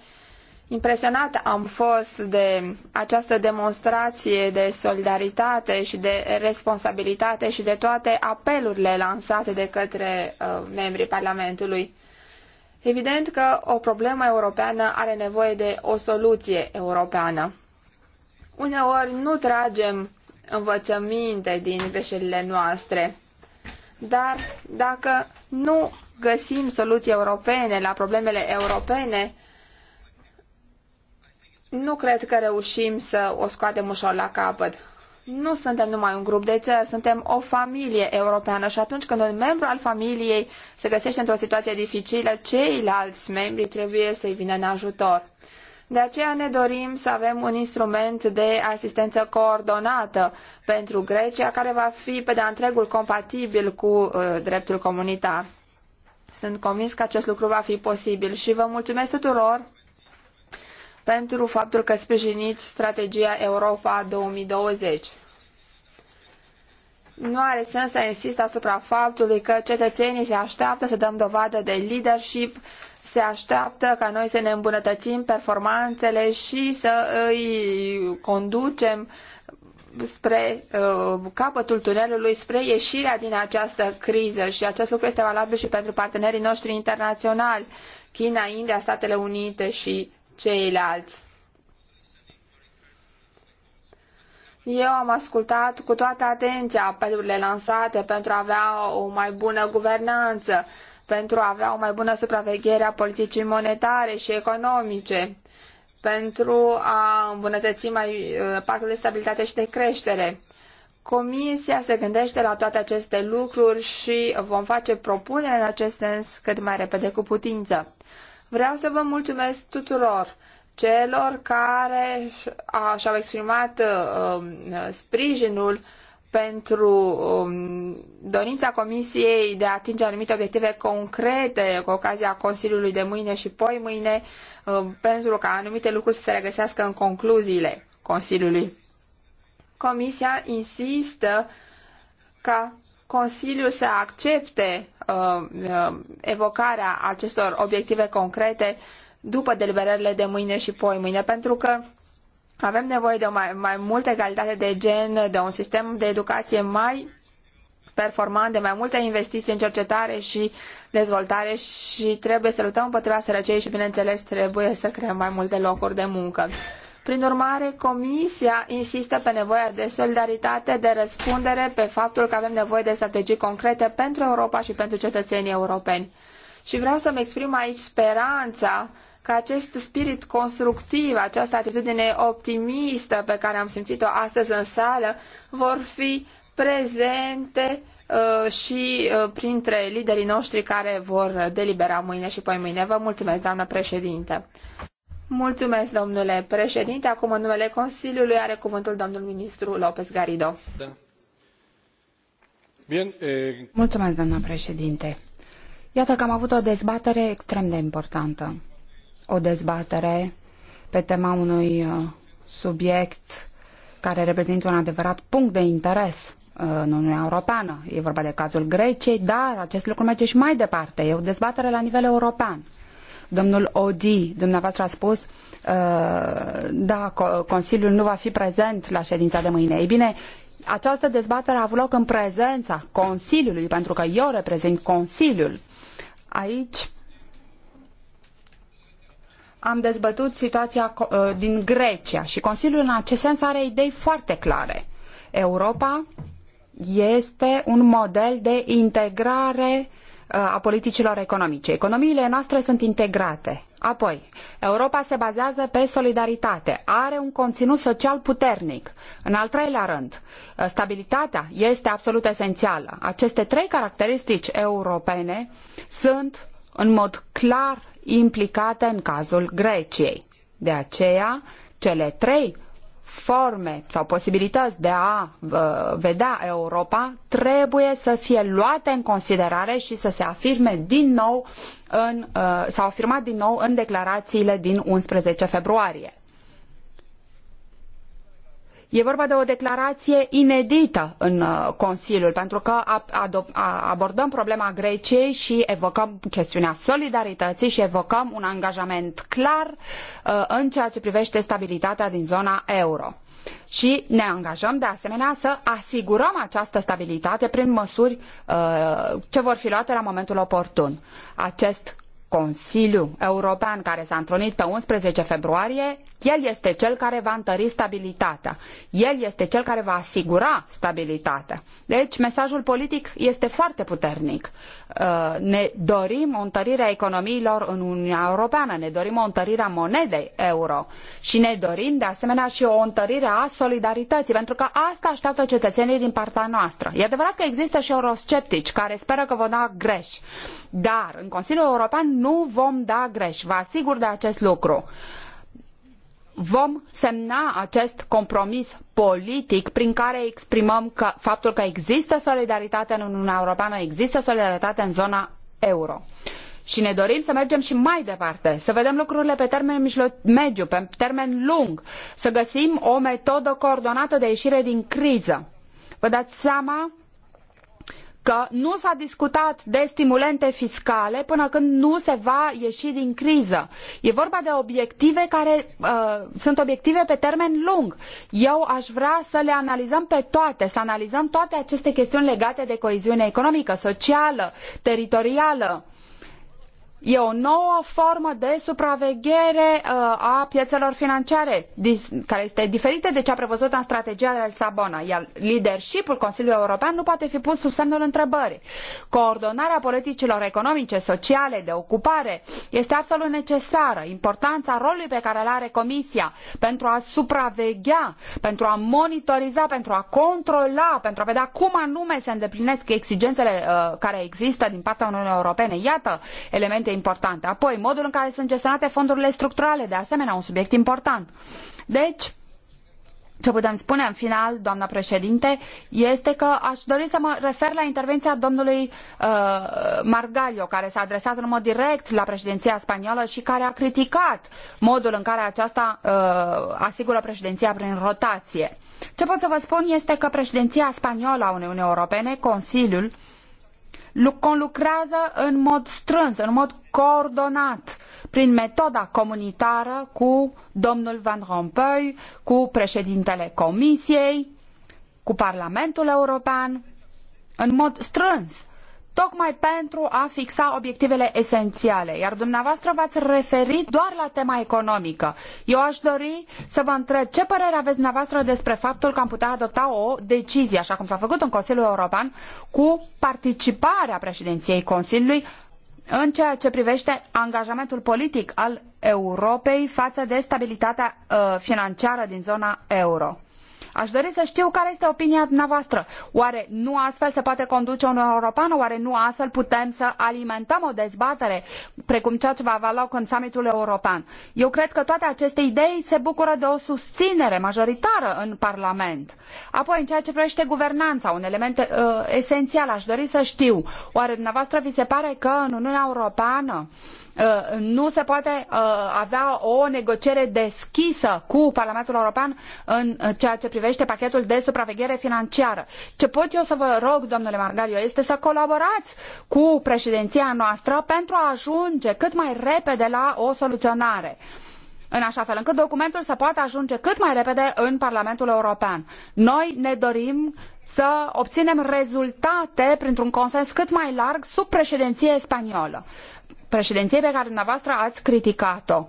Impresionat am fost de această demonstrație de solidaritate și de responsabilitate și de toate apelurile lansate de către uh, membrii Parlamentului. Evident că o problemă europeană are nevoie de o soluție europeană. Uneori nu tragem învățăminte din greșelile noastre, dar dacă nu găsim soluții europene la problemele europene, nu cred că reușim să o scoatem ușor la capăt. Nu suntem numai un grup de țări, suntem o familie europeană și atunci când un membru al familiei se găsește într-o situație dificilă, ceilalți membri trebuie să-i vină în ajutor. De aceea ne dorim să avem un instrument de asistență coordonată pentru Grecia, care va fi pe de-a întregul compatibil cu uh, dreptul comunitar. Sunt convins că acest lucru va fi posibil și vă mulțumesc tuturor pentru faptul că sprijiniți strategia Europa 2020. Nu are sens să insist asupra faptului că cetățenii se așteaptă să dăm dovadă de leadership, se așteaptă ca noi să ne îmbunătățim performanțele și să îi conducem spre uh, capătul tunelului, spre ieșirea din această criză și acest lucru este valabil și pentru partenerii noștri internaționali, China, India, Statele Unite și ceilalți. Eu am ascultat cu toată atenția apelurile lansate pentru a avea o mai bună guvernanță, pentru a avea o mai bună supraveghere a politicii monetare și economice, pentru a îmbunătăți mai uh, pactul de stabilitate și de creștere. Comisia se gândește la toate aceste lucruri și vom face propuneri în acest sens cât mai repede cu putință. Vreau să vă mulțumesc tuturor celor care și-au exprimat uh, sprijinul pentru um, dorința Comisiei de a atinge anumite obiective concrete cu ocazia Consiliului de mâine și poi mâine, um, pentru ca anumite lucruri să se regăsească în concluziile Consiliului. Comisia insistă ca Consiliul să accepte uh, uh, evocarea acestor obiective concrete după deliberările de mâine și poi mâine, pentru că avem nevoie de o mai, mai multă egalitate de gen, de un sistem de educație mai performant, de mai multe investiții în cercetare și dezvoltare și trebuie să luptăm împotriva sărăciei și, bineînțeles, trebuie să creăm mai multe locuri de muncă. Prin urmare, Comisia insistă pe nevoia de solidaritate, de răspundere, pe faptul că avem nevoie de strategii concrete pentru Europa și pentru cetățenii europeni. Și vreau să-mi exprim aici speranța că acest spirit constructiv, această atitudine optimistă pe care am simțit-o astăzi în sală, vor fi prezente uh, și uh, printre liderii noștri care vor delibera mâine și poimâine. Vă mulțumesc, doamnă președinte! Mulțumesc, domnule președinte. Acum, în numele Consiliului, are cuvântul domnul
ministru López Garrido.
Da. Bien, e... Eh,
Mulțumesc, doamna președinte. Iată că am avut o dezbatere extrem de importantă. O dezbatere pe tema unui uh, subiect care reprezintă un adevărat punct de interes uh, în Uniunea Europeană. E vorba de cazul Greciei, dar acest lucru merge și mai departe. E o dezbatere la nivel european. Domnul Odi, dumneavoastră a spus, uh, da, Consiliul nu va fi prezent la ședința de mâine. Ei bine, această dezbatere a avut loc în prezența Consiliului, pentru că eu reprezint Consiliul. Aici am dezbătut situația uh, din Grecia și Consiliul în acest sens are idei foarte clare. Europa este un model de integrare uh, a politicilor economice. Economiile noastre sunt integrate. Apoi, Europa se bazează pe solidaritate, are un conținut social puternic. În al treilea rând, stabilitatea este absolut esențială. Aceste trei caracteristici europene sunt în mod clar implicate în cazul Greciei. De aceea, cele trei forme sau posibilități de a uh, vedea Europa trebuie să fie luate în considerare și să se afirme din nou în, uh, s-au afirmat din nou în declarațiile din 11 februarie. E vorba de o declarație inedită în uh, Consiliul, pentru că abordăm problema Greciei și evocăm chestiunea solidarității și evocăm un angajament clar uh, în ceea ce privește stabilitatea din zona euro. Și ne angajăm de asemenea să asigurăm această stabilitate prin măsuri uh, ce vor fi luate la momentul oportun. Acest Consiliu European care s-a întrunit pe 11 februarie, el este cel care va întări stabilitatea. El este cel care va asigura stabilitatea. Deci, mesajul politic este foarte puternic. Uh, ne dorim o întărire a economiilor în Uniunea Europeană, ne dorim o întărire a monedei euro și ne dorim, de asemenea, și o întărire a solidarității, pentru că asta așteaptă cetățenii din partea noastră. E adevărat că există și eurosceptici care speră că vor da greș. Dar în Consiliul European nu vom da greș. Vă asigur de acest lucru vom semna acest compromis politic prin care exprimăm că faptul că există solidaritate în Uniunea Europeană, există solidaritate în zona euro. Și ne dorim să mergem și mai departe, să vedem lucrurile pe termen mediu, pe termen lung, să găsim o metodă coordonată de ieșire din criză. Vă dați seama că nu s-a discutat de stimulente fiscale până când nu se va ieși din criză. E vorba de obiective care uh, sunt obiective pe termen lung. Eu aș vrea să le analizăm pe toate, să analizăm toate aceste chestiuni legate de coeziune economică, socială, teritorială E o nouă formă de supraveghere uh, a piețelor financiare, care este diferită de cea prevăzută în strategia de Lisabona, iar leadership Consiliului European nu poate fi pus sub semnul întrebării. Coordonarea politicilor economice, sociale, de ocupare este absolut necesară. Importanța rolului pe care îl are Comisia pentru a supraveghea, pentru a monitoriza, pentru a controla, pentru a vedea cum anume se îndeplinesc exigențele uh, care există din partea Uniunii Europene. Iată elemente importante. Apoi, modul în care sunt gestionate fondurile structurale, de asemenea, un subiect important. Deci, ce putem spune în final, doamna președinte, este că aș dori să mă refer la intervenția domnului uh, Margallo, care s-a adresat în mod direct la președinția spaniolă și care a criticat modul în care aceasta uh, asigură președinția prin rotație. Ce pot să vă spun este că președinția spaniolă a Uniunii Europene, Consiliul, uh, conlucrează în mod strâns, în mod coordonat, prin metoda comunitară cu domnul Van Rompuy, cu președintele Comisiei, cu Parlamentul European, în mod strâns tocmai pentru a fixa obiectivele esențiale. Iar dumneavoastră v-ați referit doar la tema economică. Eu aș dori să vă întreb ce părere aveți dumneavoastră despre faptul că am putea adopta o decizie, așa cum s-a făcut în Consiliul European, cu participarea președinției Consiliului în ceea ce privește angajamentul politic al Europei față de stabilitatea uh, financiară din zona euro. Aș dori să știu care este opinia dumneavoastră. Oare nu astfel se poate conduce Uniunea Europeană? Oare nu astfel putem să alimentăm o dezbatere precum cea ce va avea loc în summitul european? Eu cred că toate aceste idei se bucură de o susținere majoritară în Parlament. Apoi, în ceea ce privește guvernanța, un element uh, esențial, aș dori să știu. Oare dumneavoastră vi se pare că în Uniunea Europeană uh, Uh, nu se poate uh, avea o negociere deschisă cu Parlamentul European în uh, ceea ce privește pachetul de supraveghere financiară. Ce pot eu să vă rog, domnule Margalio, este să colaborați cu președinția noastră pentru a ajunge cât mai repede la o soluționare în așa fel încât documentul să poată ajunge cât mai repede în Parlamentul European. Noi ne dorim să obținem rezultate printr-un consens cât mai larg sub președinție spaniolă preediniei pe care dumneavoastră ați criticat-o.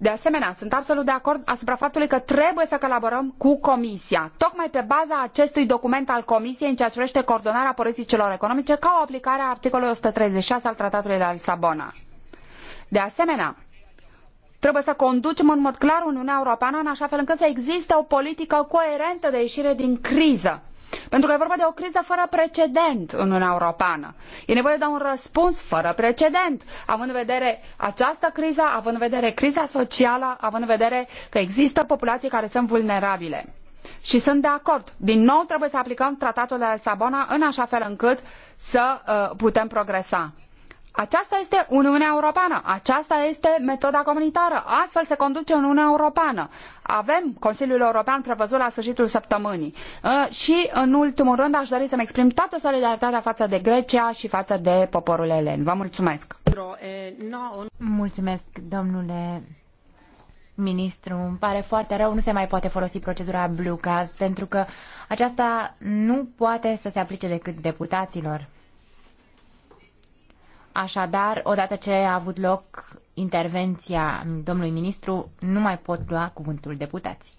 De asemenea, sunt absolut de acord asupra faptului că trebuie să colaborăm cu Comisia, tocmai pe baza acestui document al Comisiei în ceea ce privește coordonarea politicilor economice ca o aplicare a articolului 136 al Tratatului de la Lisabona. De asemenea, trebuie să conducem în mod clar Uniunea Europeană în așa fel încât să existe o politică coerentă de ieșire din criză pentru că e vorba de o criză fără precedent în Uniunea Europeană. E nevoie de un răspuns fără precedent, având în vedere această criză, având în vedere criza socială, având în vedere că există populații care sunt vulnerabile. Și sunt de acord. Din nou trebuie să aplicăm tratatul de la Lisabona în așa fel încât să uh, putem progresa. Aceasta este Uniunea Europeană, aceasta este metoda comunitară, astfel se conduce Uniunea Europeană. Avem Consiliul European prevăzut la sfârșitul săptămânii. Ă, și, în ultimul rând, aș dori să-mi exprim toată solidaritatea față de Grecia și față de poporul elen. Vă mulțumesc!
Mulțumesc, domnule ministru. Îmi pare foarte rău, nu se mai poate folosi procedura Blue Card, pentru că aceasta nu poate să se aplice decât deputaților. Așadar, odată ce a avut loc intervenția domnului ministru, nu mai pot lua cuvântul deputații.